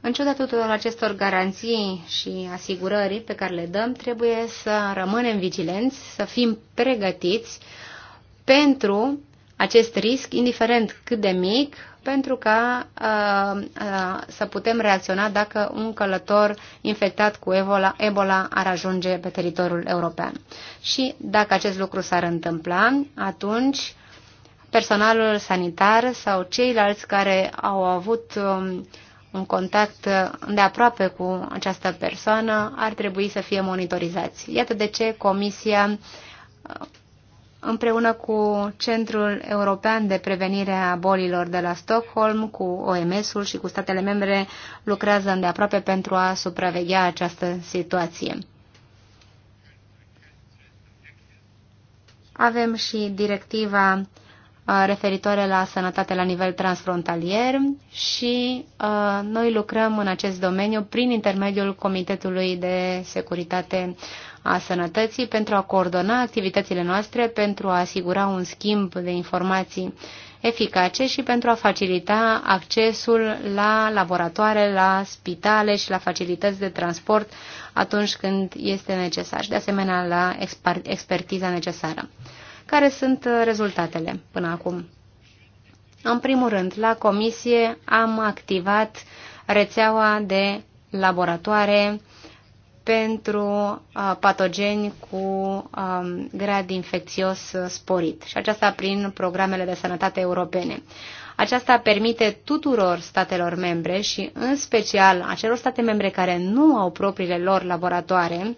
În ciuda tuturor acestor garanții și asigurări pe care le dăm, trebuie să rămânem vigilenți, să fim pregătiți pentru acest risc, indiferent cât de mic, pentru ca uh, uh, să putem reacționa dacă un călător infectat cu Ebola, Ebola ar ajunge pe teritoriul european. Și dacă acest lucru s-ar întâmpla, atunci personalul sanitar sau ceilalți care au avut um, un contact de aproape cu această persoană ar trebui să fie monitorizați. Iată de ce Comisia împreună cu Centrul European de Prevenire a Bolilor de la Stockholm, cu OMS-ul și cu statele membre, lucrează îndeaproape pentru a supraveghea această situație. Avem și directiva uh, referitoare la sănătate la nivel transfrontalier și uh, noi lucrăm în acest domeniu prin intermediul Comitetului de Securitate a sănătății, pentru a coordona activitățile noastre, pentru a asigura un schimb de informații eficace și pentru a facilita accesul la laboratoare, la spitale și la facilități de transport atunci când este necesar și de asemenea la expertiza necesară. Care sunt rezultatele până acum? În primul rând, la comisie am activat rețeaua de laboratoare pentru patogeni cu grad infecțios sporit și aceasta prin programele de sănătate europene. Aceasta permite tuturor statelor membre și în special acelor state membre care nu au propriile lor laboratoare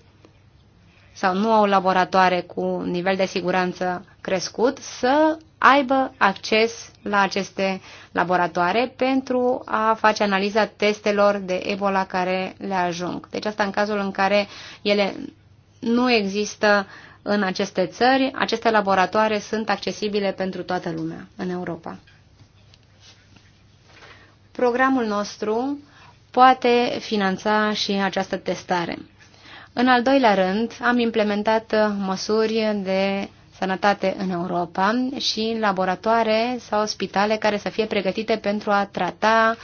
sau nu au laboratoare cu nivel de siguranță crescut să aibă acces la aceste laboratoare pentru a face analiza testelor de Ebola care le ajung. Deci asta în cazul în care ele nu există în aceste țări, aceste laboratoare sunt accesibile pentru toată lumea în Europa. Programul nostru poate finanța și această testare. În al doilea rând, am implementat uh, măsuri de sănătate în Europa și laboratoare sau spitale care să fie pregătite pentru a trata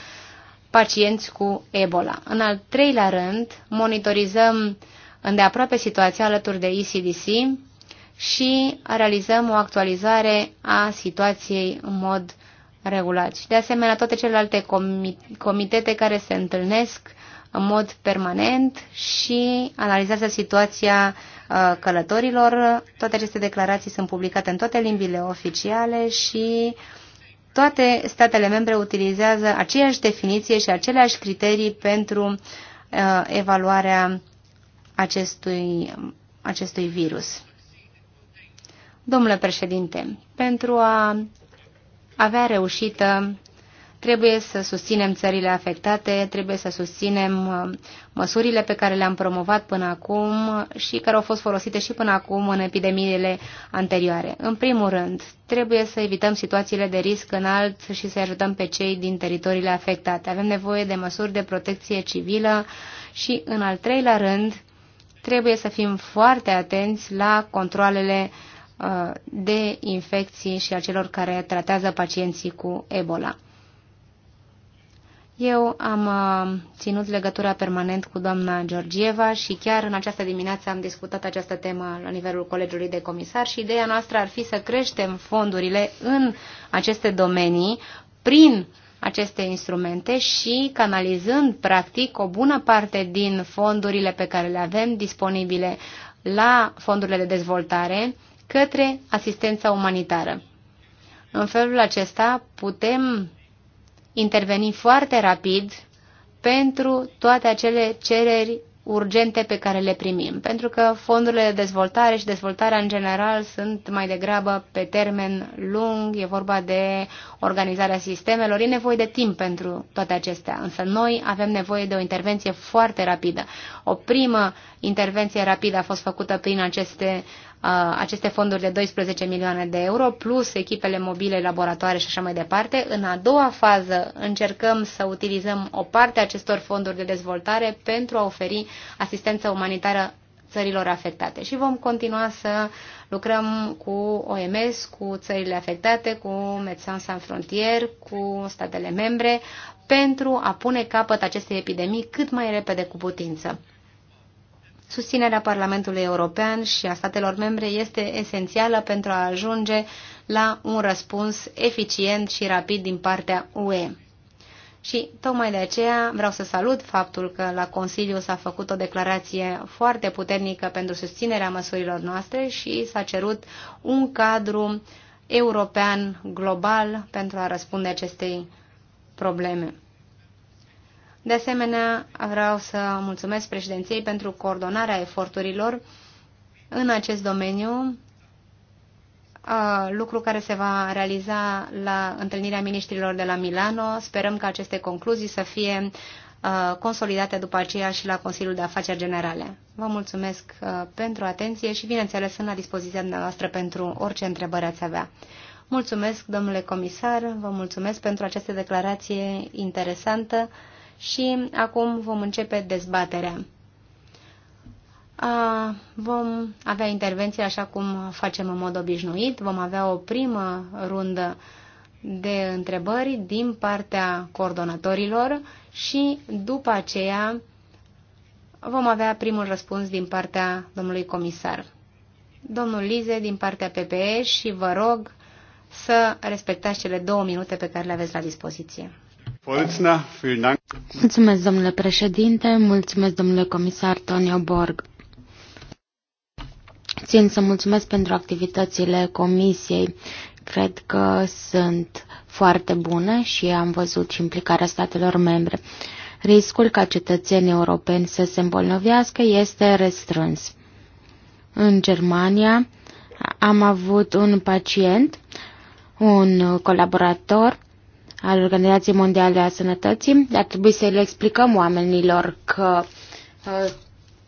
pacienți cu Ebola. În al treilea rând, monitorizăm îndeaproape situația alături de ECDC și realizăm o actualizare a situației în mod regulat. Și de asemenea, toate celelalte comitete care se întâlnesc în mod permanent și analizează situația uh, călătorilor. Toate aceste declarații sunt publicate în toate limbile oficiale și toate statele membre utilizează aceeași definiție și aceleași criterii pentru uh, evaluarea acestui, acestui virus. Domnule președinte, pentru a avea reușită Trebuie să susținem țările afectate, trebuie să susținem uh, măsurile pe care le-am promovat până acum și care au fost folosite și până acum în epidemiile anterioare. În primul rând, trebuie să evităm situațiile de risc înalt și să ajutăm pe cei din teritoriile afectate. Avem nevoie de măsuri de protecție civilă și, în al treilea rând, trebuie să fim foarte atenți la controlele uh, de infecții și a celor care tratează pacienții cu Ebola. Eu am uh, ținut legătura permanent cu doamna Georgieva și chiar în această dimineață am discutat această temă la nivelul Colegiului de Comisar și ideea noastră ar fi să creștem fondurile în aceste domenii prin aceste instrumente și canalizând practic o bună parte din fondurile pe care le avem disponibile la fondurile de dezvoltare către asistența umanitară. În felul acesta putem interveni foarte rapid pentru toate acele cereri urgente pe care le primim, pentru că fondurile de dezvoltare și dezvoltarea în general sunt mai degrabă pe termen lung, e vorba de organizarea sistemelor, e nevoie de timp pentru toate acestea, însă noi avem nevoie de o intervenție foarte rapidă. O primă intervenție rapidă a fost făcută prin aceste aceste fonduri de 12 milioane de euro, plus echipele mobile, laboratoare și așa mai departe. În a doua fază încercăm să utilizăm o parte a acestor fonduri de dezvoltare pentru a oferi asistență umanitară țărilor afectate și vom continua să lucrăm cu OMS, cu țările afectate, cu Médecins Sans Frontières, cu statele membre, pentru a pune capăt acestei epidemii cât mai repede cu putință. Susținerea Parlamentului European și a statelor membre este esențială pentru a ajunge la un răspuns eficient și rapid din partea UE. Și tocmai de aceea vreau să salut faptul că la Consiliu s-a făcut o declarație foarte puternică pentru susținerea măsurilor noastre și s-a cerut un cadru european global pentru a răspunde acestei probleme. De asemenea, vreau să mulțumesc președinției pentru coordonarea eforturilor în acest domeniu, lucru care se va realiza la întâlnirea ministrilor de la Milano. Sperăm că aceste concluzii să fie consolidate după aceea și la Consiliul de Afaceri Generale. Vă mulțumesc pentru atenție și, bineînțeles, sunt la dispoziția noastră pentru orice întrebări ați avea. Mulțumesc, domnule comisar, vă mulțumesc pentru această declarație interesantă și acum vom începe dezbaterea. Vom avea intervenții așa cum facem în mod obișnuit. Vom avea o primă rundă de întrebări din partea coordonatorilor și după aceea vom avea primul răspuns din partea domnului comisar. Domnul Lize din partea PPE și vă rog să respectați cele două minute pe care le aveți la dispoziție. Mulțumesc, domnule președinte, mulțumesc, domnule comisar Tonio Borg. Țin să mulțumesc pentru activitățile comisiei. Cred că sunt foarte bune și am văzut și implicarea statelor membre. Riscul ca cetățenii europeni să se îmbolnăvească este restrâns. În Germania am avut un pacient, un colaborator al Organizației Mondiale a Sănătății. Ar trebui să le explicăm oamenilor că uh,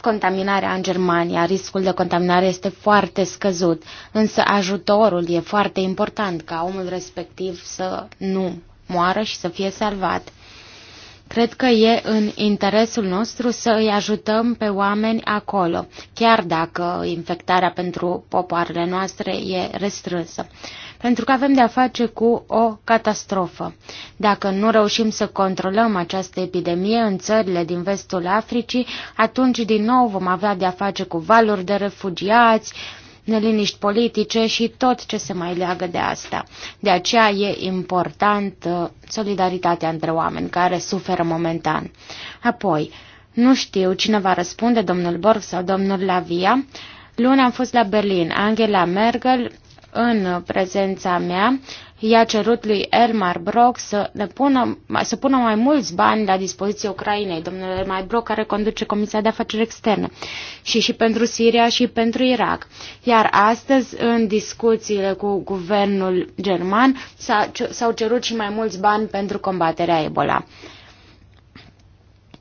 contaminarea în Germania, riscul de contaminare este foarte scăzut, însă ajutorul e foarte important ca omul respectiv să nu moară și să fie salvat. Cred că e în interesul nostru să îi ajutăm pe oameni acolo, chiar dacă infectarea pentru popoarele noastre e restrânsă pentru că avem de-a face cu o catastrofă. Dacă nu reușim să controlăm această epidemie în țările din vestul Africii, atunci din nou vom avea de-a face cu valuri de refugiați, neliniști politice și tot ce se mai leagă de asta. De aceea e important uh, solidaritatea între oameni care suferă momentan. Apoi, nu știu cine va răspunde, domnul Borg sau domnul Lavia. Luni am fost la Berlin. Angela Merkel în prezența mea i-a cerut lui Elmar Brock să, ne pună, să pună mai mulți bani la dispoziție Ucrainei, domnul Elmar Brock care conduce Comisia de Afaceri Externe, și și pentru Siria și pentru Irak. Iar astăzi, în discuțiile cu guvernul german, s-au cerut și mai mulți bani pentru combaterea Ebola.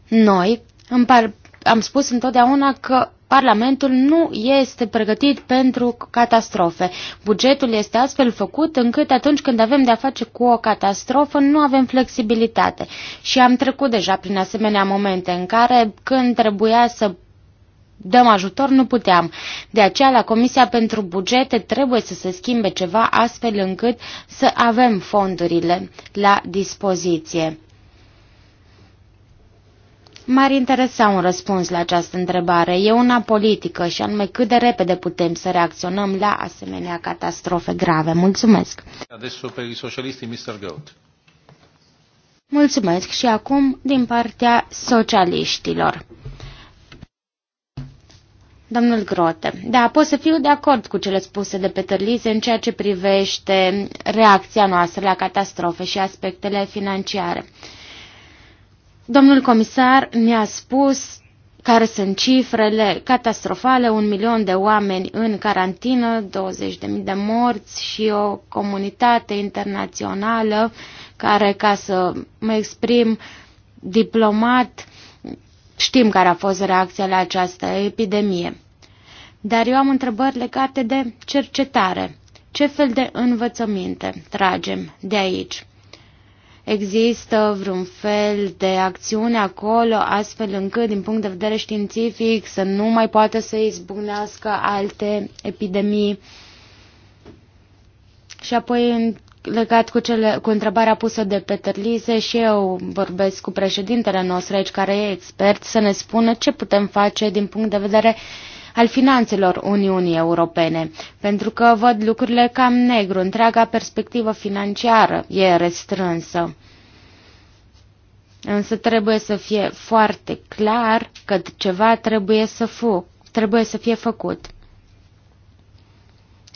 Noi, în par- am spus întotdeauna că Parlamentul nu este pregătit pentru catastrofe. Bugetul este astfel făcut încât atunci când avem de-a face cu o catastrofă nu avem flexibilitate. Și am trecut deja prin asemenea momente în care când trebuia să dăm ajutor, nu puteam. De aceea la Comisia pentru Bugete trebuie să se schimbe ceva astfel încât să avem fondurile la dispoziție. M-ar interesa un răspuns la această întrebare. E una politică și anume cât de repede putem să reacționăm la asemenea catastrofe grave. Mulțumesc. Mulțumesc și acum din partea socialiștilor. Domnul Grote, da, pot să fiu de acord cu cele spuse de Peter Lise în ceea ce privește reacția noastră la catastrofe și aspectele financiare. Domnul comisar ne-a spus care sunt cifrele catastrofale, un milion de oameni în carantină, 20.000 de morți și o comunitate internațională care, ca să mă exprim diplomat, știm care a fost reacția la această epidemie. Dar eu am întrebări legate de cercetare. Ce fel de învățăminte tragem de aici? Există vreun fel de acțiune acolo, astfel încât, din punct de vedere științific, să nu mai poată să izbucnească alte epidemii. Și apoi, legat cu, cele, cu întrebarea pusă de Peter Lise, și eu vorbesc cu președintele nostru aici, care e expert, să ne spună ce putem face din punct de vedere uh, al finanțelor Uniunii Europene, pentru că văd lucrurile cam negru, întreaga perspectivă financiară e restrânsă. Însă trebuie să fie foarte clar că ceva trebuie să, fu, trebuie să fie făcut.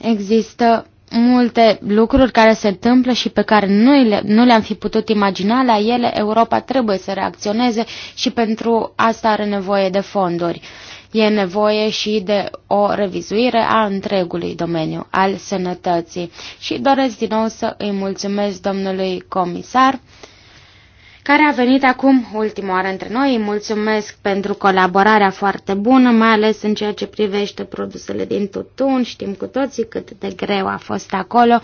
Există multe lucruri care se întâmplă și pe care noi le, nu le-am fi putut imagina, la ele Europa trebuie să reacționeze și pentru asta are nevoie de fonduri. E nevoie și de o revizuire a întregului domeniu al sănătății și doresc din nou să îi mulțumesc domnului comisar care a venit acum ultima oară între noi. Îi mulțumesc pentru colaborarea foarte bună, mai ales în ceea ce privește produsele din tutun. Știm cu toții cât de greu a fost acolo,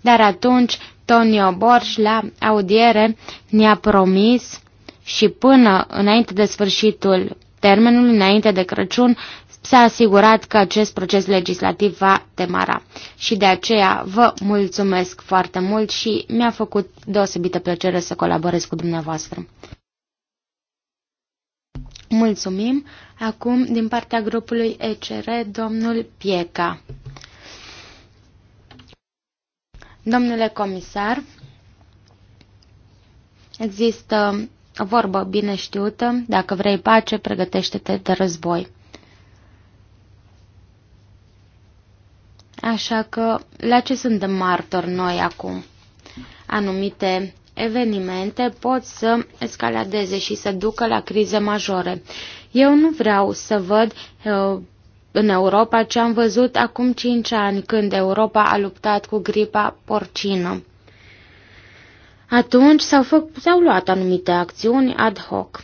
dar atunci Tonio Borș la audiere ne-a promis și până înainte de sfârșitul termenul înainte de Crăciun, s-a asigurat că acest proces legislativ va demara. Și de aceea vă mulțumesc foarte mult și mi-a făcut deosebită plăcere să colaborez cu dumneavoastră. Mulțumim. Acum, din partea grupului ECR, domnul Pieca. Domnule comisar, există o vorbă bine știută, dacă vrei pace, pregătește-te de război. Așa că, la ce suntem martori noi acum? Anumite evenimente pot să escaladeze și să ducă la crize majore. Eu nu vreau să văd uh, în Europa ce am văzut acum 5 ani, când Europa a luptat cu gripa porcină. Atunci s-au, făc, s-au luat anumite acțiuni ad hoc.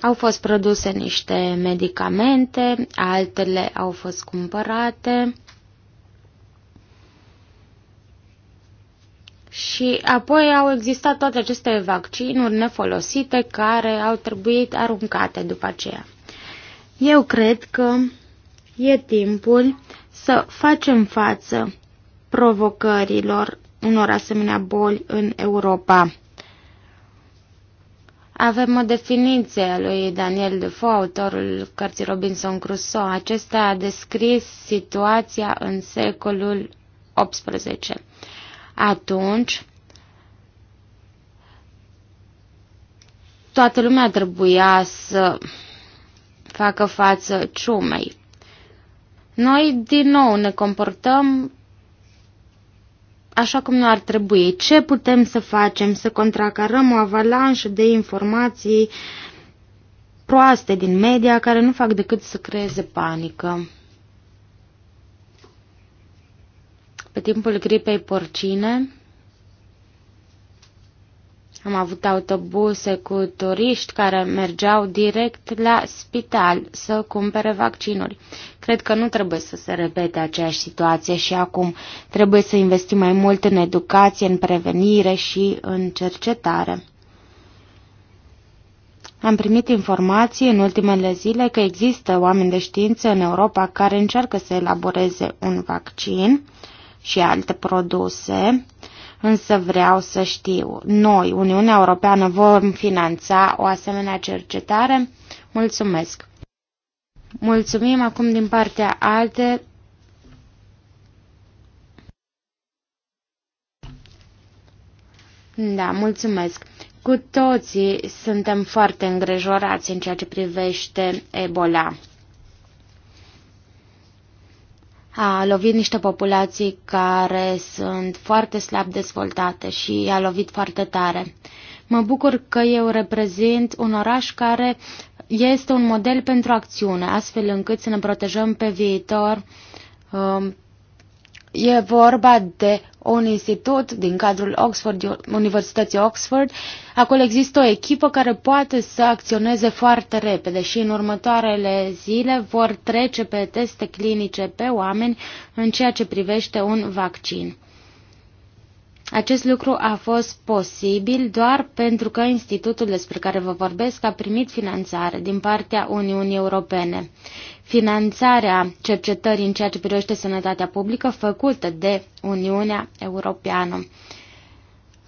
Au fost produse niște medicamente, altele au fost cumpărate. Și apoi au existat toate aceste vaccinuri nefolosite care au trebuit aruncate după aceea. Eu cred că e timpul să facem față provocărilor unor asemenea boli în Europa. Avem o definiție a lui Daniel Defoe, autorul cărții Robinson Crusoe. Acesta a descris situația în secolul XVIII. Atunci, toată lumea trebuia să facă față ciumei. Noi din nou ne comportăm așa cum nu ar trebui. Ce putem să facem? Să contracarăm o avalanșă de informații proaste din media care nu fac decât să creeze panică. Pe timpul gripei porcine, am avut autobuse cu turiști care mergeau direct la spital să cumpere vaccinuri. Cred că nu trebuie să se repete aceeași situație și acum trebuie să investim mai mult în educație, în prevenire și în cercetare. Am primit informații în ultimele zile că există oameni de știință în Europa care încearcă să elaboreze un vaccin și alte produse însă vreau să știu, noi, Uniunea Europeană, vom finanța o asemenea cercetare? Mulțumesc! Mulțumim acum din partea alte. Da, mulțumesc! Cu toții suntem foarte îngrijorați în ceea ce privește Ebola a lovit niște populații care sunt foarte slab dezvoltate și a lovit foarte tare. Mă bucur că eu reprezint un oraș care este un model pentru acțiune, astfel încât să ne protejăm pe viitor um, E vorba de un institut din cadrul Oxford, Universității Oxford. Acolo există o echipă care poate să acționeze foarte repede și în următoarele zile vor trece pe teste clinice pe oameni în ceea ce privește un vaccin. Acest lucru a fost posibil doar pentru că institutul despre care vă vorbesc a primit finanțare din partea Uniunii Europene. Finanțarea cercetării în ceea ce privește sănătatea publică făcută de Uniunea Europeană.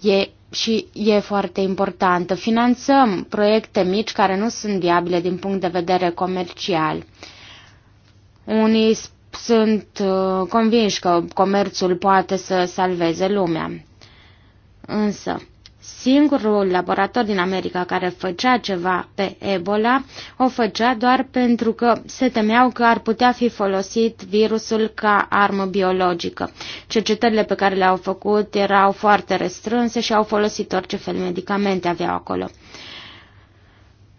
E și e foarte importantă. Finanțăm proiecte mici care nu sunt viabile din punct de vedere comercial. Unii sunt uh, convinși că comerțul poate să salveze lumea. Însă, singurul laborator din America care făcea ceva pe Ebola o făcea doar pentru că se temeau că ar putea fi folosit virusul ca armă biologică. Cercetările pe care le-au făcut erau foarte restrânse și au folosit orice fel de medicamente aveau acolo.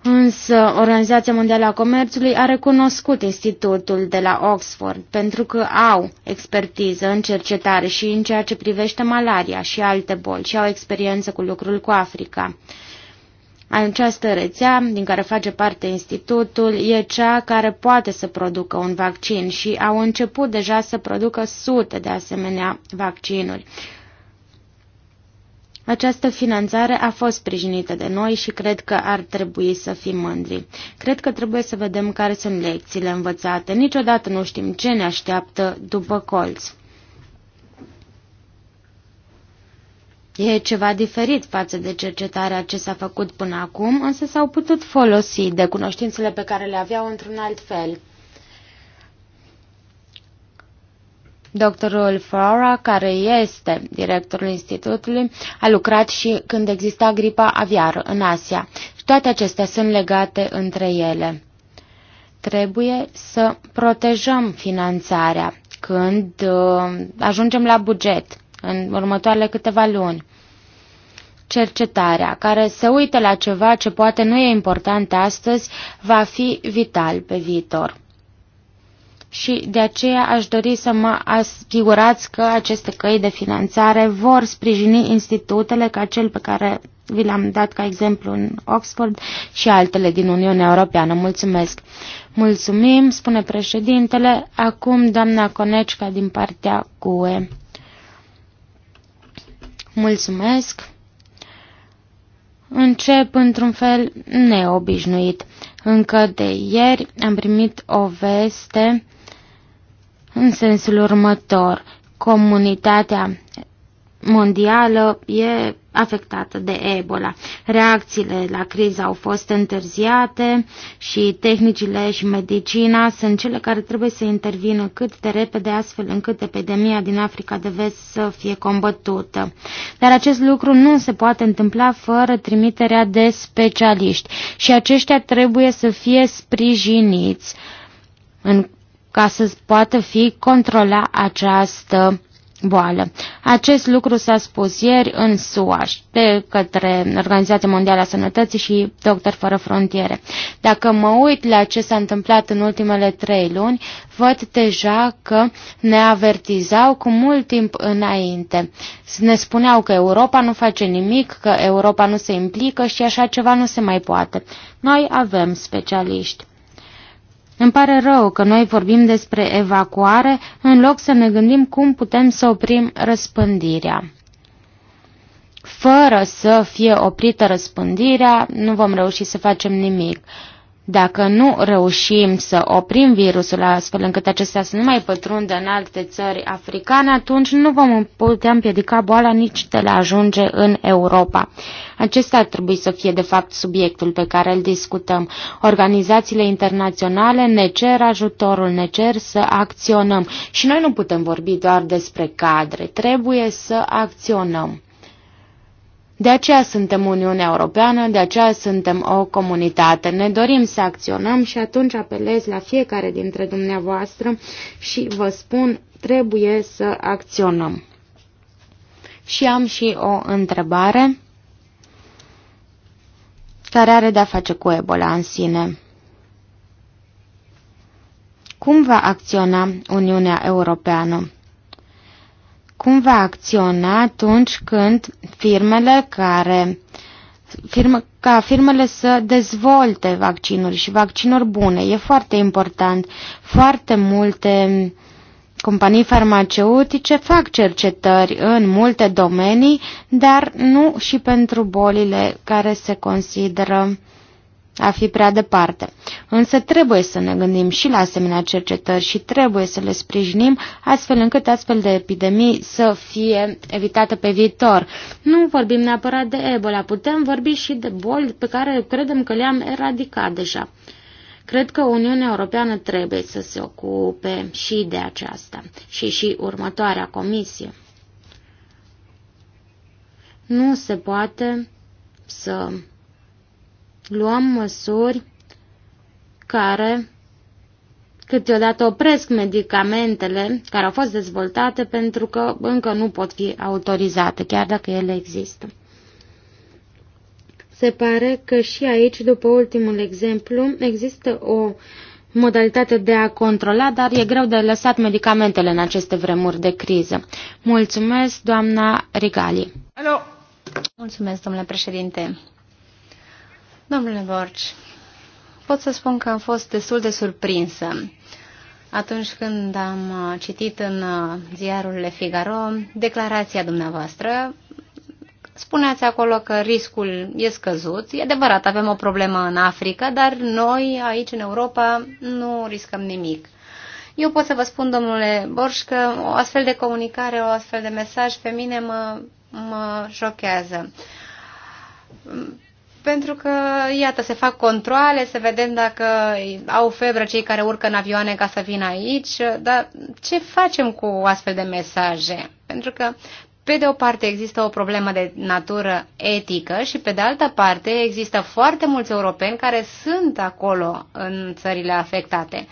Însă Organizația Mondială a Comerțului a recunoscut institutul de la Oxford pentru că au expertiză în cercetare și în ceea ce privește malaria și alte boli și au experiență cu lucrul cu Africa. Această rețea din care face parte institutul e cea care poate să producă un vaccin și au început deja să producă sute de asemenea vaccinuri. Această finanțare a fost sprijinită de noi și cred că ar trebui să fim mândri. Cred că trebuie să vedem care sunt lecțiile învățate. Niciodată nu știm ce ne așteaptă după colț. E ceva diferit față de cercetarea ce s-a făcut până acum, însă s-au putut folosi de cunoștințele pe care le aveau într-un alt fel. Doctorul Flora, care este directorul institutului, a lucrat și când exista gripa aviară în Asia. Și toate acestea sunt legate între ele. Trebuie să protejăm finanțarea când uh, ajungem la buget în următoarele câteva luni cercetarea, care se uită la ceva ce poate nu e important astăzi, va fi vital pe viitor și de aceea aș dori să mă asigurați că aceste căi de finanțare vor sprijini institutele ca cel pe care vi l-am dat ca exemplu în Oxford și altele din Uniunea Europeană. Mulțumesc! Mulțumim, spune președintele. Acum doamna Conecica din partea CUE. Mulțumesc! Încep într-un fel neobișnuit. Încă de ieri am primit o veste în sensul următor. Comunitatea mondială e afectată de Ebola. Reacțiile la criză au fost întârziate și tehnicile și medicina sunt cele care trebuie să intervină cât de repede astfel încât epidemia din Africa de Vest să fie combătută. Dar acest lucru nu se poate întâmpla fără trimiterea de specialiști și aceștia trebuie să fie sprijiniți în ca să poată fi controla această boală. Acest lucru s-a spus ieri în SUA de către Organizația Mondială a Sănătății și Doctor Fără Frontiere. Dacă mă uit la ce s-a întâmplat în ultimele trei luni, văd deja că ne avertizau cu mult timp înainte. Ne spuneau că Europa nu face nimic, că Europa nu se implică și așa ceva nu se mai poate. Noi avem specialiști. Îmi pare rău că noi vorbim despre evacuare în loc să ne gândim cum putem să oprim răspândirea. Fără să fie oprită răspândirea, nu vom reuși să facem nimic. Dacă nu reușim să oprim virusul astfel încât acestea să nu mai pătrundă în alte țări africane, atunci nu vom putea împiedica boala nici de la ajunge în Europa. Acesta ar trebui să fie, de fapt, subiectul pe care îl discutăm. Organizațiile internaționale ne cer ajutorul, ne cer să acționăm. Și noi nu putem vorbi doar despre cadre, trebuie să acționăm. De aceea suntem Uniunea Europeană, de aceea suntem o comunitate. Ne dorim să acționăm și atunci apelez la fiecare dintre dumneavoastră și vă spun, trebuie să acționăm. Și am și o întrebare care are de-a face cu Ebola în sine. Cum va acționa Uniunea Europeană? cum va acționa atunci când firmele care firme, ca firmele să dezvolte vaccinuri și vaccinuri bune. E foarte important. Foarte multe companii farmaceutice fac cercetări în multe domenii, dar nu și pentru bolile care se consideră a fi prea departe. Însă trebuie să ne gândim și la asemenea cercetări și trebuie să le sprijinim astfel încât astfel de epidemii să fie evitate pe viitor. Nu vorbim neapărat de Ebola, putem vorbi și de boli pe care credem că le-am eradicat deja. Cred că Uniunea Europeană trebuie să se ocupe și de aceasta și și următoarea comisie. Nu se poate să luăm măsuri care câteodată opresc medicamentele care au fost dezvoltate pentru că încă nu pot fi autorizate, chiar dacă ele există. Se pare că și aici, după ultimul exemplu, există o modalitate de a controla, dar e greu de lăsat medicamentele în aceste vremuri de criză. Mulțumesc, doamna Rigali. Alo. Mulțumesc, domnule președinte. Domnule Borci, pot să spun că am fost destul de surprinsă atunci când am uh, citit în uh, ziarul Le Figaro declarația dumneavoastră. Spuneați acolo că riscul e scăzut. E adevărat, avem o problemă în Africa, dar noi aici în Europa nu riscăm nimic. Eu pot să vă spun, domnule Borș, că o astfel de comunicare, o astfel de mesaj pe mine mă, mă șochează pentru că, iată, se fac controle, să vedem dacă au febră cei care urcă în avioane ca să vină aici, dar ce facem cu astfel de mesaje? Pentru că, pe de o parte, există o problemă de natură etică și, pe de altă parte, există foarte mulți europeni care sunt acolo în țările afectate.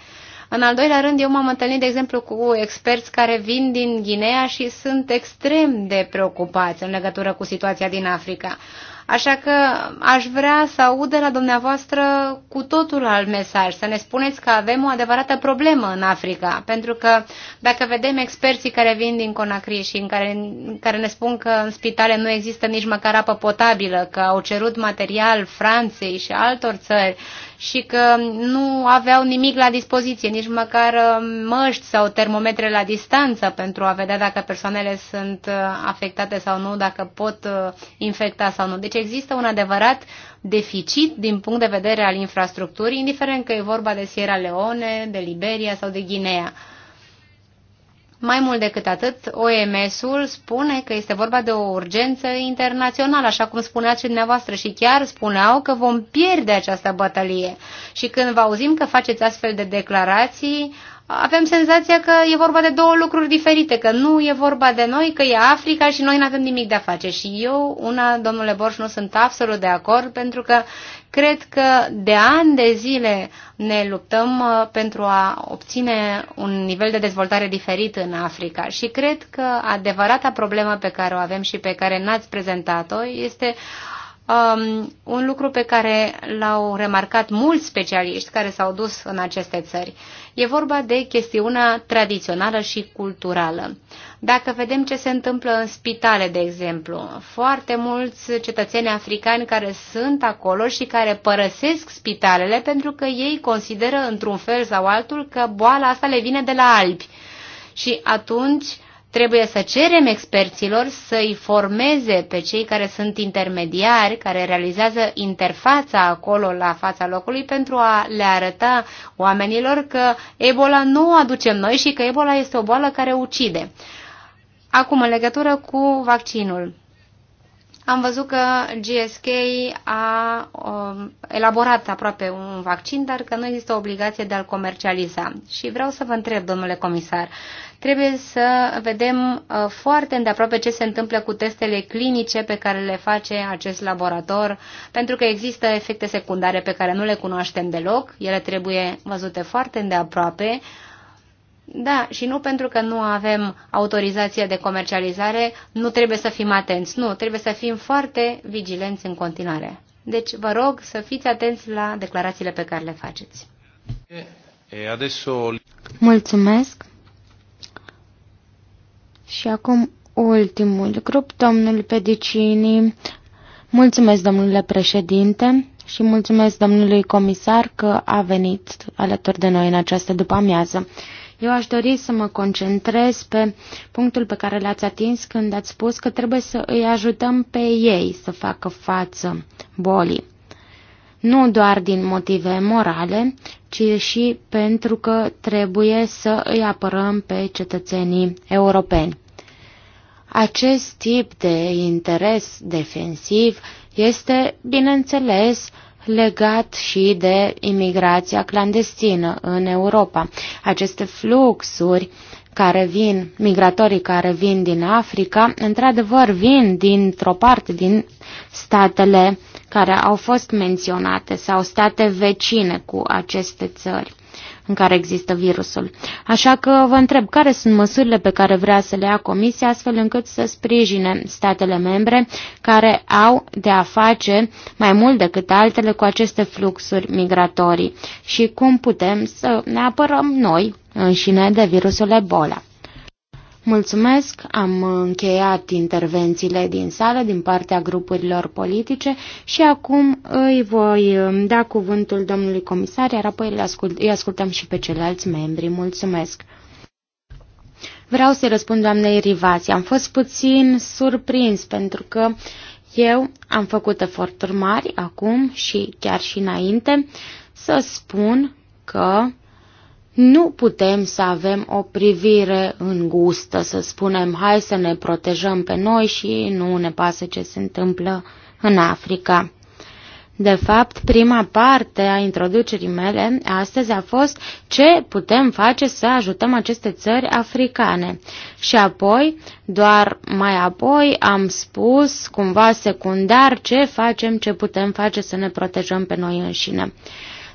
În al doilea rând, eu m-am întâlnit, de exemplu, cu experți care vin din Guinea și sunt extrem de preocupați în legătură cu situația din Africa. Așa că aș vrea să aud de la dumneavoastră cu totul alt mesaj, să ne spuneți că avem o adevărată problemă în Africa, pentru că dacă vedem experții care vin din Conakry și în care, în care ne spun că în spitale nu există nici măcar apă potabilă, că au cerut material Franței și altor țări și că nu aveau nimic la dispoziție, nici măcar uh, măști sau termometre la distanță pentru a vedea dacă persoanele sunt uh, afectate sau nu, dacă pot uh, infecta sau nu. Deci există un adevărat deficit din punct de vedere al infrastructurii, indiferent că e vorba de Sierra Leone, de Liberia sau de Guinea. Mai mult decât atât, OMS-ul spune că este vorba de o urgență internațională, așa cum spuneați și dumneavoastră, și chiar spuneau că vom pierde această bătălie. Și când vă auzim că faceți astfel de declarații, avem senzația că e vorba de două lucruri diferite, că nu e vorba de noi, că e Africa și noi nu avem nimic de a face. Și eu, una, domnule Borș, nu sunt absolut de acord, pentru că Cred că de ani de zile ne luptăm uh, pentru a obține un nivel de dezvoltare diferit în Africa și cred că adevărata problemă pe care o avem și pe care n-ați prezentat-o este um, un lucru pe care l-au remarcat mulți specialiști care s-au dus în aceste țări. Uh, E vorba de chestiunea tradițională și culturală. Dacă vedem ce se întâmplă în spitale, de exemplu, foarte mulți cetățeni africani care sunt acolo și care părăsesc spitalele pentru că ei consideră într-un fel sau altul că boala asta le vine de la albi. Și atunci Trebuie să cerem experților să îi formeze pe cei care sunt intermediari, care realizează interfața acolo la fața locului pentru a le arăta oamenilor că Ebola nu o aducem noi și că Ebola este o boală care ucide. Acum, în legătură cu vaccinul. Am văzut că GSK a um, elaborat aproape un vaccin, dar că nu există obligație de a-l comercializa. Și vreau să vă întreb, domnule comisar, trebuie să vedem uh, foarte îndeaproape ce se întâmplă cu testele clinice pe care le face acest laborator, pentru că există efecte secundare pe care nu le cunoaștem deloc, ele trebuie văzute foarte îndeaproape. Uh, da, și nu pentru că nu avem autorizație de comercializare, nu trebuie să fim atenți. Nu, trebuie să fim foarte vigilenți în continuare. Deci vă rog să fiți atenți la declarațiile pe care le faceți. Mulțumesc. Și acum ultimul grup, domnul Pedicini. Mulțumesc, domnule președinte, și mulțumesc domnului comisar că a venit alături de noi în această după-amiază. Eu aș dori să mă concentrez pe punctul pe care l-ați atins când ați spus că trebuie să îi ajutăm pe ei să facă față bolii. Nu doar din motive morale, ci și pentru că trebuie să îi apărăm pe cetățenii europeni. Acest tip de interes defensiv este, bineînțeles, uh, legat și de imigrația clandestină în Europa. Aceste fluxuri care vin, migratorii care vin din Africa, într-adevăr vin dintr-o parte din statele care au fost menționate sau state vecine cu aceste țări în care există virusul. Așa că vă întreb care sunt măsurile pe care vrea să le ia Comisia astfel încât să sprijine statele membre care au de a face mai mult decât altele cu aceste fluxuri migratorii și cum putem să ne apărăm noi înșine de virusul Ebola. Mulțumesc, am încheiat intervențiile din sală din partea grupurilor politice și acum îi voi da cuvântul domnului comisar, iar apoi îi, ascult, îi ascultăm și pe ceilalți membri. Mulțumesc! Vreau să-i răspund doamnei Rivasi. Am fost puțin surprins pentru că eu am făcut eforturi mari acum și chiar și înainte să spun că nu putem să avem o privire îngustă, să spunem, hai să ne protejăm pe noi și nu ne pasă ce se întâmplă în Africa. De fapt, prima parte a introducerii mele astăzi a fost ce putem face să ajutăm aceste țări africane. Și apoi, doar mai apoi, am spus cumva secundar ce facem, ce putem face să ne protejăm pe noi înșine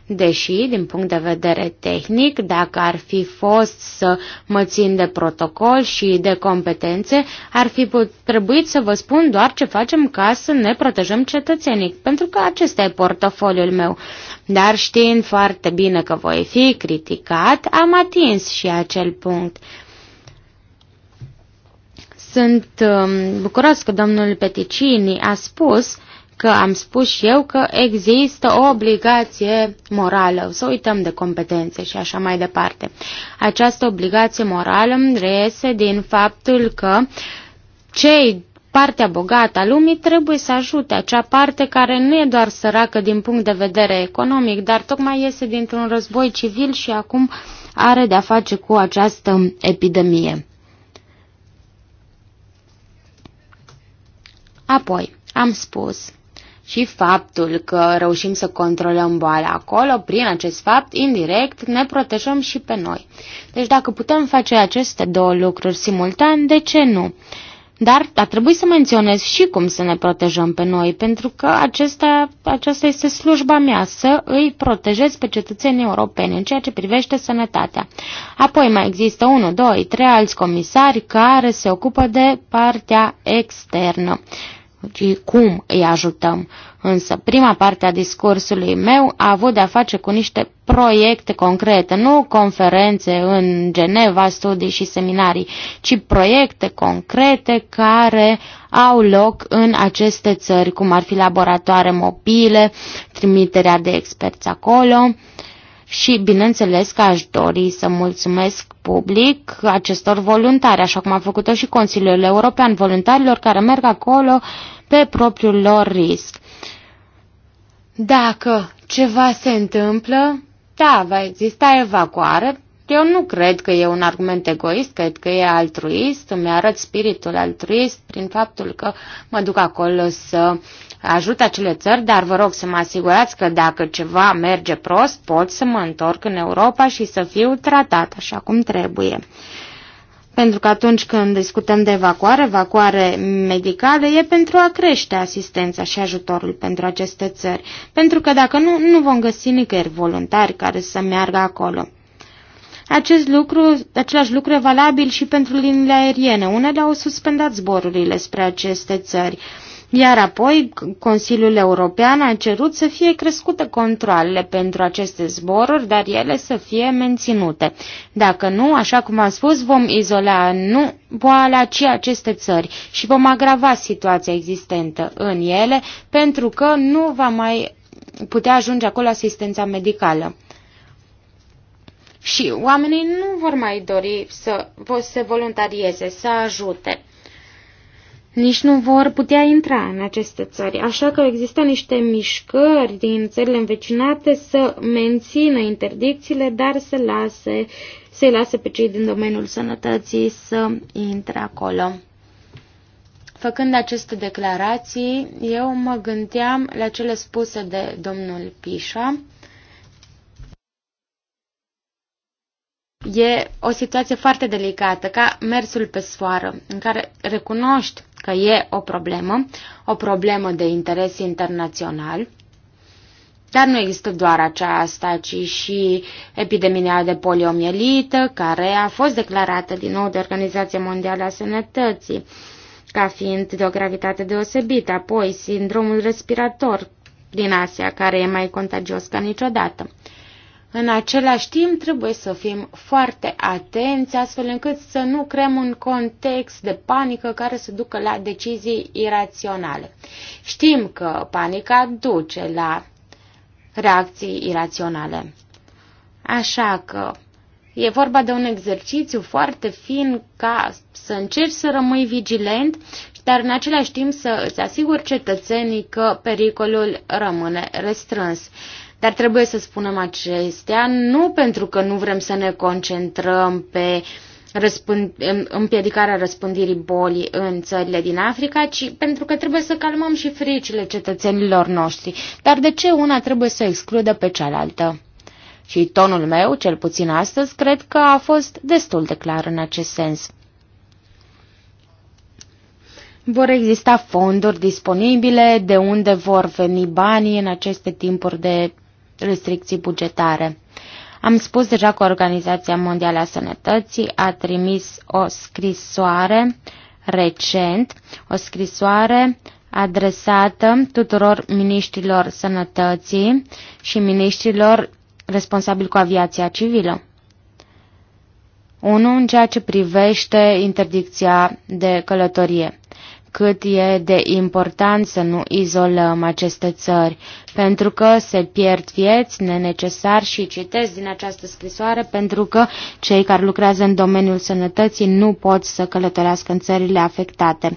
deși, din punct de vedere tehnic, dacă ar fi fost să mă țin de protocol și de competențe, ar fi trebuit să vă spun doar ce facem ca să ne protejăm cetățenii, pentru că acesta e portofoliul meu. Dar știind foarte bine că voi fi criticat, am atins și acel punct. Sunt um, bucuros că domnul Peticini a spus că am spus și eu că există o obligație morală, să uităm de competențe și așa mai departe. Această obligație morală reiese din faptul că cei partea bogată a lumii trebuie să ajute acea parte care nu e doar săracă din punct de vedere economic, dar tocmai iese dintr-un război civil și acum are de-a face cu această epidemie. Apoi, am spus și faptul că reușim să controlăm boala acolo, prin acest fapt, indirect, ne protejăm și pe noi. Deci dacă putem face aceste două lucruri simultan, de ce nu? Dar ar trebui să menționez și cum să ne protejăm pe noi, pentru că acesta, aceasta este slujba mea, să îi protejez pe cetățenii europeni în ceea ce privește sănătatea. Apoi mai există unul, doi, trei alți comisari care se ocupă de partea externă ci cum îi ajutăm. Însă prima parte a discursului meu a avut de-a face cu niște proiecte concrete, nu conferințe în Geneva, studii și seminarii, ci proiecte concrete care au loc în aceste țări, cum ar fi laboratoare mobile, trimiterea de experți acolo și bineînțeles că aș dori să mulțumesc public acestor voluntari, așa cum a făcut-o și Consiliul European, voluntarilor care merg acolo uh, pe propriul lor risc. Dacă ceva se întâmplă, da, va exista evacuare. Eu nu cred că e un argument egoist, cred că e altruist, îmi arăt spiritul altruist prin faptul că mă duc acolo să ajut acele țări, dar vă rog să mă asigurați că dacă ceva merge prost, pot să mă întorc în Europa și să fiu tratat așa cum trebuie. Pentru că atunci când discutăm de evacuare, evacuare medicală, e pentru a crește asistența și ajutorul pentru aceste țări. Pentru că dacă nu, nu vom găsi nicăieri voluntari care să meargă acolo. Acest lucru, același lucru e valabil și pentru liniile aeriene. Unele au suspendat zborurile spre aceste țări. Iar apoi, Consiliul European a cerut să fie crescute controlele pentru aceste zboruri, dar ele să fie menținute. Dacă nu, așa cum am spus, vom izola nu boala, ci aceste țări și vom agrava situația existentă în ele, pentru că nu va mai putea ajunge acolo asistența medicală. Și oamenii nu vor mai dori să se voluntarieze, să ajute nici nu vor putea intra în aceste țări. Așa că există niște mișcări din țările învecinate să mențină interdicțiile, dar să lase, să-i lase pe cei din domeniul sănătății să intre acolo. Făcând aceste declarații, eu mă gândeam la cele spuse de domnul Pișa, E o situație foarte delicată, ca mersul pe soară, în care recunoști că e o problemă, o problemă de interes internațional, dar nu există doar aceasta, ci și epidemia de poliomielită, care a fost declarată din nou de Organizația Mondială a Sănătății ca fiind de o gravitate deosebită, apoi sindromul respirator din Asia, care e mai contagios ca niciodată. În același timp, trebuie să fim foarte atenți, astfel încât să nu creăm un context de panică care să ducă la decizii iraționale. Știm că panica duce la reacții iraționale. Așa că e vorba de un exercițiu foarte fin ca să încerci să rămâi vigilent, dar în același timp să îți asiguri cetățenii că pericolul rămâne restrâns. Dar trebuie să spunem acestea nu pentru că nu vrem să ne concentrăm pe răspând, împiedicarea răspândirii bolii în țările din Africa, ci pentru că trebuie să calmăm și fricile cetățenilor noștri. Dar de ce una trebuie să excludă pe cealaltă? Și tonul meu, cel puțin astăzi, cred că a fost destul de clar în acest sens. Vor exista fonduri disponibile de unde vor veni banii în aceste timpuri de restricții bugetare. Am spus deja că Organizația Mondială a Sănătății a trimis o scrisoare recent, o scrisoare adresată tuturor miniștrilor sănătății și miniștrilor responsabili cu aviația civilă. Unul În ceea ce privește interdicția de călătorie cât e de important să nu izolăm aceste țări, pentru că se pierd vieți nenecesar și citesc din această scrisoare pentru că cei care lucrează în domeniul sănătății nu pot să călătorească în țările afectate.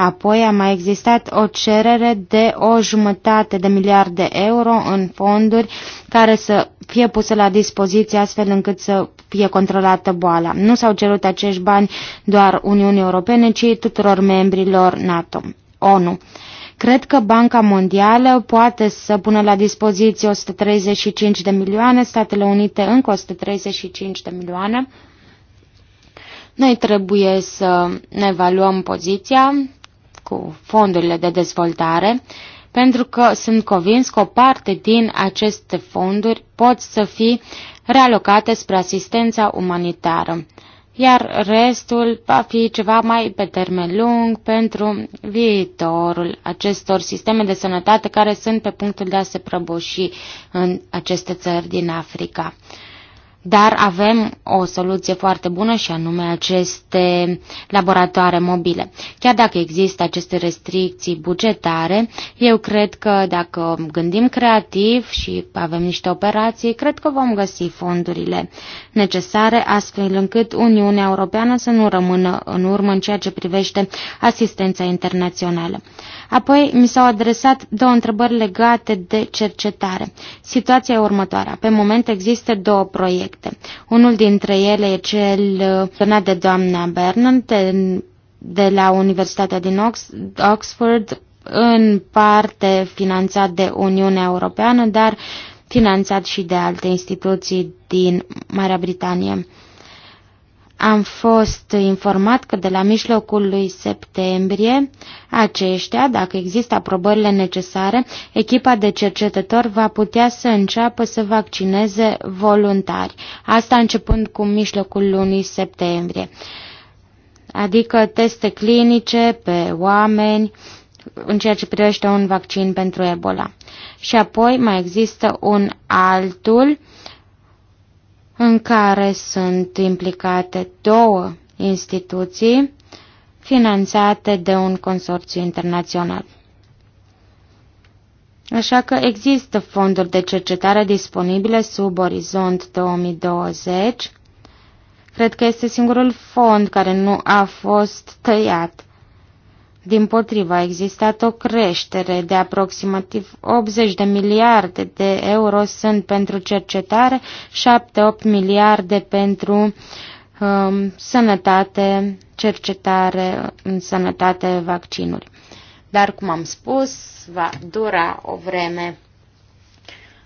Apoi a mai existat o cerere de o jumătate de miliard de euro în fonduri care să fie pusă la dispoziție astfel încât să fie controlată boala. Nu s-au cerut acești bani doar Uniunii Europene, ci tuturor membrilor NATO, ONU. Cred că Banca Mondială poate să pună la dispoziție 135 de milioane, Statele Unite încă 135 de milioane. Noi trebuie să ne evaluăm poziția cu fondurile de dezvoltare, pentru că sunt convins că o parte din aceste fonduri pot să fie realocate spre asistența umanitară, iar restul va fi ceva mai pe termen lung pentru viitorul acestor sisteme de sănătate care sunt pe punctul de a se prăbuși în aceste țări din Africa. Dar avem o soluție foarte bună și anume aceste laboratoare mobile. Chiar dacă există aceste restricții bugetare, eu cred că dacă gândim creativ și avem niște operații, cred că vom găsi fondurile necesare astfel încât Uniunea Europeană să nu rămână în urmă în ceea ce privește asistența internațională. Apoi mi s-au adresat două întrebări legate de cercetare. Situația următoarea. Pe moment există două proiecte proiecte. Unul dintre ele e cel donat uh, de doamna Bernard de, de la Universitatea din Ox Oxford, în parte finanțat de Uniunea Europeană, dar finanțat și de alte instituții din Marea Britanie. Am fost informat că de la mijlocul lui septembrie aceștia, dacă există aprobările necesare, echipa de cercetători va putea să înceapă să vaccineze voluntari, asta începând cu mijlocul lunii septembrie, adică teste clinice pe oameni în ceea ce privește un vaccin pentru Ebola. Și apoi mai există un altul în care sunt implicate două instituții finanțate de un consorțiu internațional. Așa că există fonduri de cercetare disponibile sub Orizont 2020. Cred că este singurul fond care nu a fost tăiat. Din potriva, a existat o creștere de aproximativ 80 de miliarde de euro sunt pentru cercetare, 7-8 miliarde pentru um, sănătate, cercetare în sănătate, vaccinuri. Dar, cum am spus, va dura o vreme.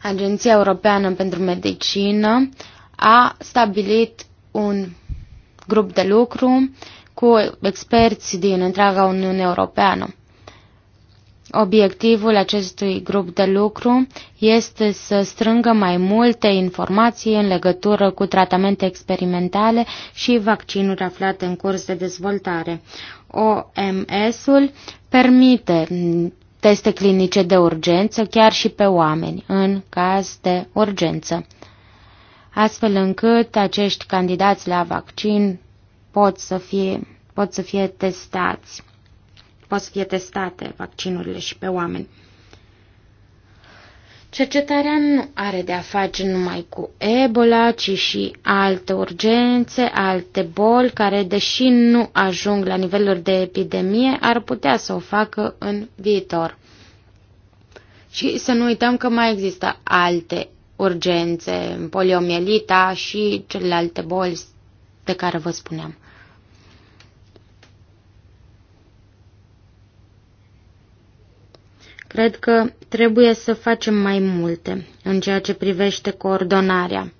Agenția Europeană pentru Medicină a stabilit un grup de lucru cu experți din întreaga Uniune Europeană. Obiectivul acestui grup de lucru este să strângă mai multe informații în legătură cu tratamente experimentale și vaccinuri aflate în curs de dezvoltare. OMS-ul permite teste clinice de urgență chiar și pe oameni în caz de urgență, astfel încât acești candidați la vaccin pot să fie, pot să fie testați, pot să fie testate vaccinurile și pe oameni. Cercetarea nu are de a face numai cu Ebola, ci și alte urgențe, alte boli care, deși nu ajung la niveluri de epidemie, ar putea să o facă în viitor. Și să nu uităm că mai există alte urgențe, poliomielita și celelalte boli de care vă spuneam. Cred că trebuie să facem mai multe în ceea ce privește coordonarea.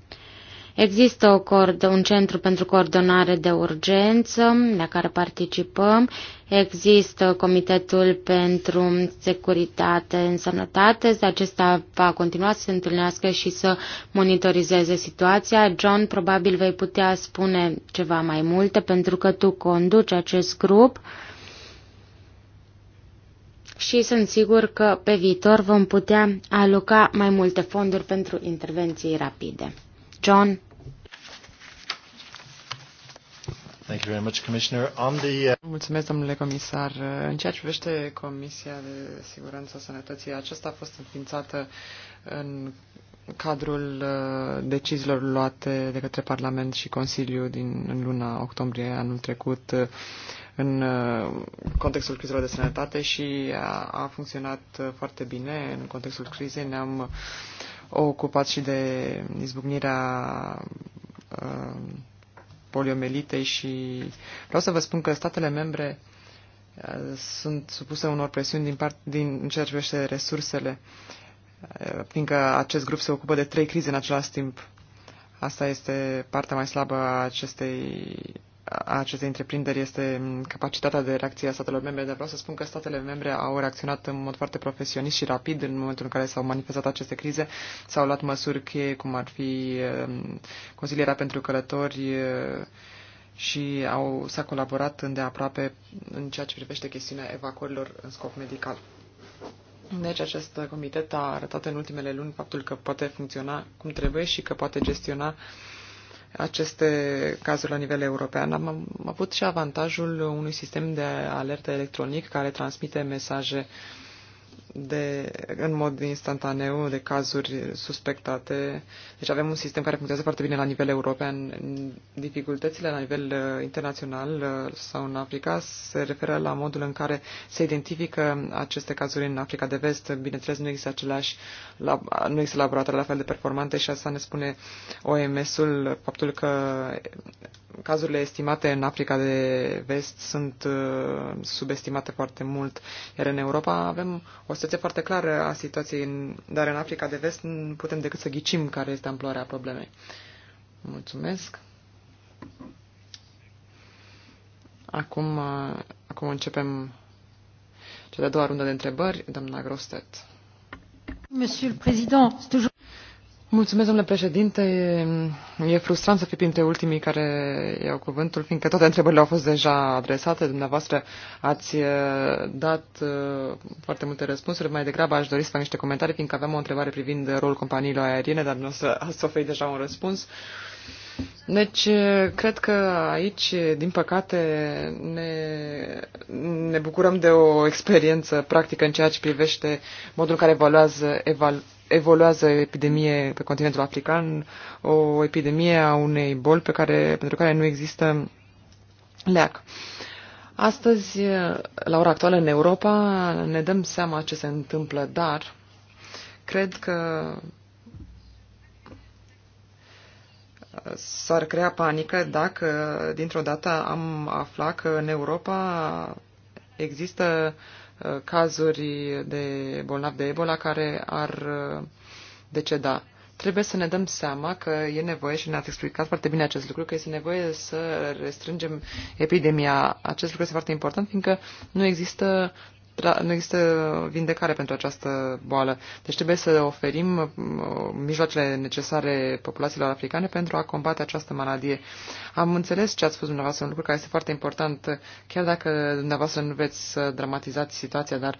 Există o cord, un centru pentru coordonare de urgență la care participăm, există Comitetul pentru Securitate în Sănătate, acesta va continua să se întâlnească și să monitorizeze situația. John, probabil vei putea spune ceva mai multe pentru că tu conduci acest grup. Uh, și sunt sigur că pe viitor vom putea aloca mai multe fonduri pentru intervenții rapide. John? Thank you very much, Commissioner. On the... Uh, Mulțumesc, domnule comisar. În ceea ce privește Comisia de Siguranță Sănătății, aceasta a fost înființată în cadrul uh, deciziilor luate de către Parlament și Consiliu din luna octombrie anul trecut în uh, contextul crizelor de sănătate și a, a funcționat uh, foarte bine în contextul crizei. Ne-am uh, ocupat și de izbucnirea poliomelitei și vreau să vă spun că statele membre sunt supuse unor presiuni din, part, din ceea ce privește resursele, fiindcă acest grup se ocupă de trei crize în același timp. Asta este partea mai slabă a acestei acestei întreprinderi este capacitatea de reacție a statelor membre, dar vreau să spun că statele membre au reacționat în mod foarte profesionist și rapid în momentul în care s-au manifestat aceste crize. S-au luat măsuri cheie, cum ar fi um, consilierea pentru călători uh, și au, s-a colaborat îndeaproape în ceea ce privește chestiunea evacuărilor în scop medical. Deci acest comitet a arătat în ultimele luni faptul că poate funcționa cum trebuie și că poate gestiona uh, aceste cazuri la nivel european. Am avut și avantajul unui sistem de alertă electronic care transmite mesaje uh, de, în mod instantaneu de cazuri suspectate. Deci avem un sistem care funcționează foarte bine la nivel european. Dificultățile la nivel uh, internațional uh, sau în Africa se referă la modul în care se identifică aceste cazuri în Africa de Vest. Bineînțeles, nu există același, nu există laboratoare la fel de performante și asta ne spune OMS-ul faptul că cazurile estimate în Africa de Vest sunt uh, subestimate foarte mult, iar în Europa avem o situație foarte clară a situației, în, dar în Africa de Vest nu putem decât să ghicim care este amploarea problemei. Mulțumesc. Acum, uh, acum începem cea de-a doua rundă de întrebări, doamna Grostet. Monsieur le Président, toujours... Mulțumesc, domnule președinte. E, e frustrant să fii printre ultimii care iau cuvântul, fiindcă toate întrebările au fost deja adresate. Dumneavoastră ați uh, dat uh, foarte multe răspunsuri. Mai degrabă aș dori să fac niște comentarii, fiindcă aveam o întrebare privind rolul companiilor aeriene, dar să ați oferit deja un răspuns. Deci, uh, cred că aici, din păcate, ne, ne bucurăm de o experiență practică în ceea ce privește modul în care evaluează eval, evoluează epidemie pe continentul african, o epidemie a unei boli pe care, pentru care nu există leac. Astăzi, la ora actuală în Europa, ne dăm seama ce se întâmplă, dar cred că s-ar crea panică dacă dintr-o dată am aflat că în Europa există uh, Uh, cazuri de bolnavi de Ebola care ar uh, deceda. Trebuie să ne dăm seama că e nevoie, și ne-ați explicat foarte bine acest lucru, că este nevoie să restrângem epidemia. Acest lucru este foarte important, fiindcă nu există da, nu există vindecare pentru această boală. Deci trebuie să oferim uh, mijloacele necesare populațiilor africane pentru a combate această maladie. Am înțeles ce ați spus dumneavoastră, un lucru care este foarte important, chiar dacă dumneavoastră nu veți să uh, dramatizați situația, dar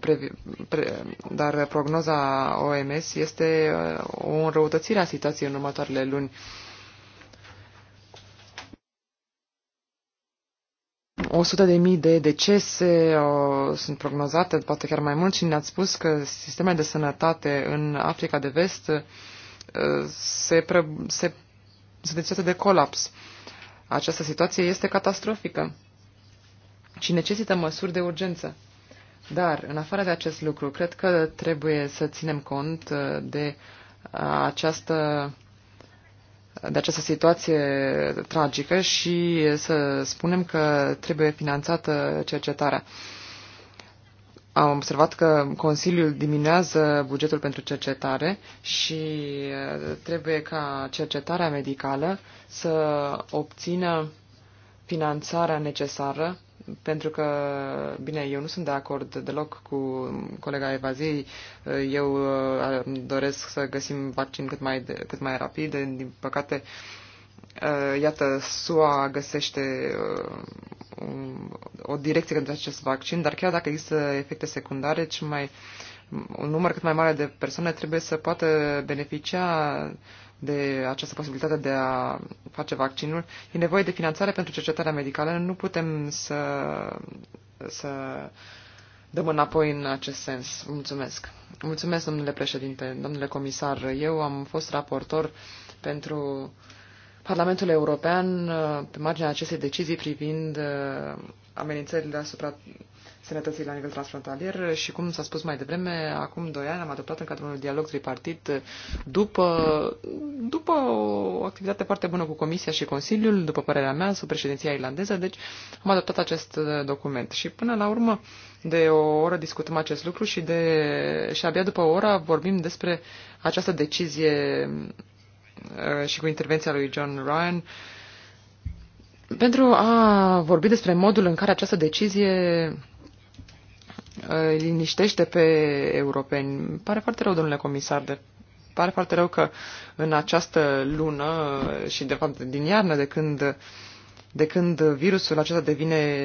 Pre, pre, dar prognoza OMS este uh, o înrăutățire a situației în următoarele luni. Uh, 100 de mii de decese uh, sunt prognozate, poate chiar mai mult, și ne-ați spus că sistemele de sănătate în Africa de Vest uh, se, pre, se sunt de colaps. Această situație este catastrofică și necesită măsuri de urgență. Dar, în afară de acest lucru, cred că trebuie să ținem cont uh, de această de această situație tragică și să spunem că trebuie finanțată cercetarea. Am observat că Consiliul diminuează bugetul pentru cercetare și uh, trebuie ca cercetarea medicală să obțină finanțarea necesară pentru că, bine, eu nu sunt de acord deloc cu colega Zii. Eu uh, doresc să găsim vaccin cât mai, cât mai rapid. Din păcate, uh, iată, SUA găsește uh, o direcție către acest vaccin, dar chiar dacă există efecte secundare, ce mai, un număr cât mai mare de persoane trebuie să poată beneficia de această posibilitate de a face vaccinul, e nevoie de finanțare pentru cercetarea medicală. Nu putem să, să dăm înapoi în acest sens. Mulțumesc. Mulțumesc, domnule președinte, domnule comisar. Eu am fost raportor pentru Parlamentul European uh, pe marginea acestei decizii privind uh, amenințările asupra sănătății la nivel transfrontalier și, cum s-a spus mai devreme, acum doi ani am adoptat în cadrul unui dialog tripartit după, după o activitate foarte bună cu Comisia și Consiliul, după părerea mea, sub președinția irlandeză, deci am adoptat acest uh, document. Și până la urmă, de o oră discutăm acest lucru și, de, și abia după o oră vorbim despre această decizie uh, și cu intervenția lui John Ryan pentru a vorbi despre modul în care această decizie liniștește pe europeni. Pare foarte rău, domnule comisar, de pare foarte rău că în această lună și de fapt din iarnă de când de când virusul acesta devine,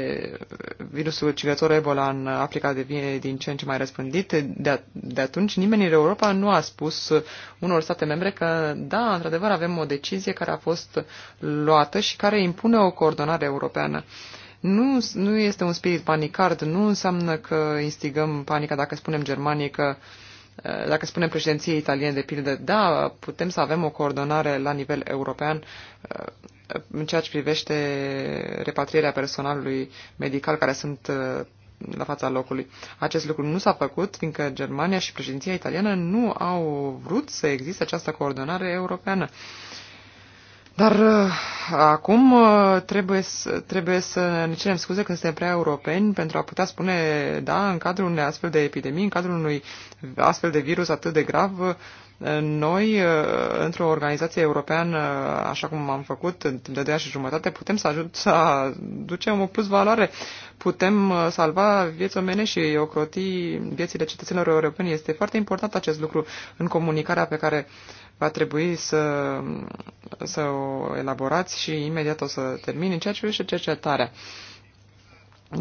virusul ucigător Ebola în Africa devine din ce în ce mai răspândit, de, de atunci nimeni în Europa nu a spus unor state membre că, da, într-adevăr avem o decizie care a fost luată și care impune o coordonare europeană. Uh, nu, nu este un spirit panicard, nu înseamnă că instigăm panica dacă spunem Germanie că eh, dacă spunem președinție italiene, de pildă, da, putem să avem o coordonare la nivel european eh, în ceea ce privește repatrierea personalului medical care sunt eh, la fața locului. Acest lucru nu s-a făcut, fiindcă Germania și președinția italiană nu au vrut să existe această coordonare europeană. Uh, dar uh, acum uh, trebuie să, trebuie să ne cerem scuze când suntem prea europeni pentru a putea spune, da, în cadrul unei astfel de epidemii, în cadrul unui astfel de virus atât de grav, uh, noi, uh, într-o organizație europeană, uh, așa cum am făcut în timp de 2 și jumătate, putem să, ajut, să ducem o plus valoare, putem uh, salva vieți omene și ocroti viețile cetățenilor europeni. Este foarte important acest lucru în comunicarea pe care uh, va trebui să, să o elaborați și imediat o să termin în ceea ce privește cercetarea.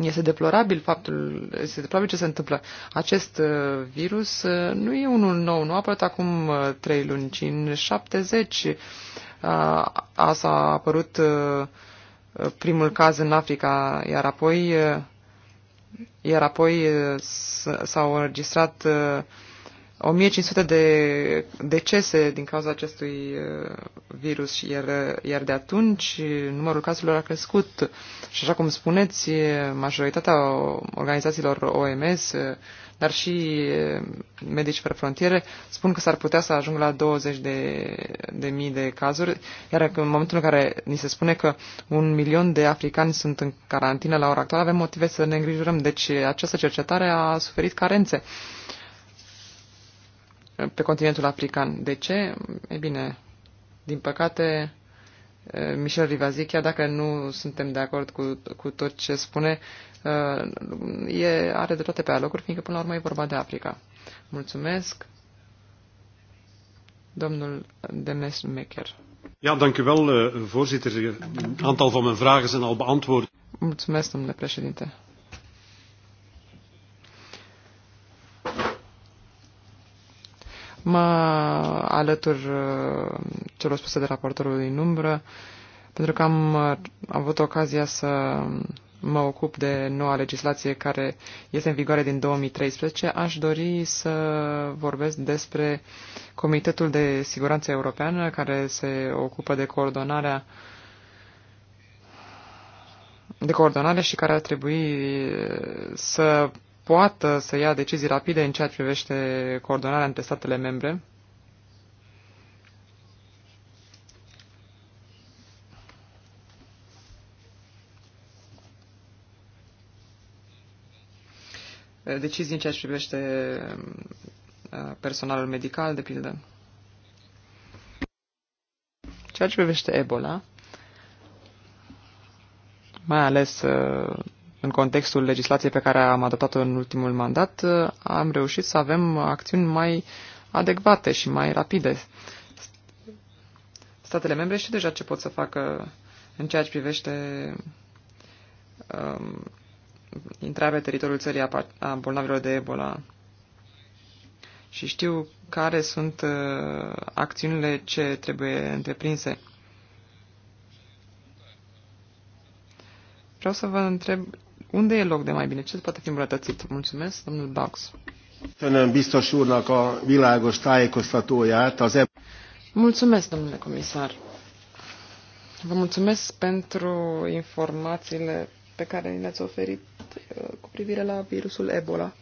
Este deplorabil faptul, este deplorabil ce se întâmplă. Acest uh, virus uh, nu e unul nou, nu a apărut acum uh, trei luni, ci în 70 a, a a apărut primul caz în Africa, iar apoi iar apoi s-au înregistrat 1500 de decese din cauza acestui uh, virus, iar, iar de atunci numărul cazurilor a crescut. Și așa cum spuneți, majoritatea organizațiilor OMS, dar și uh, medici fără frontiere, spun că s-ar putea să ajungă la 20 de, de mii de cazuri, iar în momentul în care ni se spune că un milion de africani sunt în carantină la ora actuală, avem motive să ne îngrijorăm. Deci această cercetare a suferit carențe. Uh, pe continentul african. De ce? E bine, din păcate, Michel Rivazi, chiar dacă nu suntem de acord cu, cu tot ce spune, e, are de toate pe alocuri, fiindcă până la urmă e vorba de Africa. Mulțumesc. Domnul Demes Mecher. Ja, dank u wel, eh, voorzitter. Een aantal van mijn vragen zijn al beantwoord. Mulțumesc, domnule președinte. Mă alătur uh, celor spuse de raportorul din umbră, pentru că am, uh, am avut ocazia să mă ocup de noua legislație care este în vigoare din 2013, aș dori să vorbesc despre Comitetul de Siguranță Europeană care se ocupă de coordonarea de coordonare și care ar trebui uh, să poată să ia decizii rapide în ceea ce privește coordonarea între statele membre. Decizii în ceea ce privește uh, personalul medical, de pildă. Ceea ce privește Ebola, mai ales uh, în contextul legislației pe care am adoptat-o în ultimul mandat, uh, am reușit să avem acțiuni mai adecvate și mai rapide. Statele membre știu deja ce pot să facă în ceea ce privește um, intrarea pe teritoriul țării a, bolnavilor de Ebola și știu care sunt uh, acțiunile ce trebuie întreprinse. Vreau să vă întreb unde e loc de mai bine? Ce poate fi îmbrătățit? Mulțumesc, domnul Bax. Köszönöm biztos úrnak a világos tájékoztatóját. Az Mulțumesc, domnule comisar. Vă mulțumesc pentru informațiile pe care ni le-ați oferit uh, cu privire la virusul Ebola.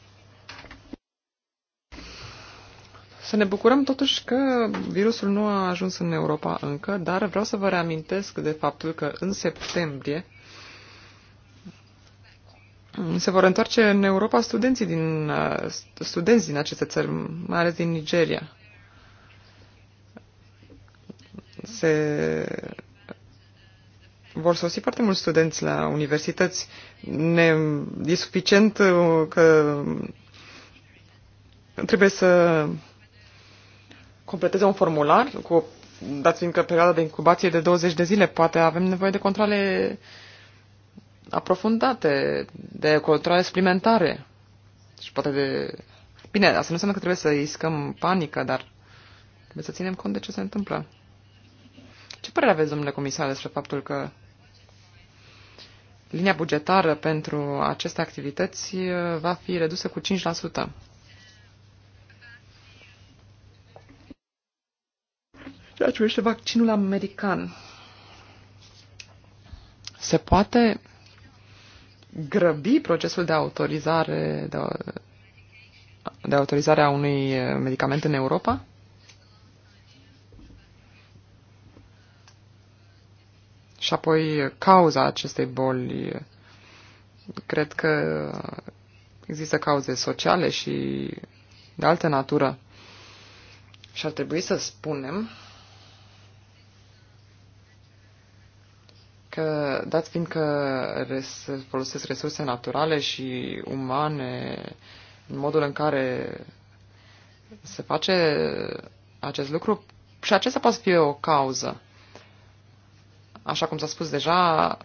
Să ne bucurăm totuși că virusul nu a ajuns în Europa încă, dar vreau să vă reamintesc de faptul că în septembrie se vor întoarce în Europa studenții din, uh, studenți din aceste țări, mai ales din Nigeria. Se vor sosi foarte mulți studenți la universități. Ne, e suficient uh, că trebuie să completeze un formular, cu, dați fiindcă perioada de incubație de 20 de zile, poate avem nevoie de controle uh, aprofundate, de controle suplimentare și poate de... Bine, asta nu înseamnă că trebuie să iscăm panică, dar trebuie să ținem cont de ce se întâmplă. Ce părere aveți, domnule comisar, despre faptul că linia bugetară pentru aceste activități uh, va fi redusă cu 5%? Ceea ce vaccinul american. Se poate grăbi procesul de autorizare, de, de autorizare a unui medicament în Europa? Și apoi cauza acestei boli. Cred că există cauze sociale și de altă natură. Și ar trebui să spunem că, dat fiind că res, folosesc resurse naturale și umane, în modul în care se face acest lucru, și acesta poate fi o cauză. Așa cum s-a spus deja,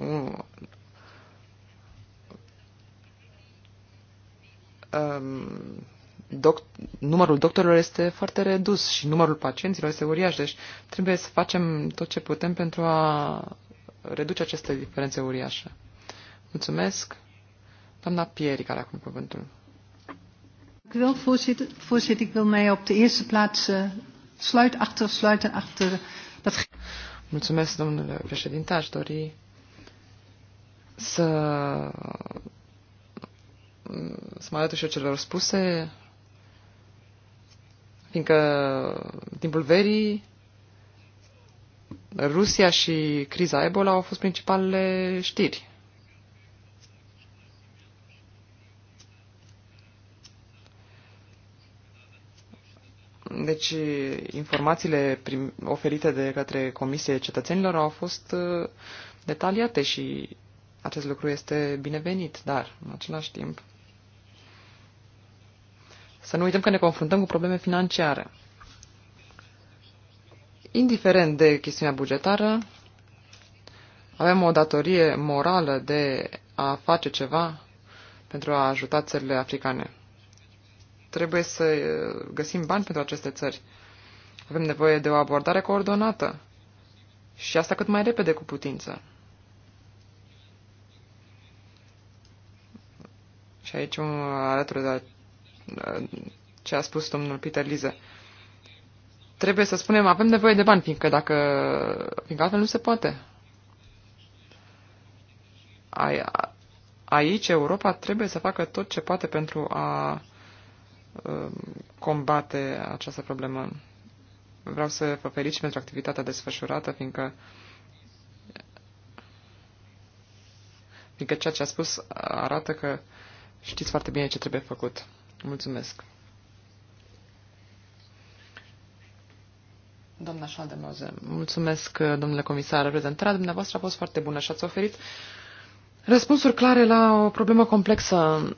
um, um, doc, numărul doctorilor este foarte redus și numărul pacienților este uriaș, deci trebuie să facem tot ce putem pentru a reduce aceste diferențe uriașe. Mulțumesc. Doamna Pieri, care acum cuvântul. Vreau voorzitter. Voorzitter, ik wil mij op de eerste plaats uh, sluit achter, sluiten achter dat. Mulțumesc, domnule președinte. Aș dori să să mă alătur și eu celor spuse fiindcă în timpul verii Rusia și criza Ebola au fost principalele știri. Deci, informațiile prim- oferite de către Comisie Cetățenilor au fost uh, detaliate și acest lucru este binevenit, dar, în același timp, să nu uităm că ne confruntăm cu probleme financiare. Indiferent de chestiunea bugetară, avem o datorie morală de a face ceva pentru a ajuta țările africane. Trebuie să uh, găsim bani pentru aceste țări. Avem nevoie de o abordare coordonată și asta cât mai repede cu putință. Și aici, alături de ce a spus domnul Peter Lize. Trebuie să spunem, avem nevoie de bani, fiindcă dacă, fiindcă altfel nu se poate. Aici Europa trebuie să facă tot ce poate pentru a um, combate această problemă. Vreau să vă felicit pentru activitatea desfășurată, fiindcă fiindcă ceea ce a spus arată că știți foarte bine ce trebuie făcut. Mulțumesc. Doamna Schaldemose, mulțumesc, domnule comisar. reprezentarea dumneavoastră a fost foarte bună și ați oferit răspunsuri clare la o problemă complexă.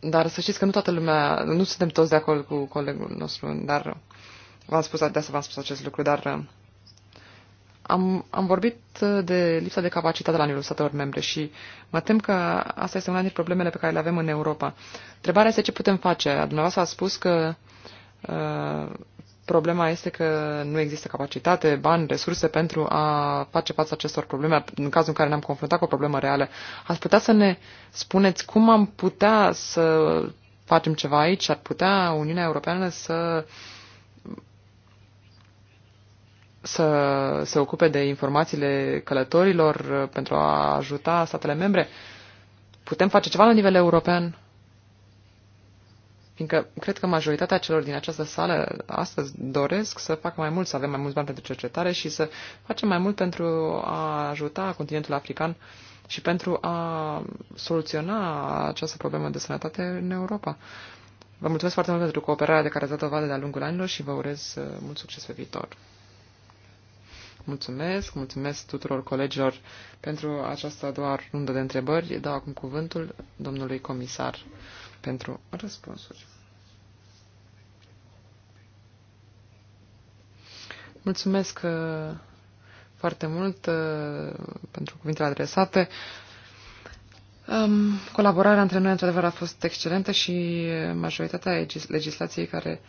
Dar să știți că nu toată lumea, nu suntem toți de acord cu colegul nostru, dar v-am spus, de asta v-am spus acest lucru, dar am, am vorbit uh, de lipsa de capacitate la nivelul statelor membre și mă tem că asta este una dintre problemele pe care le avem în Europa. Întrebarea este ce putem face. Dumneavoastră a spus că uh, problema este că nu există capacitate, bani, resurse pentru a face față acestor probleme, în cazul în care ne-am confruntat cu o problemă reală. Ați putea să ne spuneți cum am putea să facem ceva aici? Ar putea Uniunea Europeană să uh, să se ocupe de informațiile călătorilor uh, pentru a ajuta statele membre? Putem face ceva la nivel european? Fiindcă cred că majoritatea celor din această sală astăzi doresc să facă mai mult, să avem mai mulți bani pentru cercetare și să facem mai mult pentru a ajuta continentul african și pentru a soluționa această problemă de sănătate în Europa. Vă mulțumesc foarte mult pentru cooperarea de care ați dat dovadă de-a lungul anilor și vă urez uh, mult succes pe viitor. Mulțumesc, mulțumesc tuturor colegilor pentru această a doua rundă de întrebări. Dau acum cuvântul domnului comisar pentru răspunsuri. Mulțumesc uh, foarte mult uh, pentru cuvintele adresate. Um, colaborarea între noi, într-adevăr, a fost excelentă și uh, majoritatea legislației care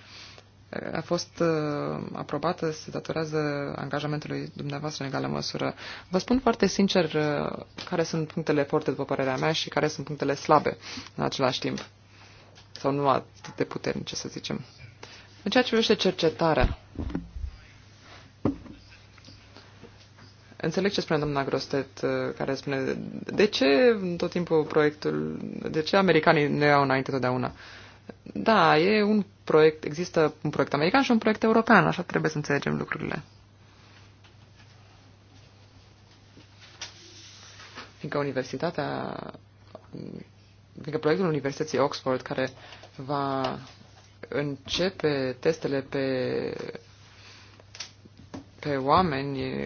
a fost uh, aprobată se datorează angajamentului dumneavoastră în egală măsură. Vă spun foarte sincer uh, care sunt punctele forte, după părerea mea, și care sunt punctele slabe în același timp. Sau nu atât de puternice, să zicem. În ceea ce privește cercetarea, Înțeleg ce spune doamna Grostet, uh, care spune de ce tot timpul proiectul, de ce americanii ne iau înainte totdeauna? Uh, da, e un proiect, există un proiect american și un proiect european, așa trebuie să înțelegem lucrurile. Fiindcă universitatea, fiindcă proiectul Universității Oxford, care va începe testele pe, pe oameni,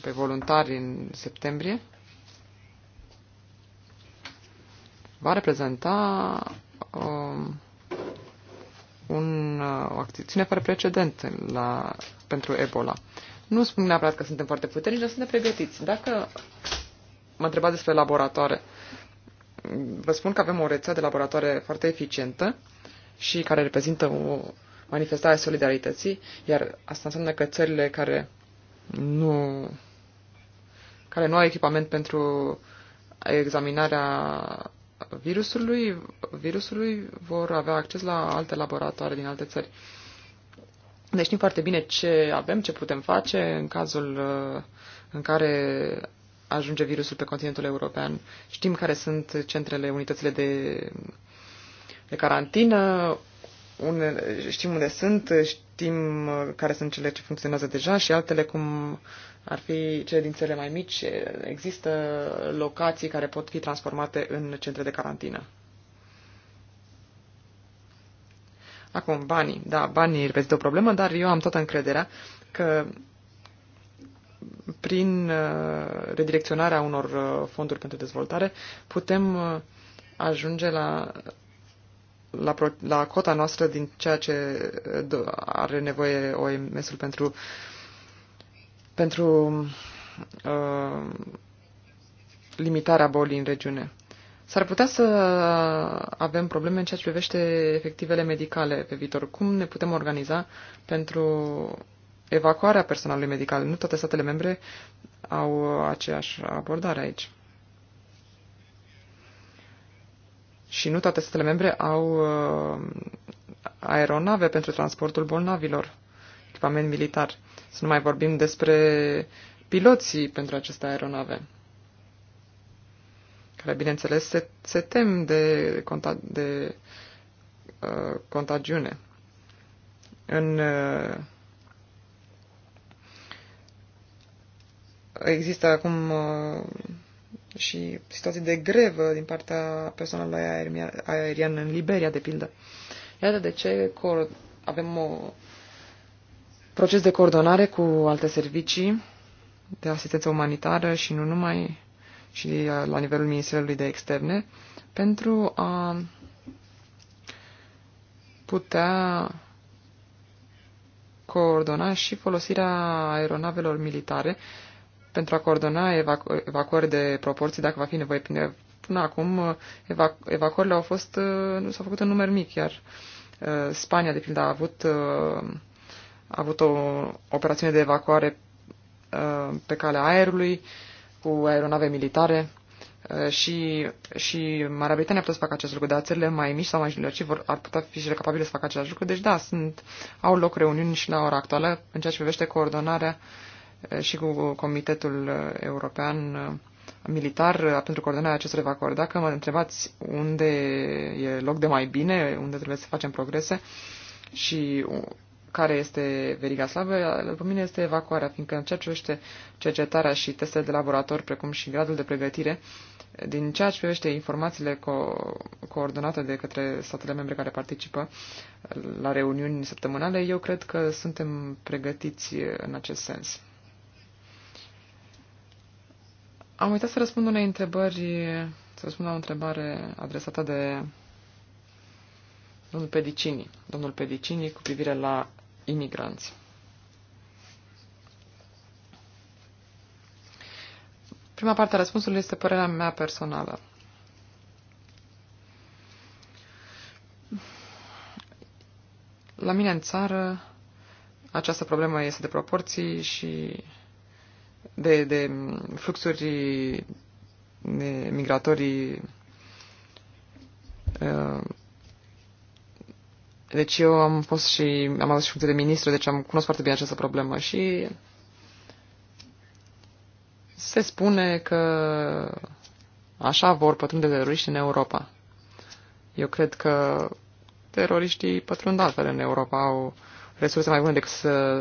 pe voluntari în septembrie, va reprezenta um, un, uh, o acțiune fără precedent la, pentru Ebola. Nu spun neapărat că suntem foarte puternici, dar suntem pregătiți. Dacă mă întrebați despre laboratoare, vă spun că avem o rețea de laboratoare foarte eficientă și care reprezintă o manifestare a solidarității, iar asta înseamnă că țările care nu, care nu au echipament pentru examinarea virusului, virusului vor avea acces la alte laboratoare din alte țări. Deci știm foarte bine ce avem, ce putem face în cazul uh, în care ajunge virusul pe continentul european. Știm care sunt centrele, unitățile de, de carantină, unde, știm unde sunt, știm uh, care sunt cele ce funcționează deja și altele cum ar fi cele din cele mai mici. Există locații care pot fi transformate în centre de carantină. Acum, banii. Da, banii reprezintă o problemă, dar eu am toată încrederea că prin uh, redirecționarea unor uh, fonduri pentru dezvoltare putem ajunge la la, pro, la cota noastră din ceea ce are nevoie OMS-ul pentru, pentru uh, limitarea bolii în regiune. S-ar putea să avem probleme în ceea ce privește efectivele medicale pe viitor. Cum ne putem organiza pentru evacuarea personalului medical? Nu toate statele membre au aceeași abordare aici. și nu toate statele membre au uh, aeronave pentru transportul bolnavilor, echipament militar. Să nu mai vorbim despre piloții pentru aceste aeronave, care, bineînțeles, se, se tem de, conta, de uh, contagiune. În, uh, există acum uh, și situații de grevă din partea personalului aerian în Liberia, de pildă. Iată de ce avem o proces de coordonare cu alte servicii de asistență umanitară și nu numai, și uh, la nivelul Ministerului de Externe, pentru a putea coordona și folosirea aeronavelor militare pentru a coordona evacu- evacuări de proporții, dacă va fi nevoie. Până acum, uh, evacu- evacuările au fost, uh, s-au făcut în număr mic, iar uh, Spania, de pildă, a avut, a avut o operațiune de evacuare pe calea aerului cu aeronave militare și, și Marea Britanie a putut să facă acest lucru, dar țările mai mici sau mai mijlocii vor, ar putea fi și capabile să facă același lucru. Deci da, sunt, au loc reuniuni și la ora actuală în ceea ce privește coordonarea uh, și cu Comitetul European Militar pentru coordonarea acestor evacuări. Dacă mă întrebați unde e loc de mai bine, unde trebuie să facem progrese și care este veriga slabă, după mine este evacuarea, fiindcă în ceea ce privește cercetarea și testele de laborator, precum și gradul de pregătire, din ceea ce privește informațiile co- coordonate de către statele membre care participă la reuniuni săptămânale, eu cred că suntem pregătiți în acest sens. Am uitat să răspund unei întrebări, să răspund la o întrebare adresată de domnul Pedicini. Domnul Pedicini cu privire la imigranți. Prima parte a răspunsului este părerea mea personală. La mine în țară această problemă este de proporții și de, de fluxuri de migratorii. Uh, deci eu am fost și am avut și funcție de ministru, deci am cunoscut foarte bine această problemă și se spune că așa vor pătrunde teroriștii în Europa. Eu cred că teroriștii pătrund altfel în Europa, au resurse mai bune decât să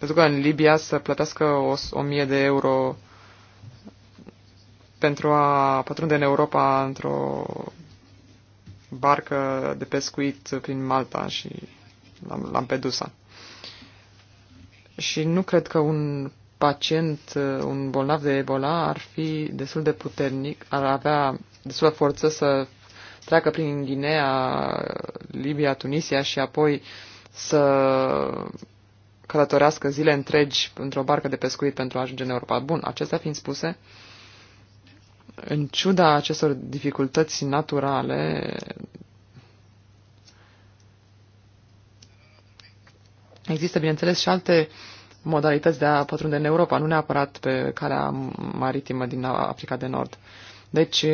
pentru că în Libia să plătească o, 1000 de euro pentru a pătrunde în Europa într-o barcă de pescuit prin Malta și Lampedusa. Și nu cred că un pacient, un bolnav de Ebola ar fi destul de puternic, ar avea destul de forță să treacă prin Guinea, Libia, Tunisia și apoi să călătorească zile întregi într-o barcă de pescuit pentru a ajunge în Europa. Bun, acestea fiind spuse, în ciuda acestor dificultăți naturale, există, bineînțeles, și alte modalități de a pătrunde în Europa, nu neapărat pe calea maritimă din Africa de Nord. Deci,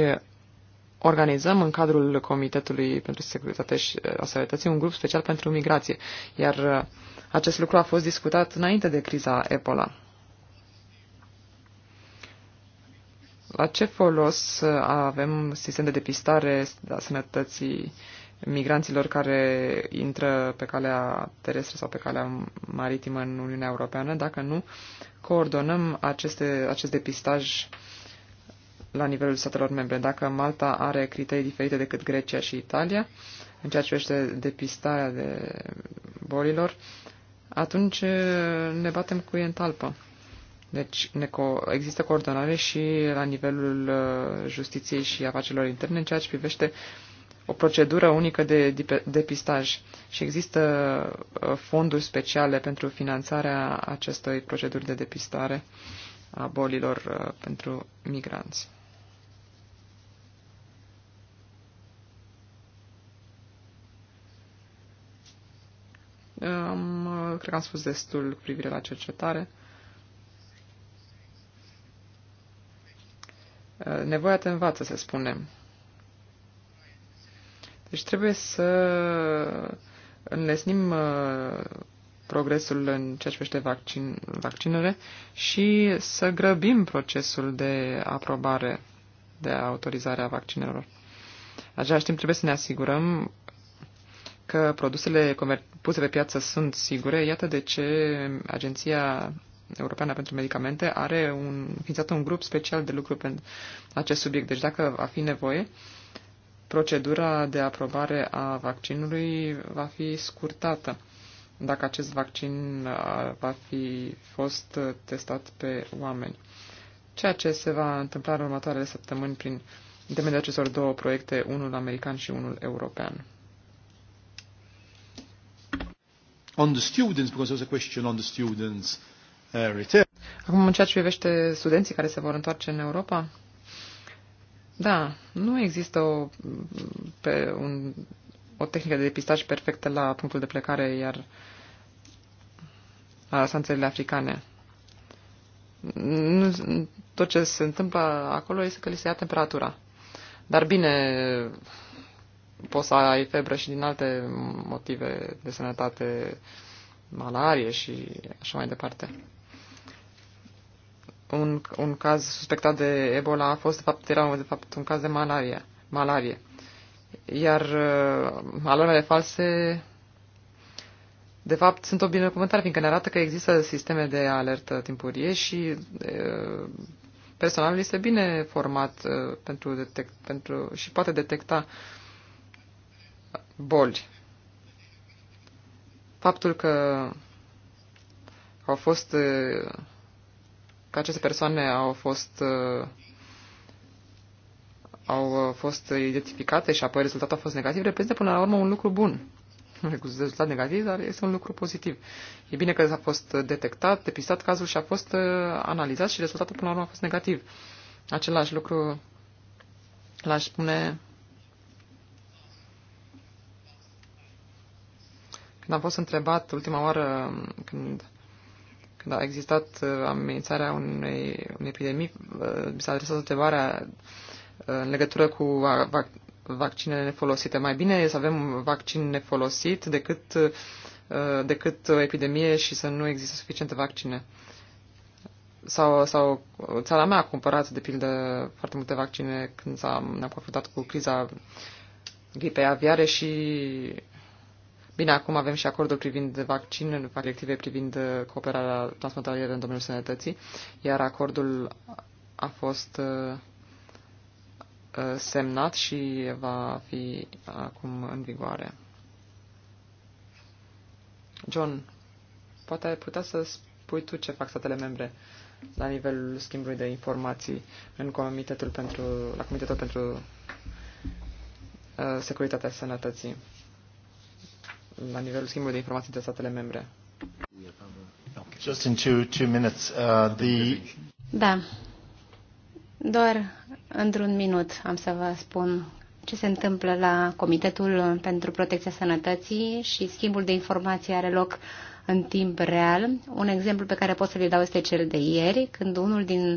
organizăm în cadrul Comitetului pentru Securitate și uh, Austerității un grup special pentru migrație, iar uh, acest lucru a fost discutat înainte de criza Ebola. La ce folos uh, avem sistem de depistare a sănătății migranților care intră pe calea terestră sau pe calea maritimă în Uniunea Europeană dacă nu coordonăm aceste, acest depistaj la nivelul statelor membre. Dacă Malta are criterii diferite decât Grecia și Italia în ceea ce privește depistarea de bolilor, atunci ne batem cu ei în talpă. Deci ne co- există coordonare și la nivelul justiției și afacerilor interne în ceea ce privește o procedură unică de depistaj și există fonduri speciale pentru finanțarea acestei proceduri de depistare a bolilor pentru migranți. Um, cred că am spus destul cu privire la cercetare. Uh, nevoia te învață, se spune. Deci trebuie să înlesnim uh, progresul în ceea ce privește vaccin, vaccinurile și să grăbim procesul de aprobare, de autorizare a vaccinelor. În același timp trebuie să ne asigurăm că produsele puse pe piață sunt sigure, iată de ce Agenția Europeană pentru Medicamente are un, ființat un grup special de lucru pentru acest subiect. Deci dacă va fi nevoie, procedura de aprobare a vaccinului va fi scurtată dacă acest vaccin va fi fost testat pe oameni. Ceea ce se va întâmpla în următoarele săptămâni prin intermediul acestor două proiecte, unul american și unul european. on the students, because there was a question on the students uh, return. Acum, în ceea ce privește studenții care se vor întoarce în Europa, da, nu există o, pe un, o tehnică de depistaj perfectă la punctul de plecare, iar la sanțările africane. Nu, tot ce se întâmplă acolo este că li se ia temperatura. Dar bine, poți să ai febră și din alte motive de sănătate, malarie și așa mai departe. Un, un caz suspectat de Ebola a fost, de fapt, era de fapt un caz de malarie, malarie. Iar uh, alarmele false, de fapt, sunt o binecuvântare, fiindcă ne arată că există sisteme de alertă timpurie și uh, personalul este bine format uh, pentru, detect, pentru și poate detecta uh, boli. Faptul că au fost uh, că aceste persoane au fost uh, au uh, fost identificate și apoi rezultatul a fost negativ, reprezintă până la urmă un lucru bun. Un rezultat negativ, dar este un lucru pozitiv. E bine că s-a fost detectat, depistat cazul și a fost analizat și rezultatul până la urmă a fost negativ. Același lucru l-aș spune Când am fost întrebat ultima oară um, când, când a existat uh, amenințarea unei, unei epidemii, uh, mi s-a adresat întrebarea uh, în legătură cu vac, vaccinele nefolosite. Mai bine e să avem vaccin nefolosit decât, decât o epidemie și să nu există suficiente vaccine sau, sau țara mea a cumpărat, de pildă, foarte multe vaccine când s-a, ne-am confruntat cu criza gripei aviare și Bine, acum avem și acordul privind vaccin, directive privind cooperarea transfrontalieră în domeniul sănătății, iar acordul a fost uh, uh, semnat și va fi acum în vigoare. John, poate ai putea să spui tu ce fac statele membre la nivelul schimbului de informații în comitetul pentru, la Comitetul pentru uh, Securitatea Sănătății la nivelul schimbului de informații de statele membre. Just in two, two minutes, uh, the... Da. Doar într-un minut am să vă spun ce se întâmplă la Comitetul pentru Protecția Sănătății și schimbul de informații are loc în timp real. Un exemplu pe care pot să-l dau este cel de ieri, când unul din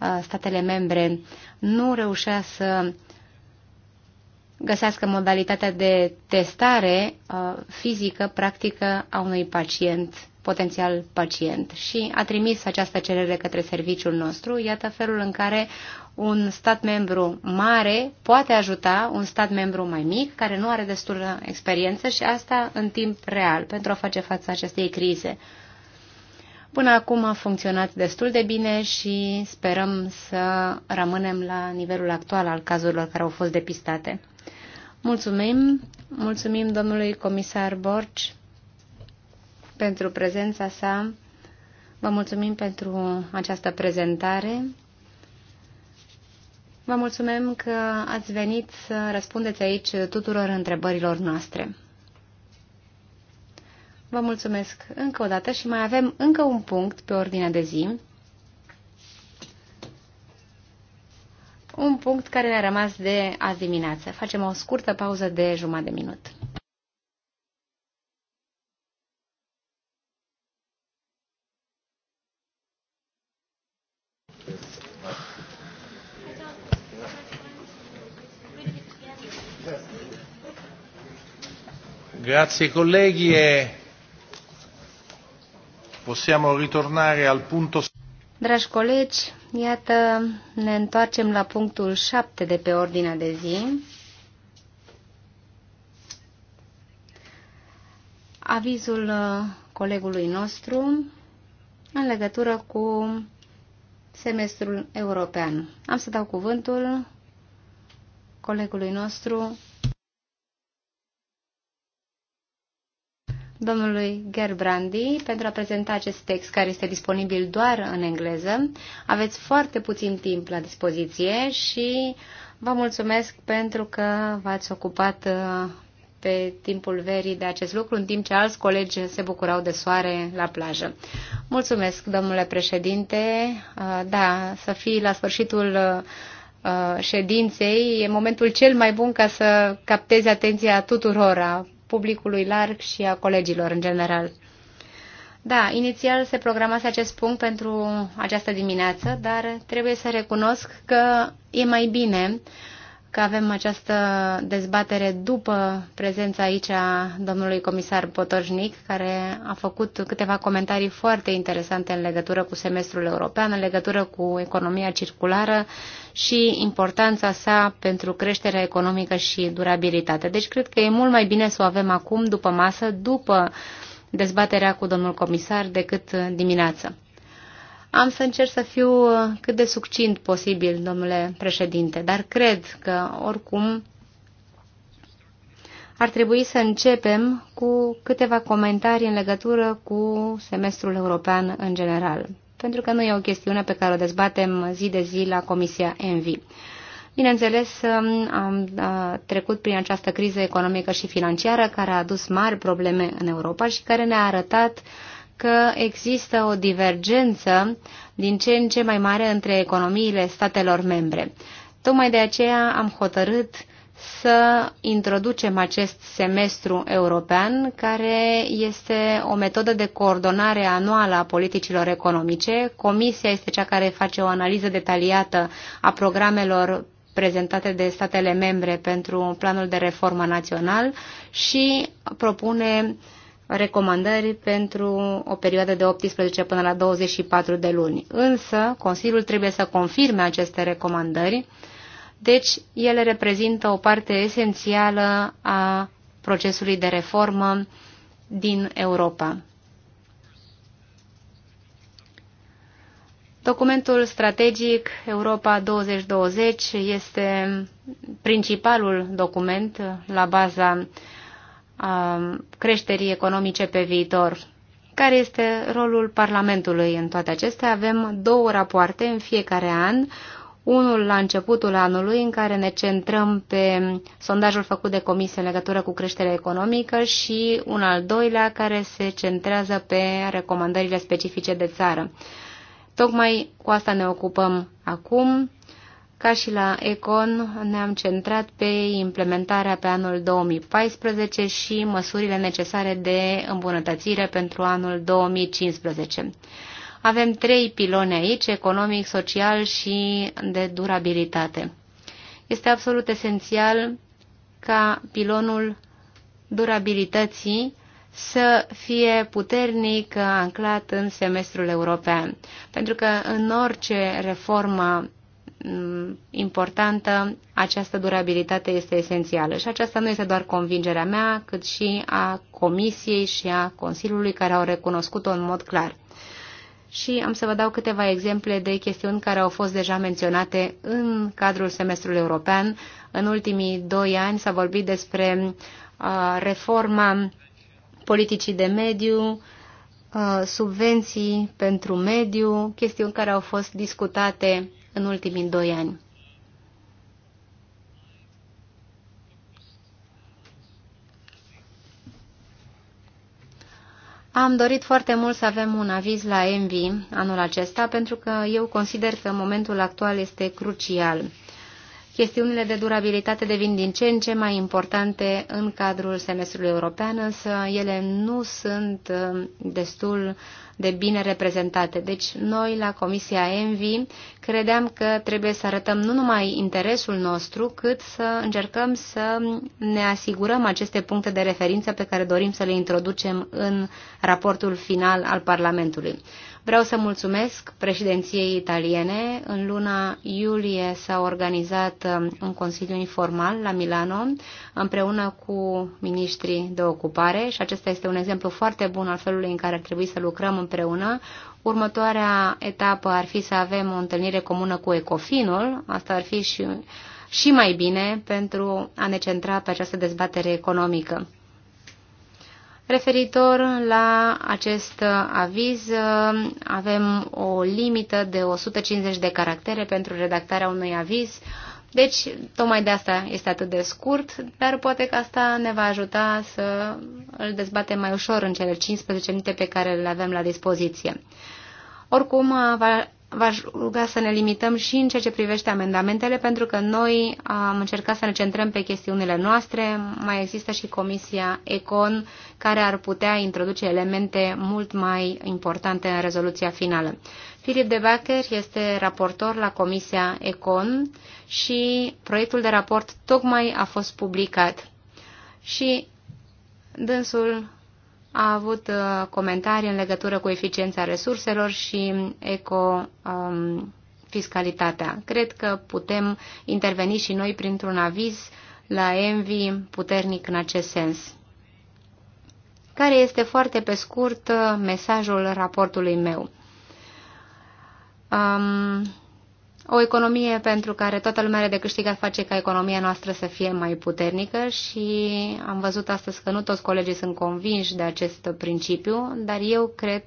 uh, statele membre nu reușea să găsească modalitatea de testare uh, fizică, practică a unui pacient, potențial pacient. Și a trimis această cerere către serviciul nostru. Iată felul în care un stat membru mare poate ajuta un stat membru mai mic, care nu are destulă experiență și asta în timp real, pentru a face față acestei crize. Până acum a funcționat destul de bine și sperăm să rămânem la nivelul actual al cazurilor care au fost depistate. Mulțumim, mulțumim domnului comisar Borci pentru prezența sa. Vă mulțumim pentru această prezentare. Vă mulțumim că ați venit să răspundeți aici tuturor întrebărilor noastre. Vă mulțumesc încă o dată și mai avem încă un punct pe ordinea de zi. Un punct care ne-a rămas de azi dimineață. Facem o scurtă pauză de jumătate de minut. Grazie colleghi e Possiamo ritornare al punto... Dragi colegi, iată, ne întoarcem la punctul 7 de pe ordinea de zi. Avizul uh, colegului nostru în legătură cu semestrul european. Am să dau cuvântul colegului nostru, domnului Gerbrandi pentru a prezenta acest text care este disponibil doar în engleză. Aveți foarte puțin timp la dispoziție și vă mulțumesc pentru că v-ați ocupat uh, pe timpul verii de acest lucru, în timp ce alți colegi se bucurau de soare la plajă. Mulțumesc, domnule președinte. Uh, da, să fii la sfârșitul uh, ședinței, e momentul cel mai bun ca să captezi atenția tuturora publicului larg și a colegilor în general. Da, inițial se programase acest punct pentru această dimineață, dar trebuie să recunosc că e mai bine uh, că avem această dezbatere după prezența aici a domnului comisar Potoșnic, care a făcut câteva comentarii foarte interesante în legătură cu semestrul european, în legătură cu economia circulară și importanța sa pentru creșterea economică și durabilitate. Deci cred că e mult mai bine să o avem acum, după masă, după dezbaterea cu domnul comisar, decât dimineață. Am să încerc să fiu uh, cât de succint posibil, domnule președinte, dar cred că, oricum, ar trebui să începem cu câteva comentarii în legătură cu semestrul european în general, pentru că nu e o chestiune pe care o dezbatem zi de zi la Comisia ENVI. Bineînțeles, um, am uh, trecut prin această criză economică și financiară care a adus mari probleme în Europa și care ne-a arătat uh, că există o divergență din ce în ce mai mare între economiile statelor membre. Tocmai de aceea am hotărât să introducem acest semestru european, care este o metodă de coordonare anuală a politicilor economice. Comisia este cea care face o analiză detaliată a programelor prezentate de statele membre pentru planul de reformă național și propune recomandări pentru o perioadă de 18 până la 24 de luni. Însă, Consiliul trebuie să confirme aceste recomandări, deci ele reprezintă o parte esențială a procesului de reformă din Europa. Documentul strategic Europa 2020 este principalul document la baza uh, creșterii economice pe viitor. Care este rolul Parlamentului în toate acestea? Avem două rapoarte în fiecare an, unul la începutul anului în care ne centrăm pe sondajul făcut de comisie în legătură cu creșterea economică și un al doilea care se centrează pe recomandările specifice de țară. Tocmai cu asta ne ocupăm acum ca și la Econ, ne-am centrat pe implementarea pe anul 2014 și măsurile necesare de îmbunătățire pentru anul 2015. Avem trei pilone aici, economic, social și de durabilitate. Este absolut esențial ca pilonul durabilității să fie puternic anclat în semestrul european. Pentru că în orice reformă Mm, importantă, această durabilitate este esențială. Și aceasta nu este doar convingerea mea, cât și a Comisiei și a Consiliului care au recunoscut-o în mod clar. Și am să vă dau câteva exemple de chestiuni care au fost deja menționate în cadrul semestrului european. În ultimii doi ani s-a vorbit despre uh, reforma politicii de mediu, uh, subvenții pentru mediu, chestiuni care au fost discutate în ultimii doi ani. Am dorit foarte mult să avem un aviz la Envi anul acesta, pentru că eu consider că momentul actual este crucial. Chestiunile de durabilitate devin din ce în ce mai importante în cadrul semestrului european, însă ele nu sunt uh, destul de bine reprezentate. Deci noi la Comisia ENVI credeam că trebuie să arătăm nu numai interesul nostru, cât să încercăm să ne asigurăm aceste puncte de referință pe care dorim să le introducem în raportul final al Parlamentului. Vreau să mulțumesc președinției italiene. În luna iulie s-a organizat um, un consiliu informal la Milano împreună cu ministrii de ocupare și acesta este un exemplu foarte bun al felului în care ar trebui să lucrăm împreună. Următoarea etapă ar fi să avem o întâlnire comună cu Ecofinul. Asta ar fi și și mai bine pentru a ne centra pe această dezbatere economică. Referitor la acest aviz, avem o limită de 150 de caractere pentru redactarea unui aviz. Deci, tocmai de asta este atât de scurt, dar poate că asta ne va ajuta să îl dezbatem mai ușor în cele 15 minute pe care le avem la dispoziție. Oricum, v-aș ruga să ne limităm și în ceea ce privește amendamentele, pentru că noi am încercat să ne centrăm pe chestiunile noastre. Mai există și Comisia ECON, care ar putea introduce elemente mult mai importante în rezoluția finală. Filip de Bacher este raportor la Comisia ECON și proiectul de raport tocmai a fost publicat. Și dânsul a avut uh, comentarii în legătură cu eficiența resurselor și eco um, fiscalitatea. Cred că putem interveni și noi printr-un aviz la Envi puternic în acest sens. Care este foarte pe scurt uh, mesajul raportului meu? Um, o economie pentru care toată lumea are de câștigat face ca economia noastră să fie mai puternică și am văzut astăzi că nu toți colegii sunt convinși de acest principiu, dar eu cred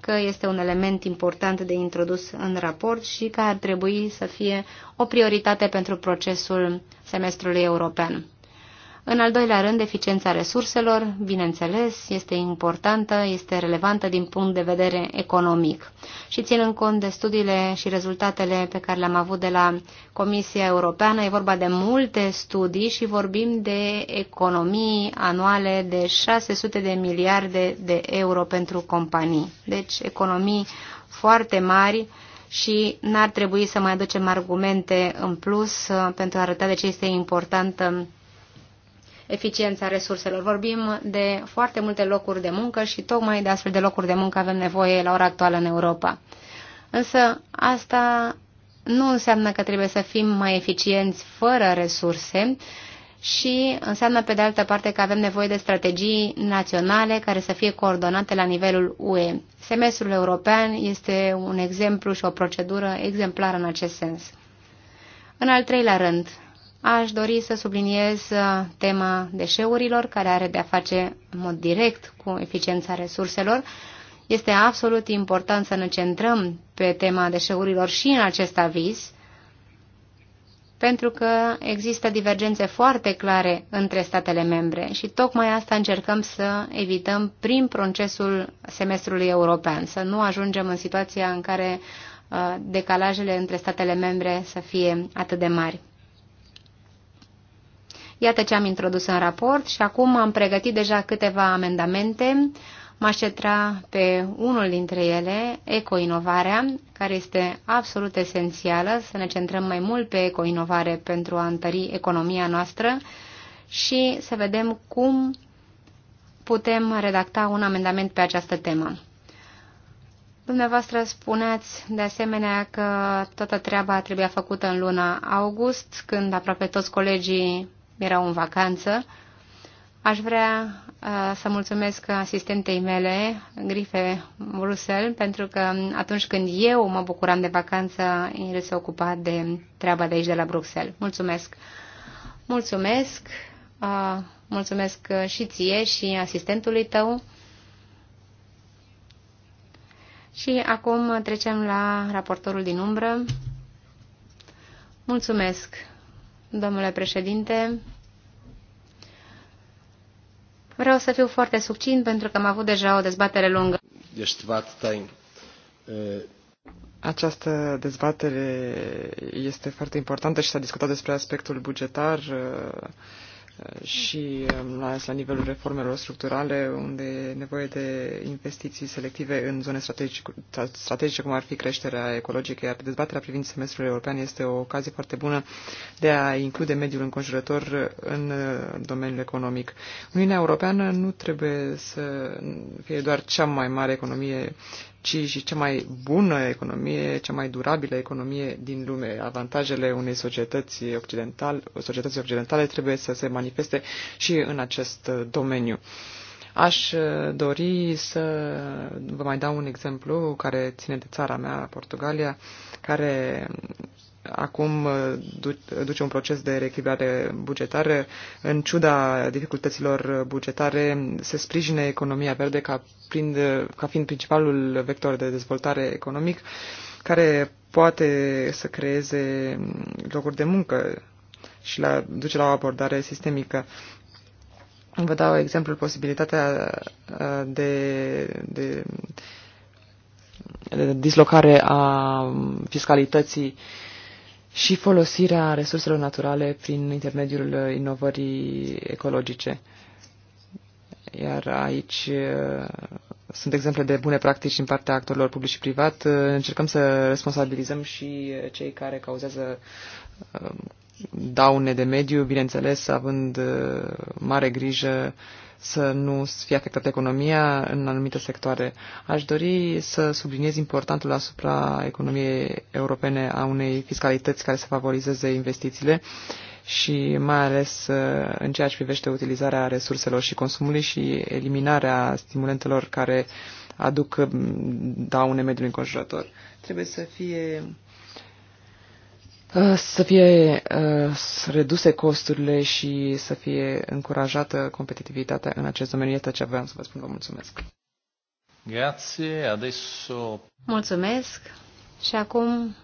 că este un element important de introdus în raport și că ar trebui să fie o prioritate pentru procesul semestrului european. În al doilea rând, eficiența resurselor, bineînțeles, este importantă, este relevantă din punct de vedere economic. Și ținând cont de studiile și rezultatele pe care le-am avut de la Comisia Europeană, e vorba de multe studii și vorbim de economii anuale de 600 de miliarde de euro pentru companii. Deci economii foarte mari și n-ar trebui să mai aducem argumente în plus uh, pentru a arăta de ce este importantă eficiența resurselor. Vorbim de foarte multe locuri de muncă și tocmai de astfel de locuri de muncă avem nevoie la ora actuală în Europa. Însă asta nu înseamnă că trebuie să fim mai eficienți fără resurse și înseamnă pe de altă parte că avem nevoie de strategii naționale care să fie coordonate la nivelul UE. Semestrul european este un exemplu și o procedură exemplară în acest sens. În al treilea rând, Aș dori să subliniez uh, tema deșeurilor, care are de-a face în mod direct cu eficiența resurselor. Este absolut important să ne centrăm pe tema deșeurilor și în acest aviz, pentru că există divergențe foarte clare între statele membre și tocmai asta încercăm să evităm prin procesul semestrului european, să nu ajungem în situația în care uh, decalajele între statele membre să fie atât de mari. Iată ce am introdus în raport și acum am pregătit deja câteva amendamente. M-aș centra pe unul dintre ele, ecoinovarea, care este absolut esențială, să ne centrăm mai mult pe ecoinovare pentru a întări economia noastră și să vedem cum putem redacta un amendament pe această temă. Dumneavoastră spuneați de asemenea că toată treaba trebuia făcută în luna august, când aproape toți colegii erau în vacanță. Aș vrea uh, să mulțumesc asistentei mele, Grife Brusel, pentru că atunci când eu mă bucuram de vacanță, el se ocupa de treaba de aici, de la Bruxelles. Mulțumesc! Mulțumesc! Uh, mulțumesc și ție și asistentului tău. Și acum trecem la raportorul din umbră. Mulțumesc! Domnule președinte, vreau să fiu foarte succint pentru că am avut deja o dezbatere lungă. Deci, această dezbatere este foarte importantă și s-a discutat despre aspectul bugetar și mai um, ales la nivelul reformelor structurale, unde e nevoie de investiții selective în zone strategice, strategice cum ar fi creșterea ecologică, iar dezbaterea privind semestrul european este o ocazie foarte bună de a include mediul înconjurător în uh, domeniul economic. Uniunea Europeană nu trebuie să fie doar cea mai mare economie ci și cea mai bună economie, cea mai durabilă economie din lume. Avantajele unei societăți occidentale, societății occidentale trebuie să se manifeste și în acest domeniu. Aș dori să vă mai dau un exemplu care ține de țara mea, Portugalia, care acum uh, duce un proces de reechilibrare bugetară. În ciuda dificultăților bugetare, se sprijine economia verde ca, prind, ca fiind principalul vector de dezvoltare economic, care poate să creeze locuri de muncă și la, duce la o abordare sistemică. Vă dau exemplul posibilitatea uh, de, de, de dislocare a fiscalității uh, și folosirea resurselor naturale prin intermediul uh, inovării ecologice. Iar aici uh, sunt exemple de bune practici din partea actorilor public și privat. Uh, încercăm să responsabilizăm și cei care cauzează daune de mediu, bineînțeles, având mare grijă să nu fie afectată economia în anumite sectoare. Aș dori să subliniez importantul asupra economiei europene a unei fiscalități care să favorizeze investițiile și mai ales uh, în ceea ce privește utilizarea resurselor și consumului și eliminarea stimulentelor care aduc mm, daune mediului înconjurător. Trebuie să fie Uh, să fie uh, să reduse costurile și să fie încurajată competitivitatea în acest domeniu. Iată ce vreau să vă spun. Vă mulțumesc. Grazie, adesso... Mulțumesc. Și acum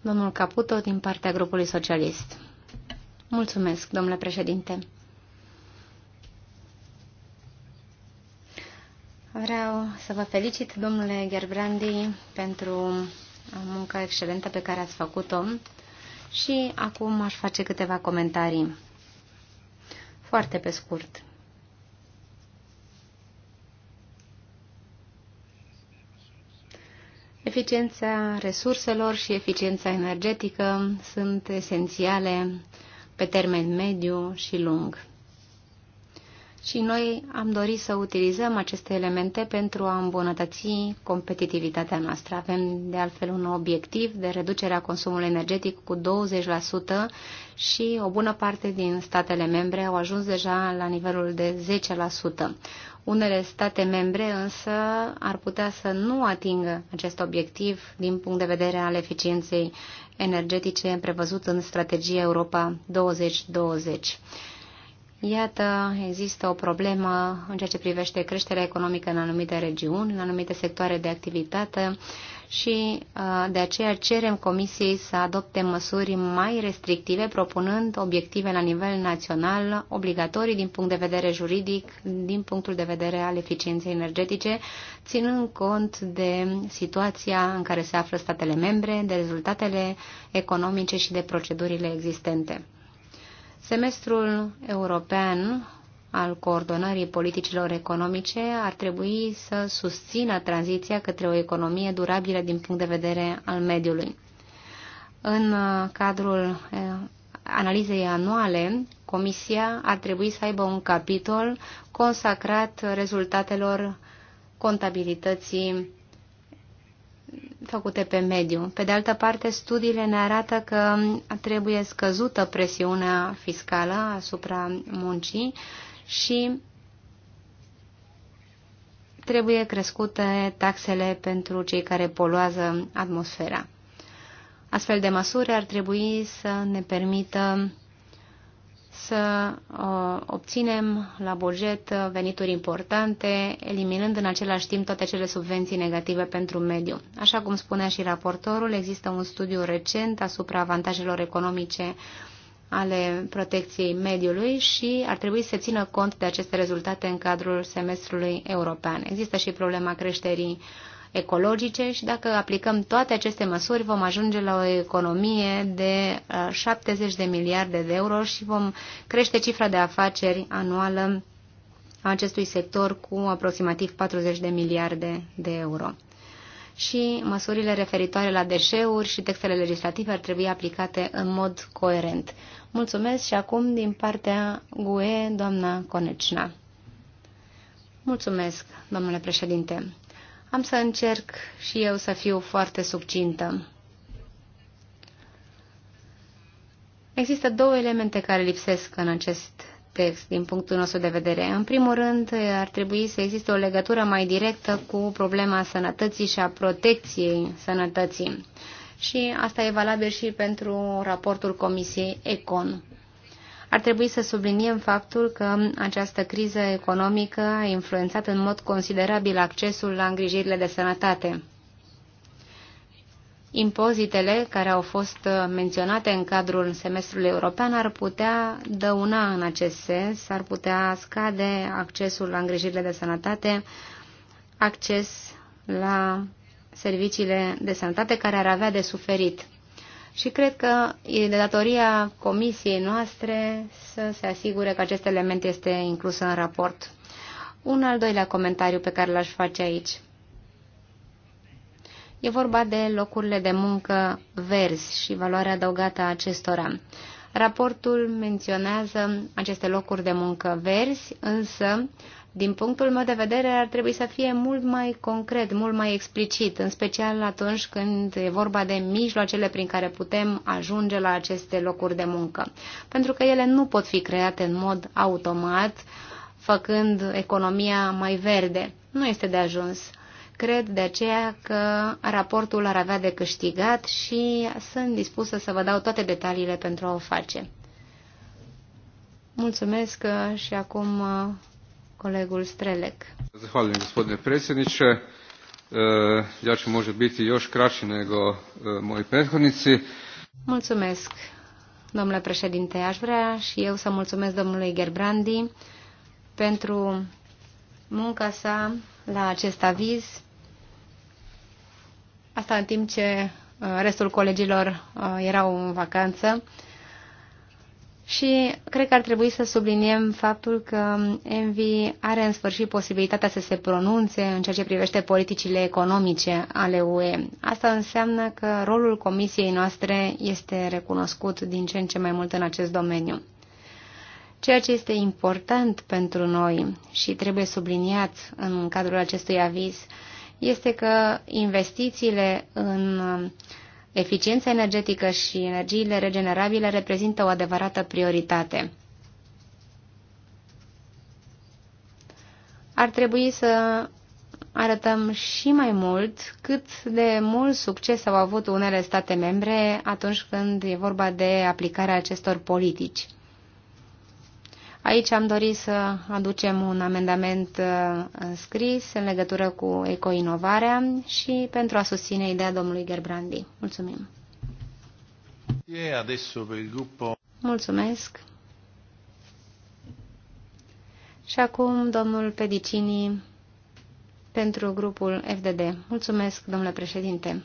domnul Caputo din partea grupului socialist. Mulțumesc, domnule președinte. Vreau să vă felicit, domnule Gerbrandi, pentru munca excelentă pe care ați făcut-o și acum aș face câteva comentarii. Foarte pe scurt. Eficiența resurselor și eficiența energetică sunt esențiale pe termen mediu și lung și noi am dorit să utilizăm aceste elemente pentru a îmbunătăți competitivitatea noastră. Avem de altfel un obiectiv de reducere a consumului energetic cu 20% și o bună parte din statele membre au ajuns deja la nivelul de 10%. Unele state membre însă ar putea să nu atingă acest obiectiv din punct de vedere al eficienței energetice prevăzut în strategia Europa 2020 Iată, există o problemă în ceea ce privește creșterea economică în anumite regiuni, în anumite sectoare de activitate și uh, de aceea cerem Comisiei să adopte măsuri mai restrictive, propunând obiective la nivel național, obligatorii din punct de vedere juridic, din punctul de vedere al eficienței energetice, ținând cont de situația în care se află statele membre, de rezultatele economice și de procedurile existente. Semestrul european al coordonării politicilor economice ar trebui să susțină tranziția către o economie durabilă din punct de vedere al mediului. În uh, cadrul uh, analizei anuale, Comisia ar trebui să aibă un capitol consacrat rezultatelor contabilității făcute pe mediu. Pe de altă parte, studiile ne arată că trebuie scăzută presiunea fiscală asupra muncii și trebuie crescute taxele pentru cei care poluează atmosfera. Astfel de măsuri ar trebui să ne permită să uh, obținem la buget venituri importante, eliminând în același timp toate cele subvenții negative pentru mediu. Așa cum spunea și raportorul, există un studiu recent asupra avantajelor economice ale protecției mediului și ar trebui să țină cont de aceste rezultate în cadrul semestrului european. Există și problema creșterii uh, ecologice și dacă aplicăm toate aceste măsuri vom ajunge la o economie de 70 uh, de miliarde de euro și vom crește cifra de afaceri anuală a acestui sector cu aproximativ 40 de miliarde de euro. Și măsurile referitoare la deșeuri și textele legislative ar trebui aplicate în mod coerent. Mulțumesc și acum din partea GUE, doamna Conecina. Mulțumesc, domnule președinte. Am să încerc și eu să fiu foarte subcintă. Există două elemente care lipsesc în acest text din punctul nostru de vedere. În primul rând, ar trebui să existe o legătură mai directă cu problema sănătății și a protecției sănătății. Și asta e valabil și pentru raportul Comisiei ECON. Ar trebui să subliniem faptul că această criză economică a influențat în mod considerabil accesul la îngrijirile de sănătate. Impozitele care au fost menționate în cadrul semestrului european ar putea dăuna în acest sens, ar putea scade accesul la îngrijirile de sănătate, acces la serviciile de sănătate care ar avea de suferit și cred că e de datoria comisiei noastre să se asigure că acest element este inclus în raport. Un al doilea comentariu pe care l-aș face aici. E vorba de locurile de muncă verzi și valoarea adăugată a acestora. Raportul menționează aceste locuri de muncă verzi, însă din punctul meu de vedere, ar trebui să fie mult mai concret, mult mai explicit, în special atunci când e vorba de mijloacele prin care putem ajunge la aceste locuri de muncă. Pentru că ele nu pot fi create în mod automat, făcând economia mai verde. Nu este de ajuns. Cred de aceea că raportul ar avea de câștigat și sunt dispusă să vă dau toate detaliile pentru a o face. Mulțumesc și acum colegul Strelec. Zahvaljujem, gospodine predsjedniče. Ja ću možda biti još kraći nego moji prethodnici. Mulțumesc, domnule președinte. Aș vrea și eu să mulțumesc domnului Gerbrandi pentru munca sa la acest aviz. Asta în timp ce restul colegilor erau în vacanță. Și cred că ar trebui să subliniem faptul că Envi are în sfârșit posibilitatea să se pronunțe în ceea ce privește politicile economice ale UE. Asta înseamnă că rolul comisiei noastre este recunoscut din ce în ce mai mult în acest domeniu. Ceea ce este important pentru noi și trebuie subliniat în cadrul acestui aviz este că investițiile în uh, Eficiența energetică și energiile regenerabile reprezintă o adevărată prioritate. Ar trebui să arătăm și mai mult cât de mult succes au avut unele state membre atunci când e vorba de aplicarea acestor politici. Aici am dorit să aducem un amendament uh, scris în legătură cu ecoinovarea și pentru a susține ideea domnului Gerbrandi. Mulțumim. Mulțumesc. Și acum domnul Pedicini pentru grupul FDD. Mulțumesc, domnule președinte.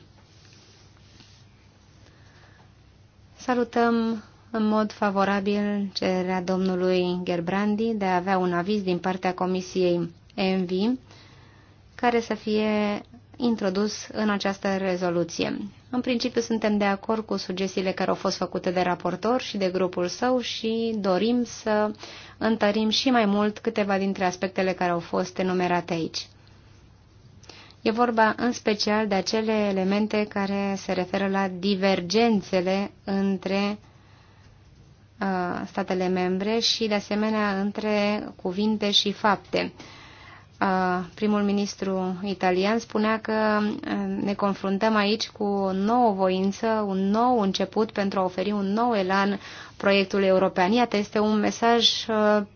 Salutăm în mod favorabil cererea domnului Gerbrandi de a avea un aviz din partea Comisiei MV care să fie introdus în această rezoluție. În principiu suntem de acord cu sugestiile care au fost făcute de raportor și de grupul său și dorim să întărim și mai mult câteva dintre aspectele care au fost enumerate aici. E vorba în special de acele elemente care se referă la divergențele între Uh, statele membre și, de asemenea, între cuvinte și fapte. Uh, primul ministru italian spunea că uh, ne confruntăm aici cu o nouă voință, un nou început pentru a oferi un nou elan proiectului european. Iată, este un mesaj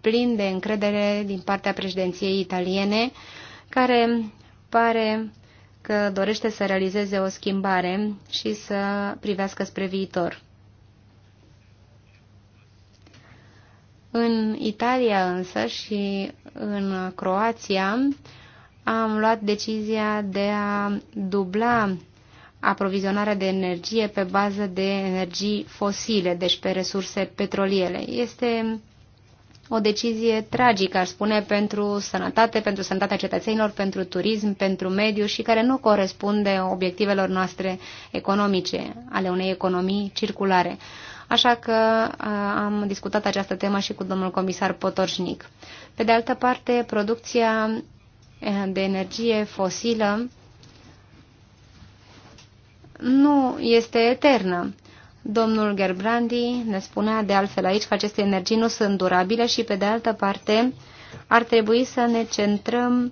plin de încredere din partea președinției italiene, care pare că dorește să realizeze o schimbare și să privească spre viitor. În Italia însă și în Croația am luat decizia de a dubla aprovizionarea de energie pe bază de energii fosile, deci pe resurse petroliere. Este o decizie tragică, aș spune, pentru sănătate, pentru sănătatea cetățenilor, pentru turism, pentru mediu și care nu corespunde obiectivelor noastre economice, ale unei economii circulare așa că am discutat această temă și cu domnul comisar Potoșnic. Pe de altă parte, producția de energie fosilă nu este eternă. Domnul Gerbrandi ne spunea de altfel aici că aceste energii nu sunt durabile și, pe de altă parte, ar trebui să ne centrăm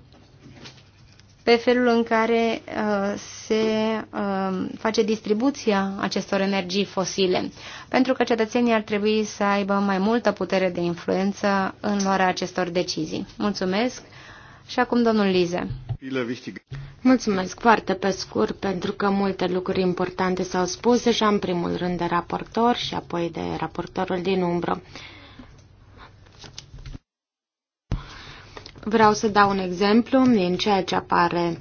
pe felul în care uh, se uh, face distribuția acestor energii fosile, pentru că cetățenii ar trebui să aibă mai multă putere de influență în luarea acestor decizii. Mulțumesc! Și acum domnul Lize. Mulțumesc foarte pe scurt pentru că multe lucruri importante s-au spus deja în primul rând de raportor și apoi de raportorul din umbră. Vreau să dau un exemplu din ceea ce apare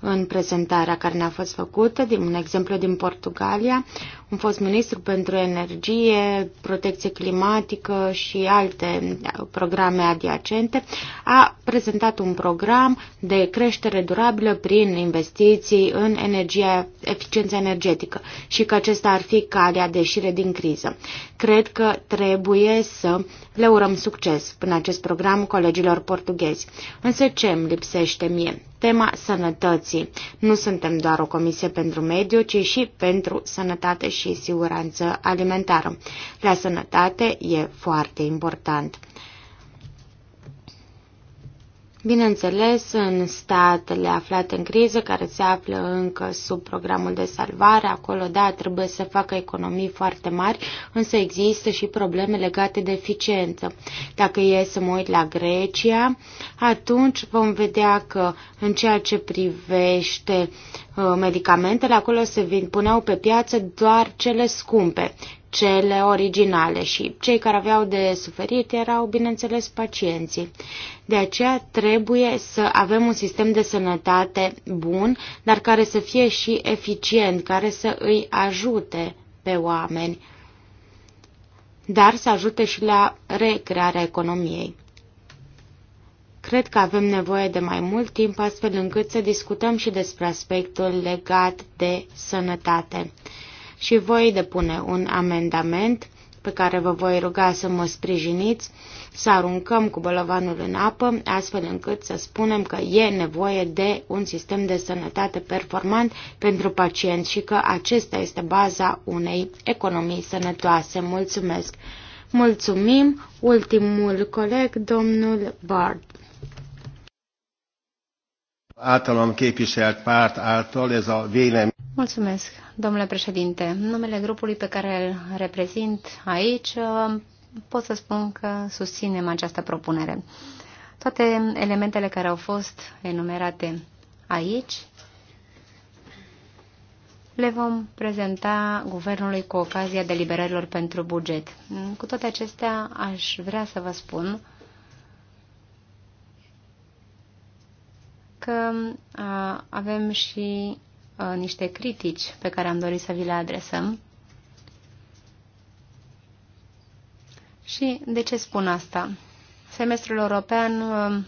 în prezentarea care ne-a fost făcută, un exemplu din Portugalia, am fost ministru pentru energie, protecție climatică și alte programe adiacente. A prezentat un program de creștere durabilă prin investiții în energia, eficiența energetică și că acesta ar fi calea de ieșire din criză. Cred că trebuie să le urăm succes în acest program colegilor portughezi. Însă ce îmi lipsește mie? Tema sănătății. Nu suntem doar o comisie pentru mediu, ci și pentru sănătate și și siguranță alimentară. La sănătate e foarte important. Bineînțeles, în statele aflate în criză, care se află încă sub programul de salvare, acolo, da, trebuie să facă economii foarte mari, însă există și probleme legate de eficiență. Dacă e să mă uit la Grecia, atunci vom vedea că în ceea ce privește uh, medicamentele, acolo se vin, puneau pe piață doar cele scumpe cele originale și cei care aveau de suferit erau, bineînțeles, pacienții. De aceea trebuie să avem un sistem de sănătate bun, dar care să fie și eficient, care să îi ajute pe oameni, dar să ajute și la recrearea economiei. Cred că avem nevoie de mai mult timp astfel încât să discutăm și despre aspectul legat de sănătate și voi depune un amendament pe care vă voi ruga să mă sprijiniți, să aruncăm cu bălăvanul în apă, astfel încât să spunem că e nevoie de un sistem de sănătate performant pentru pacienți și că acesta este baza unei economii sănătoase. Mulțumesc! Mulțumim! Ultimul coleg, domnul Bard. Általam képviselt párt által ez a vélemény. Mulțumesc, domnule președinte. În numele grupului pe care îl reprezint aici, pot să spun că susținem această propunere. Toate elementele care au fost enumerate aici le vom prezenta guvernului cu ocazia deliberărilor pentru buget. Cu toate acestea, aș vrea să vă spun că avem și Uh, niște critici pe care am dorit să vi le adresăm. Și de ce spun asta? Semestrul european uh,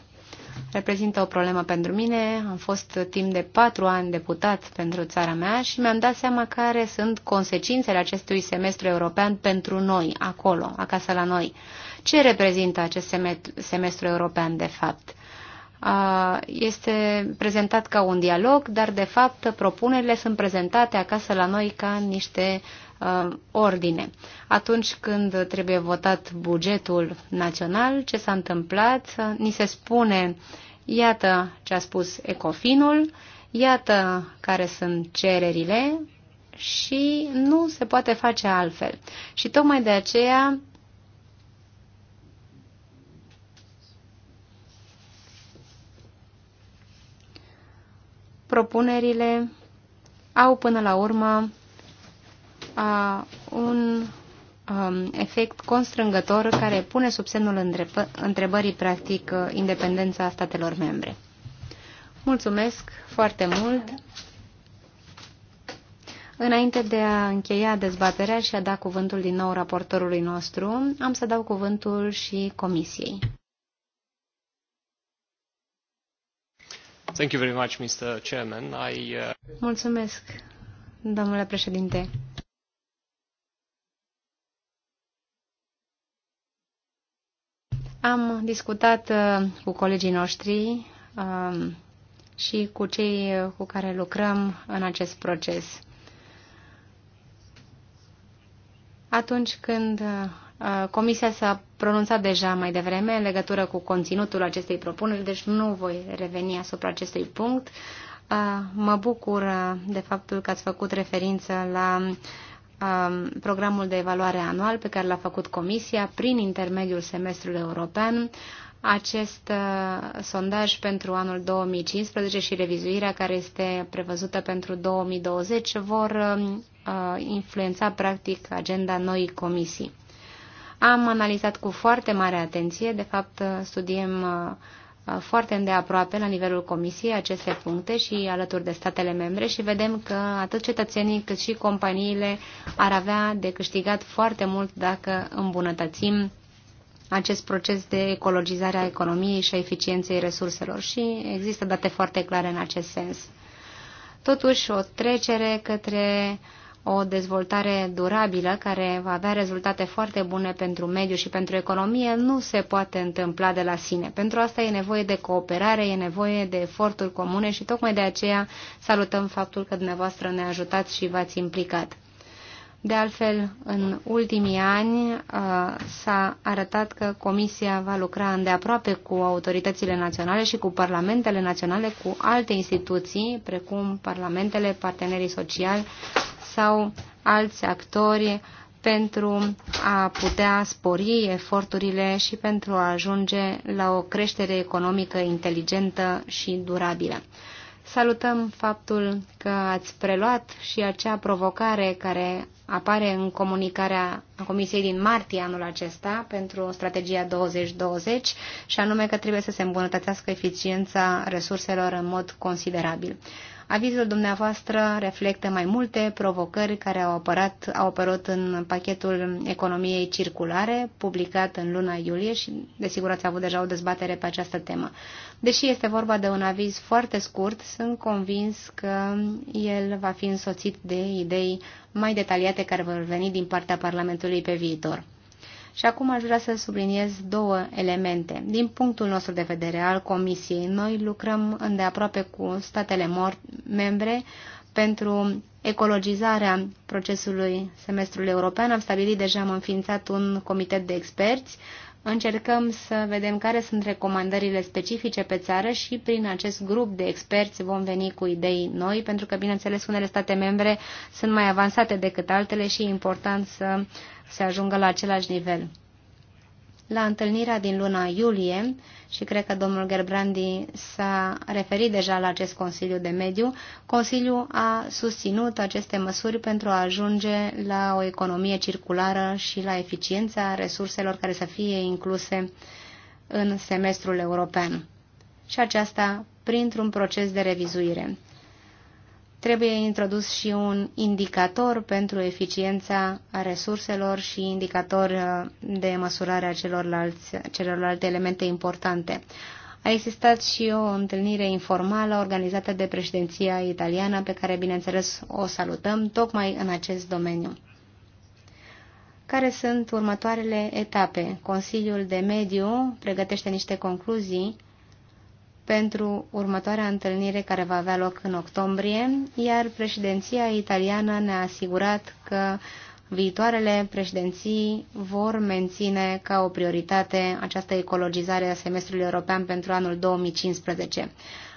reprezintă o problemă pentru mine. Am fost timp de patru ani deputat pentru țara mea și mi-am dat seama care sunt consecințele acestui semestru european pentru noi, acolo, acasă la noi. Ce reprezintă acest semestru european, de fapt? este prezentat ca un dialog, dar de fapt propunerile sunt prezentate acasă la noi ca niște ordine. Atunci când trebuie votat bugetul național, ce s-a întâmplat? Ni se spune, iată ce a spus Ecofinul, iată care sunt cererile și nu se poate face altfel. Și tocmai de aceea propunerile au până la urmă a, un a, um, efect constrângător care pune sub semnul întrebării, practic, independența statelor membre. Mulțumesc foarte mult! Înainte de a încheia dezbaterea și a da cuvântul din nou raportorului nostru, am să dau cuvântul și comisiei. Thank you very much, Mr. Chairman. I, uh... Mulțumesc, domnule președinte. Am discutat uh, cu colegii noștri um, și cu cei cu care lucrăm în acest proces. Atunci când uh, Uh, comisia s-a pronunțat deja mai devreme în legătură cu conținutul acestei propuneri, deci nu voi reveni asupra acestui punct. Uh, mă bucur uh, de faptul că ați făcut referință la programul de evaluare anual pe care l-a făcut Comisia prin intermediul semestrului european, acest sondaj pentru anul 2015 și revizuirea care este prevăzută pentru 2020 vor influența practic agenda noii comisii. Am analizat cu foarte mare atenție, de fapt studiem uh, uh, foarte îndeaproape la nivelul Comisiei aceste puncte și alături de statele membre și vedem că atât cetățenii cât și companiile ar avea de câștigat foarte mult dacă îmbunătățim acest proces de ecologizare a economiei și a eficienței resurselor și există date foarte clare în acest sens. Totuși, o trecere către uh, o dezvoltare durabilă care va avea rezultate foarte bune pentru mediu și pentru economie nu se poate întâmpla de la sine. Pentru asta e nevoie de cooperare, e nevoie de eforturi comune și tocmai de aceea salutăm faptul că dumneavoastră ne ajutați și v-ați implicat. De altfel, în ultimii ani uh, s-a arătat că Comisia va lucra îndeaproape cu autoritățile naționale și cu parlamentele naționale, cu alte instituții, precum parlamentele, partenerii sociali sau alți actori pentru a putea spori eforturile și pentru a ajunge la o creștere economică inteligentă și durabilă. Salutăm faptul că ați preluat și acea provocare care apare în comunicarea Comisiei din martie anul acesta pentru strategia 2020 și anume că trebuie să se îmbunătățească eficiența resurselor în mod considerabil. Avizul dumneavoastră reflectă mai multe provocări care au, apărat, au apărut în pachetul economiei circulare, publicat în luna iulie și, desigur, ați avut deja o dezbatere pe această temă. Deși este vorba de un aviz foarte scurt, sunt convins că el va fi însoțit de idei mai detaliate care vor veni din partea Parlamentului pe viitor. Și acum aș vrea să subliniez două elemente. Din punctul nostru de vedere al Comisiei, noi lucrăm îndeaproape cu statele membre pentru ecologizarea procesului semestrului european. Am stabilit deja, am înființat un comitet de experți. Încercăm să vedem care sunt recomandările specifice pe țară și prin acest grup de experți vom veni cu idei noi, pentru că, bineînțeles, unele state membre sunt mai avansate decât altele și e important să uh, se ajungă la același nivel. La întâlnirea din luna iulie, și cred că domnul Gerbrandi s-a referit deja la acest Consiliu de Mediu, Consiliul a susținut aceste măsuri pentru a ajunge la o economie circulară și la eficiența resurselor care să fie incluse în semestrul european. Și aceasta printr-un proces de revizuire. Trebuie introdus și un indicator pentru eficiența resurselor și indicator uh, de măsurare a celorlalte elemente importante. A existat și o întâlnire informală organizată de președinția italiană, pe care, bineînțeles, o salutăm tocmai în acest domeniu. Care sunt următoarele etape? Consiliul de Mediu pregătește niște concluzii pentru următoarea întâlnire care va avea loc în octombrie, iar președinția italiană ne-a asigurat că viitoarele președinții vor menține ca o prioritate această ecologizare a semestrului european pentru anul 2015.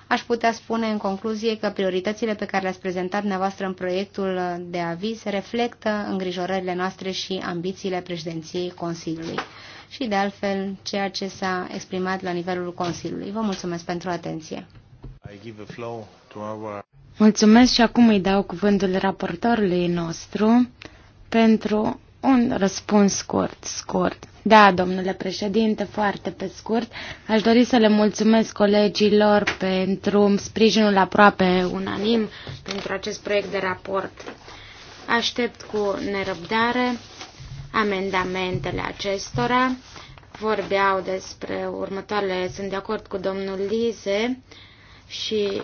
Aș putea spune în concluzie că prioritățile pe care le-ați prezentat dumneavoastră în proiectul de aviz reflectă îngrijorările noastre și ambițiile președinției Consiliului și, de altfel, ceea ce s-a exprimat la nivelul Consiliului. Vă mulțumesc pentru atenție. Mulțumesc și acum îi dau cuvântul raportorului nostru pentru un răspuns scurt, scurt. Da, domnule președinte, foarte pe scurt. Aș dori să le mulțumesc colegilor pentru sprijinul aproape unanim pentru acest proiect de raport. Aștept cu nerăbdare Amendamentele acestora vorbeau despre următoarele, sunt de acord cu domnul Lize și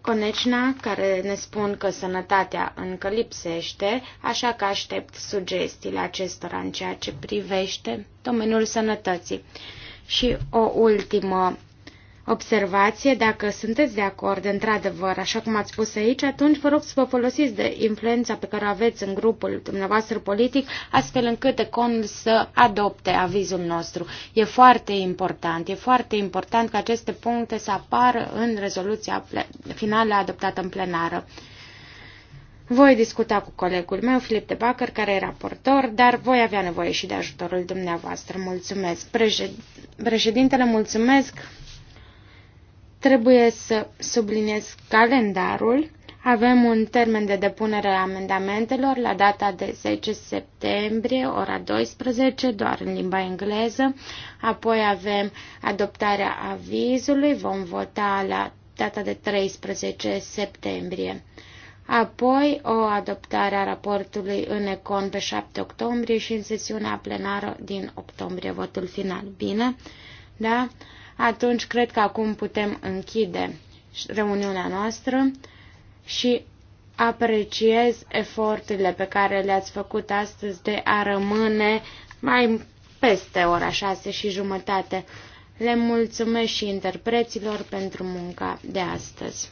Conecna, care ne spun că sănătatea încă lipsește, așa că aștept sugestiile acestora în ceea ce privește domeniul sănătății. Și o ultimă observație. Dacă sunteți de acord, într-adevăr, așa cum ați spus aici, atunci vă rog să vă folosiți de influența pe care o aveți în grupul dumneavoastră politic, astfel încât Econul să adopte avizul nostru. E foarte important, e foarte important ca aceste puncte să apară în rezoluția finală adoptată în plenară. Voi discuta cu colegul meu, Filip de Bacăr, care e raportor, dar voi avea nevoie și de ajutorul dumneavoastră. Mulțumesc. Președintele, mulțumesc. Trebuie să subliniez calendarul. Avem un termen de depunere a amendamentelor la data de 10 septembrie, ora 12, doar în limba engleză. Apoi avem adoptarea avizului, vom vota la data de 13 septembrie. Apoi o adoptare a raportului în Econ pe 7 octombrie și în sesiunea plenară din octombrie, votul final. Bine? Da? atunci cred că acum putem închide reuniunea noastră și apreciez eforturile pe care le-ați făcut astăzi de a rămâne mai peste ora șase și jumătate. Le mulțumesc și interpreților pentru munca de astăzi.